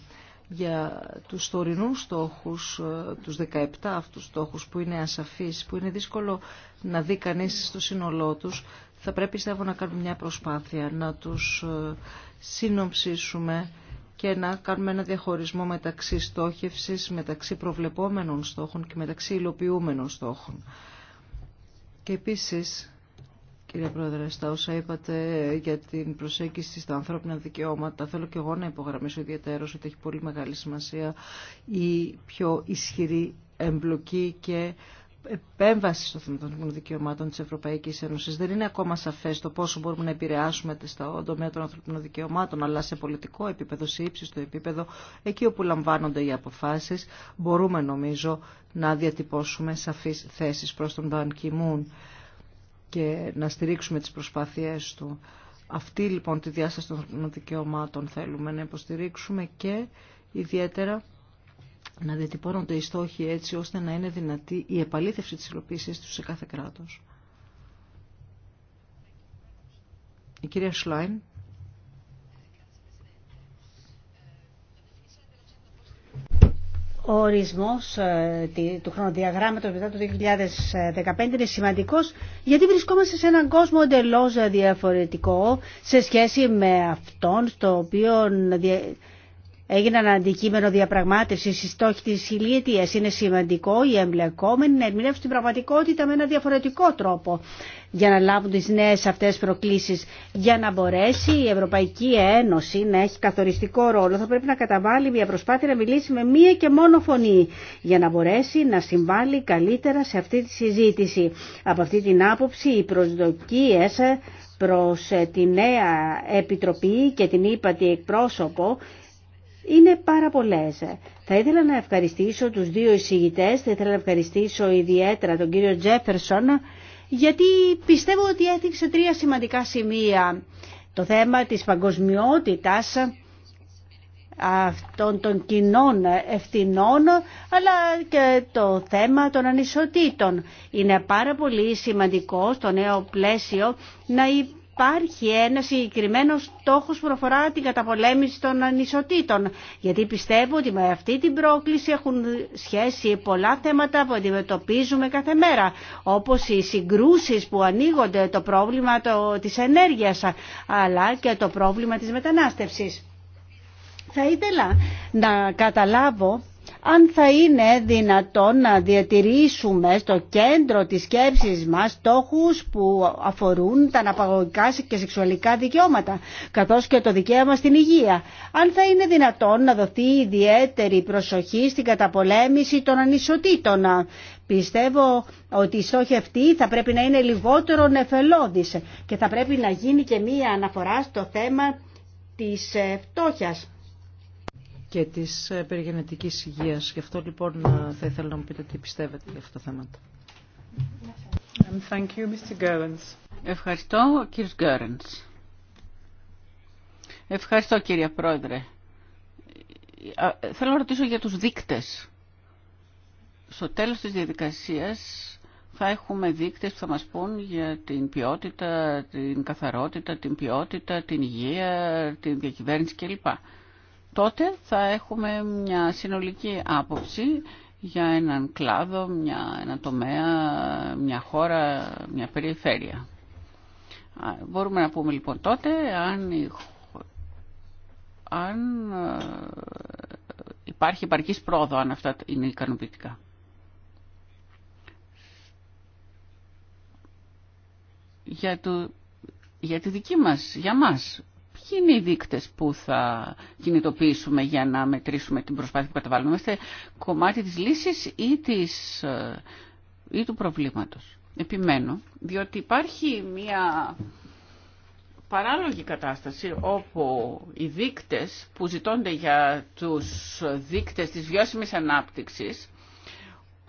για τους θωρινούς στόχους, ε, τους 17 αυτούς στόχους που είναι ασαφείς, που είναι δύσκολο να δει κανείς στο σύνολό τους, θα πρέπει πιστεύω να κάνουμε μια προσπάθεια, να τους ε, συνοψίσουμε και να κάνουμε ένα διαχωρισμό μεταξύ στόχευσης, μεταξύ προβλεπόμενων στόχων και μεταξύ υλοποιούμενων στόχων. Και επίσης Κύριε Πρόεδρε, στα όσα είπατε για την προσέγγιση στα ανθρώπινα δικαιώματα, θέλω και εγώ να υπογραμμίσω ιδιαίτερω ότι έχει πολύ μεγάλη σημασία η πιο ισχυρή εμπλοκή και επέμβαση στο θέμα των δικαιωμάτων τη Ευρωπαϊκή Ένωση. Δεν είναι ακόμα σαφέ το πόσο μπορούμε να επηρεάσουμε στον τομέα των ανθρωπίνων δικαιωμάτων, αλλά σε πολιτικό επίπεδο, σε ύψιστο επίπεδο, εκεί όπου λαμβάνονται οι αποφάσει, μπορούμε νομίζω να διατυπώσουμε σαφεί θέσει προ τον Κιμούν και να στηρίξουμε τις προσπάθειές του. Αυτή λοιπόν τη διάσταση των δικαιωμάτων θέλουμε να υποστηρίξουμε και ιδιαίτερα να διατυπώνονται οι στόχοι έτσι ώστε να είναι δυνατή η επαλήθευση της υλοποίησης του σε κάθε κράτος. Η κυρία Σλάιν. ο ορισμός ε, του χρονοδιαγράμματος μετά το 2015 είναι σημαντικός γιατί βρισκόμαστε σε έναν κόσμο εντελώς διαφορετικό σε σχέση με αυτόν στο οποίο έγιναν αντικείμενο διαπραγμάτευση οι στόχοι τη ηλιτία. Είναι σημαντικό οι εμπλεκόμενοι να ερμηνεύσουν την πραγματικότητα με ένα διαφορετικό τρόπο για να λάβουν τι νέε αυτέ προκλήσει. Για να μπορέσει η Ευρωπαϊκή Ένωση να έχει καθοριστικό ρόλο, θα πρέπει να καταβάλει μια προσπάθεια να μιλήσει με μία και μόνο φωνή για να μπορέσει να συμβάλλει καλύτερα σε αυτή τη συζήτηση. Από αυτή την άποψη, οι προσδοκίε προς τη νέα Επιτροπή και την ύπατη εκπρόσωπο είναι πάρα πολλέ. Θα ήθελα να ευχαριστήσω τους δύο εισηγητές, θα ήθελα να ευχαριστήσω ιδιαίτερα τον κύριο Τζέφερσον, γιατί πιστεύω ότι έθιξε τρία σημαντικά σημεία. Το θέμα της παγκοσμιότητας αυτών των κοινών ευθυνών αλλά και το θέμα των ανισοτήτων. Είναι πάρα πολύ σημαντικό στο νέο πλαίσιο να υπάρχει υπάρχει ένα συγκεκριμένο στόχο που αφορά την καταπολέμηση των ανισοτήτων. Γιατί πιστεύω ότι με αυτή την πρόκληση έχουν σχέση πολλά θέματα που αντιμετωπίζουμε κάθε μέρα. Όπως οι συγκρούσεις που ανοίγονται, το πρόβλημα τη της ενέργειας, αλλά και το πρόβλημα της μετανάστευση. Θα ήθελα να καταλάβω αν θα είναι δυνατόν να διατηρήσουμε στο κέντρο της σκέψης μας στόχους που αφορούν τα αναπαγωγικά και σεξουαλικά δικαιώματα, καθώς και το δικαίωμα στην υγεία. Αν θα είναι δυνατόν να δοθεί ιδιαίτερη προσοχή στην καταπολέμηση των ανισοτήτων. Πιστεύω ότι η στόχοι αυτοί θα πρέπει να είναι λιγότερο νεφελώδης και θα πρέπει να γίνει και μία αναφορά στο θέμα της ε, φτώχειας και της ε, περιγενετικής υγείας. Γι' αυτό λοιπόν ε, θα ήθελα να μου πείτε τι πιστεύετε για αυτό το θέμα. Ευχαριστώ, κύριε Γκέρενς. Ευχαριστώ, κύριε Πρόεδρε. Θέλω να ρωτήσω για τους δείκτες. Στο τέλος της διαδικασίας θα έχουμε δείκτες που θα μας πούν για την ποιότητα, την καθαρότητα, την ποιότητα, την υγεία, την διακυβέρνηση κλπ τότε θα έχουμε μια συνολική άποψη για έναν κλάδο, μια, ένα τομέα, μια χώρα, μια περιφέρεια. Μπορούμε να πούμε λοιπόν τότε αν, αν ε, υπάρχει υπαρκής πρόοδο, αν αυτά είναι ικανοποιητικά. Για, το, για τη δική μας, για μας Ποιοι είναι οι δείκτε που θα κινητοποιήσουμε για να μετρήσουμε την προσπάθεια που καταβάλουμε. Είμαστε κομμάτι της λύσης ή, της, ε, ή του προβλήματος. Επιμένω, διότι υπάρχει μια παράλογη κατάσταση όπου οι δείκτες που ζητώνται για τους δείκτες της βιώσιμης ανάπτυξης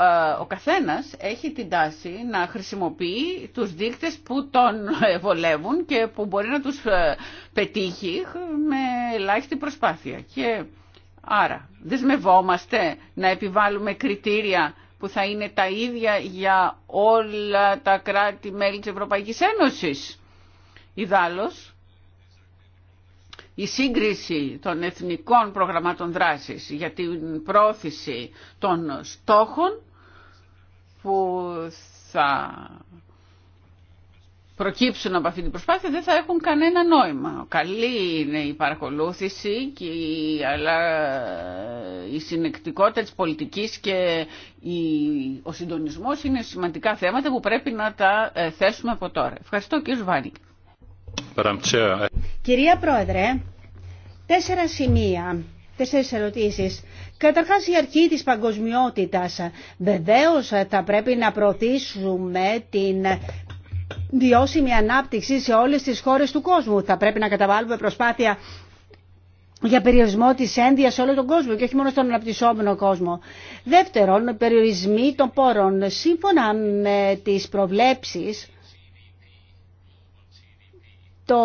ε, ο καθένας έχει την τάση να χρησιμοποιεί τους δείκτες που τον βολεύουν και που μπορεί να τους ε, πετύχει με ελάχιστη προσπάθεια. Και άρα δεσμευόμαστε να επιβάλλουμε κριτήρια που θα είναι τα ίδια για όλα τα κράτη-μέλη της Ευρωπαϊκής Ένωσης. Ιδάλλως, η σύγκριση των εθνικών προγραμμάτων δράσης για την πρόθεση των στόχων που θα προκύψουν από αυτή την προσπάθεια δεν θα έχουν κανένα νόημα. Καλή είναι η παρακολούθηση, και η, αλλά η συνεκτικότητα της πολιτικής και ο συντονισμός είναι σημαντικά θέματα που πρέπει να τα ε, θέσουμε από τώρα. Ευχαριστώ κύριε Βάνη. Κυρία Πρόεδρε, τέσσερα σημεία, τέσσερις ερωτήσεις. Καταρχάς η αρχή της παγκοσμιότητας. Βεβαίως θα πρέπει να προωθήσουμε την βιώσιμη ανάπτυξη σε όλες τις χώρες του κόσμου. Θα πρέπει να καταβάλουμε προσπάθεια για περιορισμό της ένδυας σε όλο τον κόσμο και όχι μόνο στον αναπτυσσόμενο κόσμο. Δεύτερον, περιορισμοί των πόρων. Σύμφωνα με τις προβλέψεις, το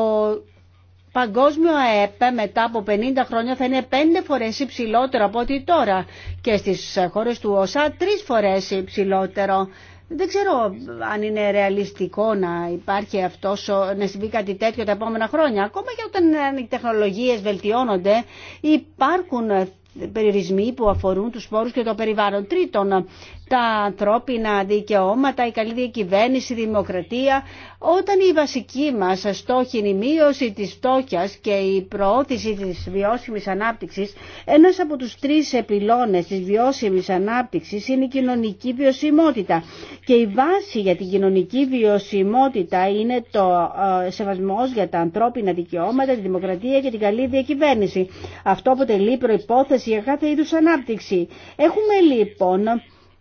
παγκόσμιο ΑΕΠ μετά από 50 χρόνια θα είναι 5 φορές υψηλότερο από ό,τι τώρα και στις χώρες του ΩΣΑ 3 φορές υψηλότερο. Δεν ξέρω αν είναι ρεαλιστικό να υπάρχει αυτό, να συμβεί κάτι τέτοιο τα επόμενα χρόνια. Ακόμα και όταν οι τεχνολογίες βελτιώνονται, υπάρχουν περιορισμοί που αφορούν τους σπόρους και το περιβάλλον. Τρίτον, τα ανθρώπινα δικαιώματα, η καλή διακυβέρνηση, η δημοκρατία, όταν η βασική μας στόχη είναι η μείωση της στόχιας και η προώθηση της βιώσιμης ανάπτυξης, ένας από τους τρεις επιλώνες της βιώσιμης ανάπτυξης είναι η κοινωνική βιωσιμότητα. Και η βάση για την κοινωνική βιωσιμότητα είναι το ε, σεβασμός για τα ανθρώπινα δικαιώματα, τη δημοκρατία και την καλή διακυβέρνηση. Αυτό αποτελεί προϋπόθεση για κάθε είδους ανάπτυξη. Έχουμε λοιπόν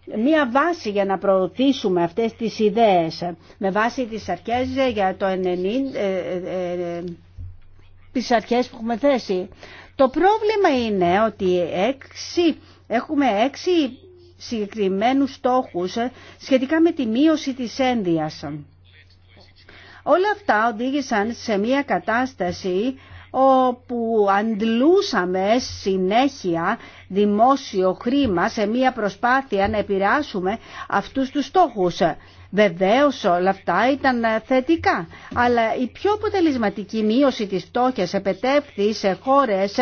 μία βάση για να προωθήσουμε αυτές τις ιδέες με βάση τις αρχές για το 90, ε, ε, ε, τις που έχουμε θέσει. Το πρόβλημα είναι ότι έξι, έχουμε έξι συγκεκριμένους στόχους σχετικά με τη μείωση της ένδυας. Όλα αυτά οδήγησαν σε μια κατάσταση όπου αντλούσαμε συνέχεια δημόσιο χρήμα σε μια προσπάθεια να επηρεάσουμε αυτούς τους στόχους. Βεβαίως όλα αυτά ήταν θετικά, αλλά η πιο αποτελεσματική μείωση της φτώχειας επετέφθη σε χώρες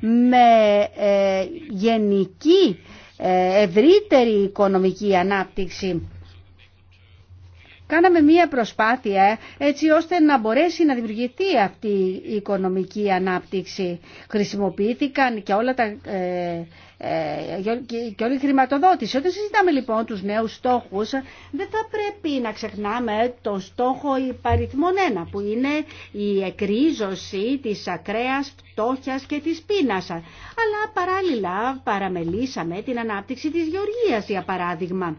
με ε, γενική ε, ευρύτερη οικονομική ανάπτυξη. Κάναμε μία προσπάθεια έτσι ώστε να μπορέσει να δημιουργηθεί αυτή η οικονομική ανάπτυξη. Χρησιμοποιήθηκαν και όλα τα... Ε, ε όλη η χρηματοδότηση. Όταν συζητάμε λοιπόν τους νέους στόχους δεν θα πρέπει να ξεχνάμε τον στόχο υπαριθμών 1 που είναι η εκρίζωση της ακραίας φτώχειας και της πείνας. Αλλά παράλληλα παραμελήσαμε την ανάπτυξη της γεωργίας για παράδειγμα.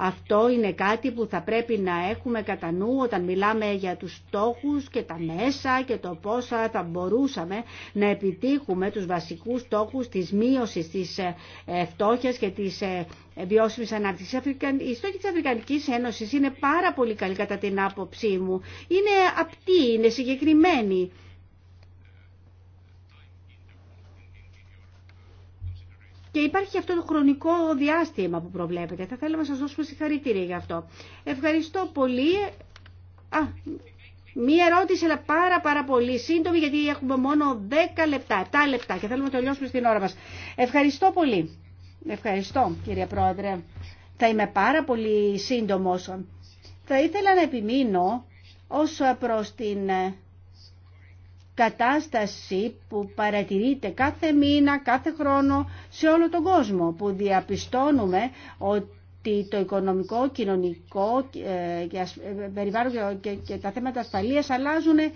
Αυτό είναι κάτι που θα πρέπει να έχουμε κατά νου όταν μιλάμε για τους στόχους και τα μέσα και το πόσα θα μπορούσαμε να επιτύχουμε τους βασικούς στόχους της μείωσης της ε, ε, φτώχειας και της ε, βιώσιμη ανάπτυξη. Η στόχη τη Αφρικανική Ένωση είναι πάρα πολύ καλή κατά την άποψή μου. Είναι απτή, είναι συγκεκριμένη. Και υπάρχει αυτό το χρονικό διάστημα που προβλέπετε. Θα θέλαμε να σας δώσουμε συγχαρητήρια για αυτό. Ευχαριστώ πολύ. Α, μία ερώτηση, αλλά πάρα πάρα πολύ σύντομη, γιατί έχουμε μόνο 10 λεπτά, 7 λεπτά και θέλουμε να τελειώσουμε στην ώρα μας. Ευχαριστώ πολύ. Ευχαριστώ, κύριε Πρόεδρε. Θα είμαι πάρα πολύ σύντομος. Θα ήθελα να επιμείνω όσο προς την ε, κατάσταση που παρατηρείται κάθε μήνα, κάθε χρόνο σε όλο τον κόσμο που διαπιστώνουμε ότι το οικονομικό, κοινωνικό ε, και ε, περιβάλλον και τα θέματα ασφαλείας αλλάζουν ε,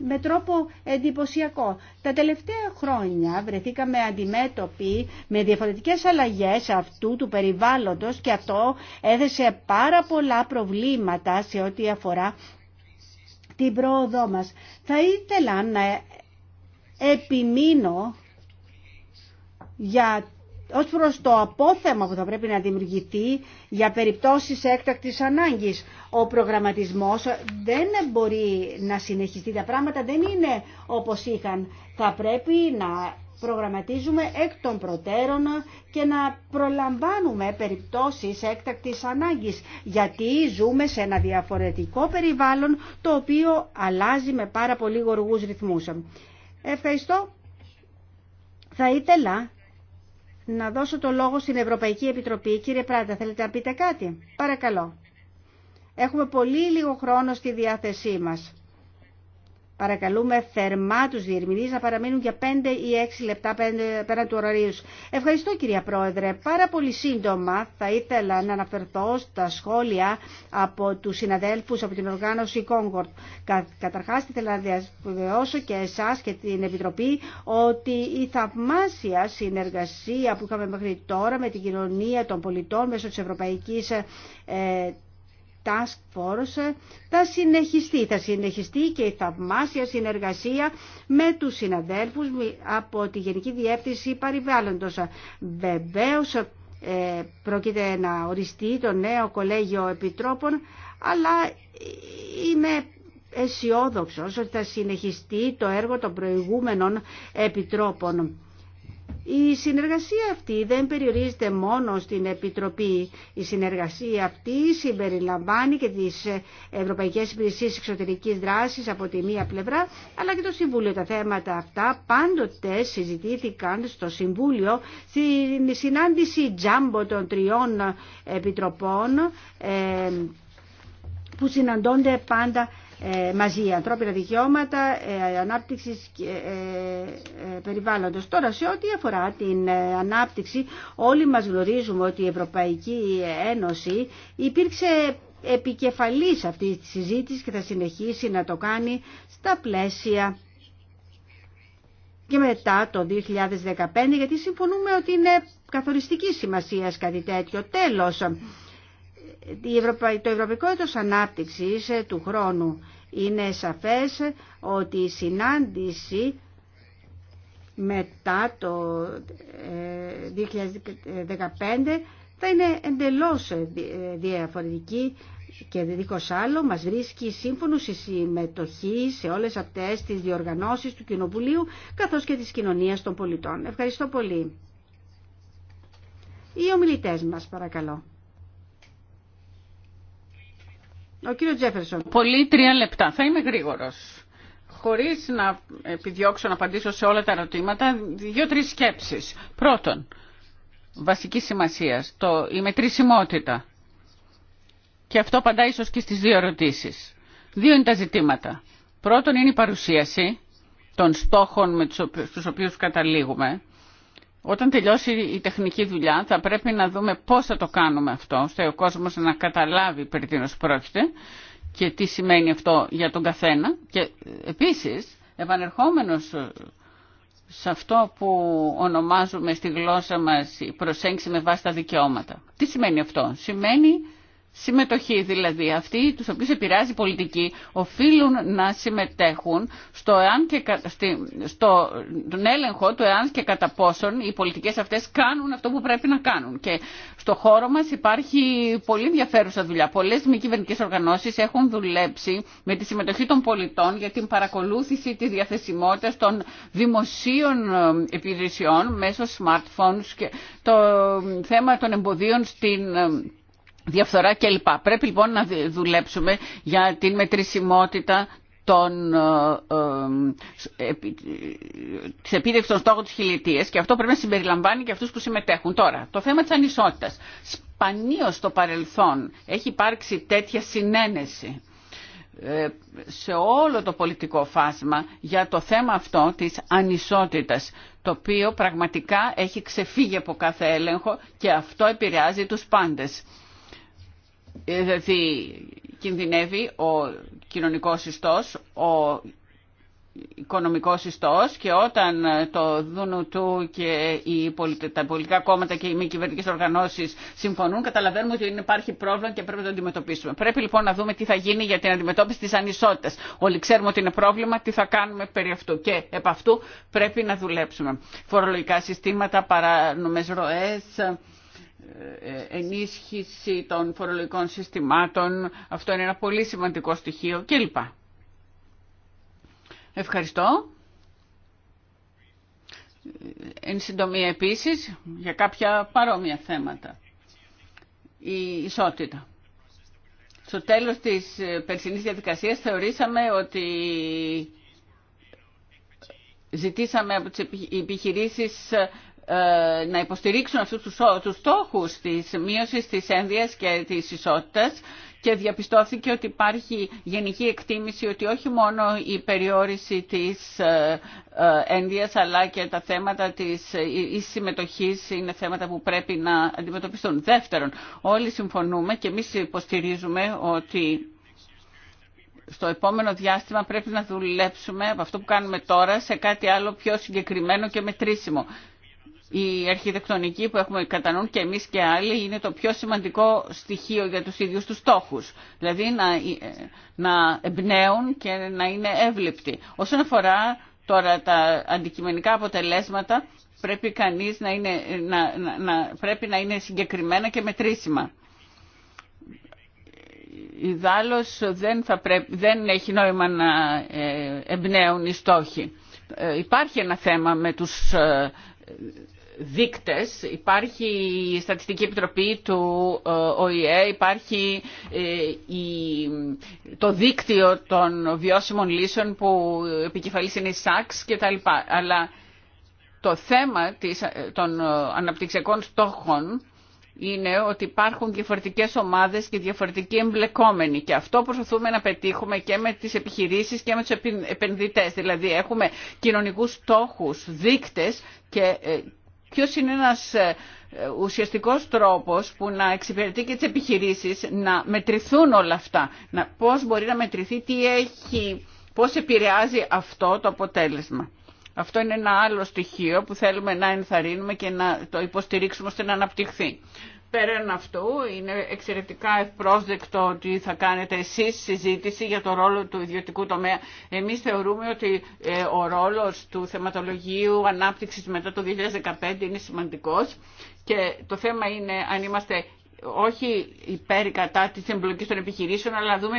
με τρόπο εντυπωσιακό. Τα τελευταία χρόνια βρεθήκαμε αντιμέτωποι με διαφορετικές αλλαγές αυτού του περιβάλλοντος και αυτό έθεσε πάρα πολλά προβλήματα σε ό,τι αφορά την πρόοδό μας. Θα ήθελα να επιμείνω για ως προς το απόθεμα που θα πρέπει να δημιουργηθεί για περιπτώσεις έκτακτης ανάγκης. Ο προγραμματισμός δεν μπορεί να συνεχιστεί. Τα πράγματα δεν είναι όπως είχαν. Θα πρέπει να προγραμματίζουμε εκ των προτέρων και να προλαμβάνουμε περιπτώσεις έκτακτης ανάγκης, γιατί ζούμε σε ένα διαφορετικό περιβάλλον το οποίο αλλάζει με πάρα πολύ γοργούς ρυθμούς. Ευχαριστώ. Θα ήθελα να δώσω το λόγο στην Ευρωπαϊκή Επιτροπή. Κύριε Πράτα, θέλετε να πείτε κάτι. Παρακαλώ. Έχουμε πολύ λίγο χρόνο στη διάθεσή μας. Παρακαλούμε θερμά τους διερμηνείς να παραμείνουν για 5 ή 6 λεπτά πέραν του ωραρίου. Ευχαριστώ κυρία Πρόεδρε. Πάρα πολύ σύντομα θα ήθελα να αναφερθώ στα σχόλια από τους συναδέλφους από την οργάνωση Concord. Καταρχάς ήθελα να διαβεβαιώσω και εσάς και την Επιτροπή ότι η θαυμάσια συνεργασία που είχαμε μέχρι τώρα με την κοινωνία των πολιτών μέσω της Ευρωπαϊκής ε, task force ε, θα συνεχιστεί. Θα συνεχιστεί και η θαυμάσια συνεργασία με τους συναδέλφους από τη Γενική Διεύθυνση Παριβάλλοντος. Βεβαίως ε, πρόκειται να οριστεί το νέο κολέγιο επιτρόπων, αλλά είμαι αισιόδοξο ότι θα συνεχιστεί το έργο των προηγούμενων επιτρόπων. Η συνεργασία αυτή δεν περιορίζεται μόνο στην Επιτροπή. Η συνεργασία αυτή συμπεριλαμβάνει και τις Ευρωπαϊκές Υπηρεσίες Εξωτερικής Δράσης από τη μία πλευρά, αλλά και το Συμβούλιο. Τα θέματα αυτά πάντοτε συζητήθηκαν στο Συμβούλιο στην συνάντηση τζάμπο των τριών επιτροπών ε, που συναντώνται πάντα ε, μαζί ανθρώπινα δικαιώματα, ε, ανάπτυξης ε, περιβάλλοντος. Τώρα σε ό,τι αφορά την ανάπτυξη όλοι μας γνωρίζουμε ότι η Ευρωπαϊκή Ένωση υπήρξε επικεφαλής αυτής της συζήτηση και θα συνεχίσει να το κάνει στα πλαίσια και μετά το 2015 γιατί συμφωνούμε ότι είναι καθοριστική σημασία κάτι τέτοιο. Τέλος, το Ευρωπαϊκό Έτος Ανάπτυξης ε, του χρόνου είναι σαφές ότι η συνάντηση μετά το 2015 ε, θα είναι εντελώς ε, διαφορετική και δίχως άλλο μας βρίσκει σύμφωνο η συμμετοχή σε όλες αυτές τις διοργανώσεις του Κοινοβουλίου καθώς και της κοινωνίας των πολιτών. Ευχαριστώ πολύ. Οι ομιλητές μας παρακαλώ. Ο κύριο Τζέφερσον. Πολύ τρία λεπτά. Θα είμαι γρήγορο. Χωρί να επιδιώξω να απαντήσω σε όλα τα ερωτήματα, δύο-τρει σκέψει. Πρώτον, βασική σημασία, η μετρήσιμότητα. Και αυτό απαντά ίσω και στι δύο ερωτήσει. Δύο είναι τα ζητήματα. Πρώτον είναι η παρουσίαση των στόχων με τους οποίους καταλήγουμε όταν τελειώσει η τεχνική δουλειά θα πρέπει να δούμε πώς θα το κάνουμε αυτό, ώστε ο κόσμος να καταλάβει περί τίνος πρόκειται και τι σημαίνει αυτό για τον καθένα. Και επίσης, επανερχόμενος σε αυτό που ονομάζουμε στη γλώσσα μας η προσέγγιση με βάση τα δικαιώματα. Τι σημαίνει αυτό. Σημαίνει συμμετοχή δηλαδή. Αυτοί τους οποίους επηρεάζει η πολιτική οφείλουν να συμμετέχουν στο, εάν και, στο τον έλεγχο του εάν και κατά πόσον οι πολιτικές αυτές κάνουν αυτό που πρέπει να κάνουν. Και στο χώρο μας υπάρχει πολύ ενδιαφέρουσα δουλειά. Πολλές μη κυβερνητικέ οργανώσεις έχουν δουλέψει με τη συμμετοχή των πολιτών για την παρακολούθηση της διαθεσιμότητας των δημοσίων ε, υπηρεσιών μέσω smartphones και το θέμα των εμποδίων στην ε, διαφθορά κλπ. Πρέπει λοιπόν να δουλέψουμε για την μετρησιμότητα των, ε, ε της των στόχων της χιλιετίας και αυτό πρέπει να συμπεριλαμβάνει και αυτούς που συμμετέχουν. Τώρα, το θέμα της ανισότητας. Σπανίως στο παρελθόν έχει υπάρξει τέτοια συνένεση ε, σε όλο το πολιτικό φάσμα για το θέμα αυτό της ανισότητας το οποίο πραγματικά έχει ξεφύγει από κάθε έλεγχο και αυτό επηρεάζει τους πάντες δηλαδή κινδυνεύει ο κοινωνικός ιστός, ο οικονομικός ιστός και όταν το Δούνου του και οι τα πολιτικά κόμματα και οι μη κυβερνητικέ οργανώσεις συμφωνούν καταλαβαίνουμε ότι υπάρχει πρόβλημα και πρέπει να το αντιμετωπίσουμε. Πρέπει λοιπόν να δούμε τι θα γίνει για την αντιμετώπιση της ανισότητας. Όλοι ξέρουμε ότι είναι πρόβλημα, τι θα κάνουμε περί αυτού και επ' αυτού πρέπει να δουλέψουμε. Φορολογικά συστήματα, παράνομες ροές, ε, ενίσχυση των φορολογικών συστημάτων. Αυτό είναι ένα πολύ σημαντικό στοιχείο κλπ. Ευχαριστώ. Ε, εν συντομία επίσης για κάποια παρόμοια θέματα. Η ισότητα. Στο τέλος της ε, περσινής διαδικασίας θεωρήσαμε ότι ζητήσαμε από τις επιχειρήσεις ε, να υποστηρίξουν αυτούς τους, τους στόχους της μείωσης της ένδυας και της ισότητας και διαπιστώθηκε ότι υπάρχει γενική εκτίμηση ότι όχι μόνο η περιόριση της ε, ε, ένδυας αλλά και τα θέματα της συμμετοχή συμμετοχής είναι θέματα που πρέπει να αντιμετωπιστούν. Δεύτερον, όλοι συμφωνούμε και εμείς υποστηρίζουμε ότι στο επόμενο διάστημα πρέπει να δουλέψουμε από αυτό που κάνουμε τώρα σε κάτι άλλο πιο συγκεκριμένο και μετρήσιμο η αρχιτεκτονική που έχουμε κατά νου και εμείς και άλλοι είναι το πιο σημαντικό στοιχείο για τους ίδιους τους στόχους. Δηλαδή να, να εμπνέουν και να είναι εύληπτοι. Όσον αφορά τώρα τα αντικειμενικά αποτελέσματα πρέπει κανείς να είναι, να, πρέπει να είναι συγκεκριμένα και μετρήσιμα. Ιδάλλως δεν, θα δεν έχει νόημα να ε, εμπνέουν οι στόχοι. Ε, υπάρχει ένα θέμα με τους ε, δείκτες, υπάρχει η Στατιστική Επιτροπή του ε, ΟΗΕ, υπάρχει ε, το δίκτυο των βιώσιμων λύσεων που επικεφαλής είναι η ΣΑΚΣ κτλ. Αλλά το θέμα ε, των αναπτυξιακών στόχων είναι ότι υπάρχουν διαφορετικές ομάδες και διαφορετικοί εμπλεκόμενοι και αυτό προσπαθούμε να πετύχουμε και με τις επιχειρήσεις και με τους επενδυτές. Δηλαδή έχουμε κοινωνικούς στόχους, δείκτες και Ποιο είναι ένας ε, ουσιαστικό τρόπος που να εξυπηρετεί και τι επιχειρήσει να μετρηθούν όλα αυτά. πώ πώς μπορεί να μετρηθεί, τι έχει, πώς επηρεάζει αυτό το αποτέλεσμα. Αυτό είναι ένα άλλο στοιχείο που θέλουμε να ενθαρρύνουμε και να το υποστηρίξουμε ώστε να αναπτυχθεί. Πέραν αυτού, είναι εξαιρετικά ευπρόσδεκτο ότι θα κάνετε εσείς συζήτηση για το ρόλο του ιδιωτικού τομέα. Εμείς θεωρούμε ότι ε, ο ρόλος του θεματολογίου ανάπτυξης μετά το 2015 είναι σημαντικός και το θέμα είναι αν είμαστε όχι υπέρ κατά της εμπλοκής των επιχειρήσεων, αλλά δούμε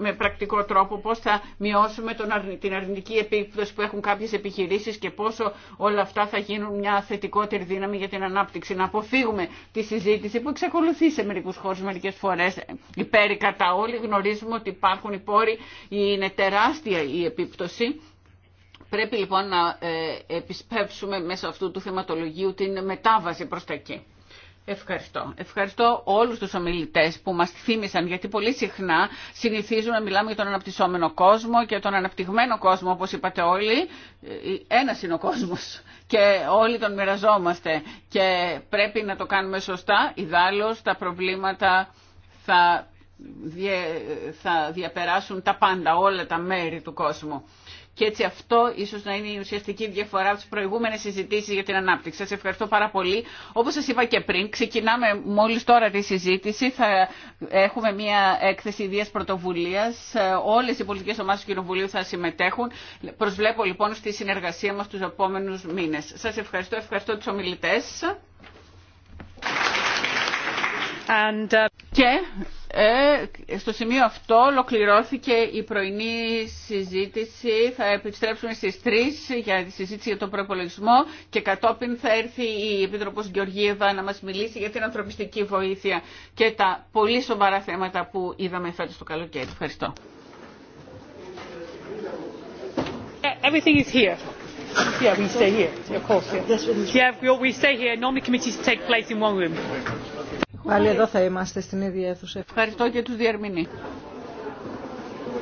με πρακτικό τρόπο πώς θα μειώσουμε την αρνητική επίπτωση που έχουν κάποιες επιχειρήσεις και πόσο όλα αυτά θα γίνουν μια θετικότερη δύναμη για την ανάπτυξη. Να αποφύγουμε τη συζήτηση που εξακολουθεί σε μερικούς χώρους μερικές φορές υπέρ κατά όλοι. Γνωρίζουμε ότι υπάρχουν οι πόροι, είναι τεράστια η επίπτωση. Πρέπει λοιπόν να ε, επισπεύσουμε μέσω αυτού του θεματολογίου την μετάβαση προς τα εκεί. Ευχαριστώ. Ευχαριστώ όλους τους ομιλητές που μας θύμισαν, γιατί πολύ συχνά συνηθίζουμε να μιλάμε για τον αναπτυσσόμενο κόσμο και τον αναπτυγμένο κόσμο, όπως είπατε όλοι. Ε, ένας είναι ο κόσμος και όλοι τον μοιραζόμαστε και πρέπει να το κάνουμε σωστά, ιδάλλως τα προβλήματα θα, θα διαπεράσουν τα πάντα, όλα τα μέρη του κόσμου. Και έτσι αυτό ίσω να είναι η ουσιαστική διαφορά από τι προηγούμενε συζητήσει για την ανάπτυξη. Σα ευχαριστώ πάρα πολύ. Όπω σα είπα και πριν, ξεκινάμε μόλι τώρα τη συζήτηση. Θα έχουμε μια έκθεση ιδία πρωτοβουλία. Όλε οι πολιτικέ ομάδε του Κοινοβουλίου θα συμμετέχουν. Προσβλέπω λοιπόν στη συνεργασία μα του επόμενου μήνε. Σα ευχαριστώ. Ευχαριστώ του ομιλητέ. Uh, και ε, στο σημείο αυτό ολοκληρώθηκε η πρωινή συζήτηση. Θα επιστρέψουμε στις 3 για τη συζήτηση για τον προπολογισμό και κατόπιν θα έρθει η Επίτροπος Γεωργίευα να μας μιλήσει για την ανθρωπιστική βοήθεια και τα πολύ σοβαρά θέματα που είδαμε φέτος το καλοκαίρι. Ευχαριστώ. Everything is here. Yeah, we stay here, of course. Yeah, we, stay here. Normally committees take place in Πάλι εδώ θα είμαστε στην ίδια αίθουσα. Ευχαριστώ και του διερμηνείς.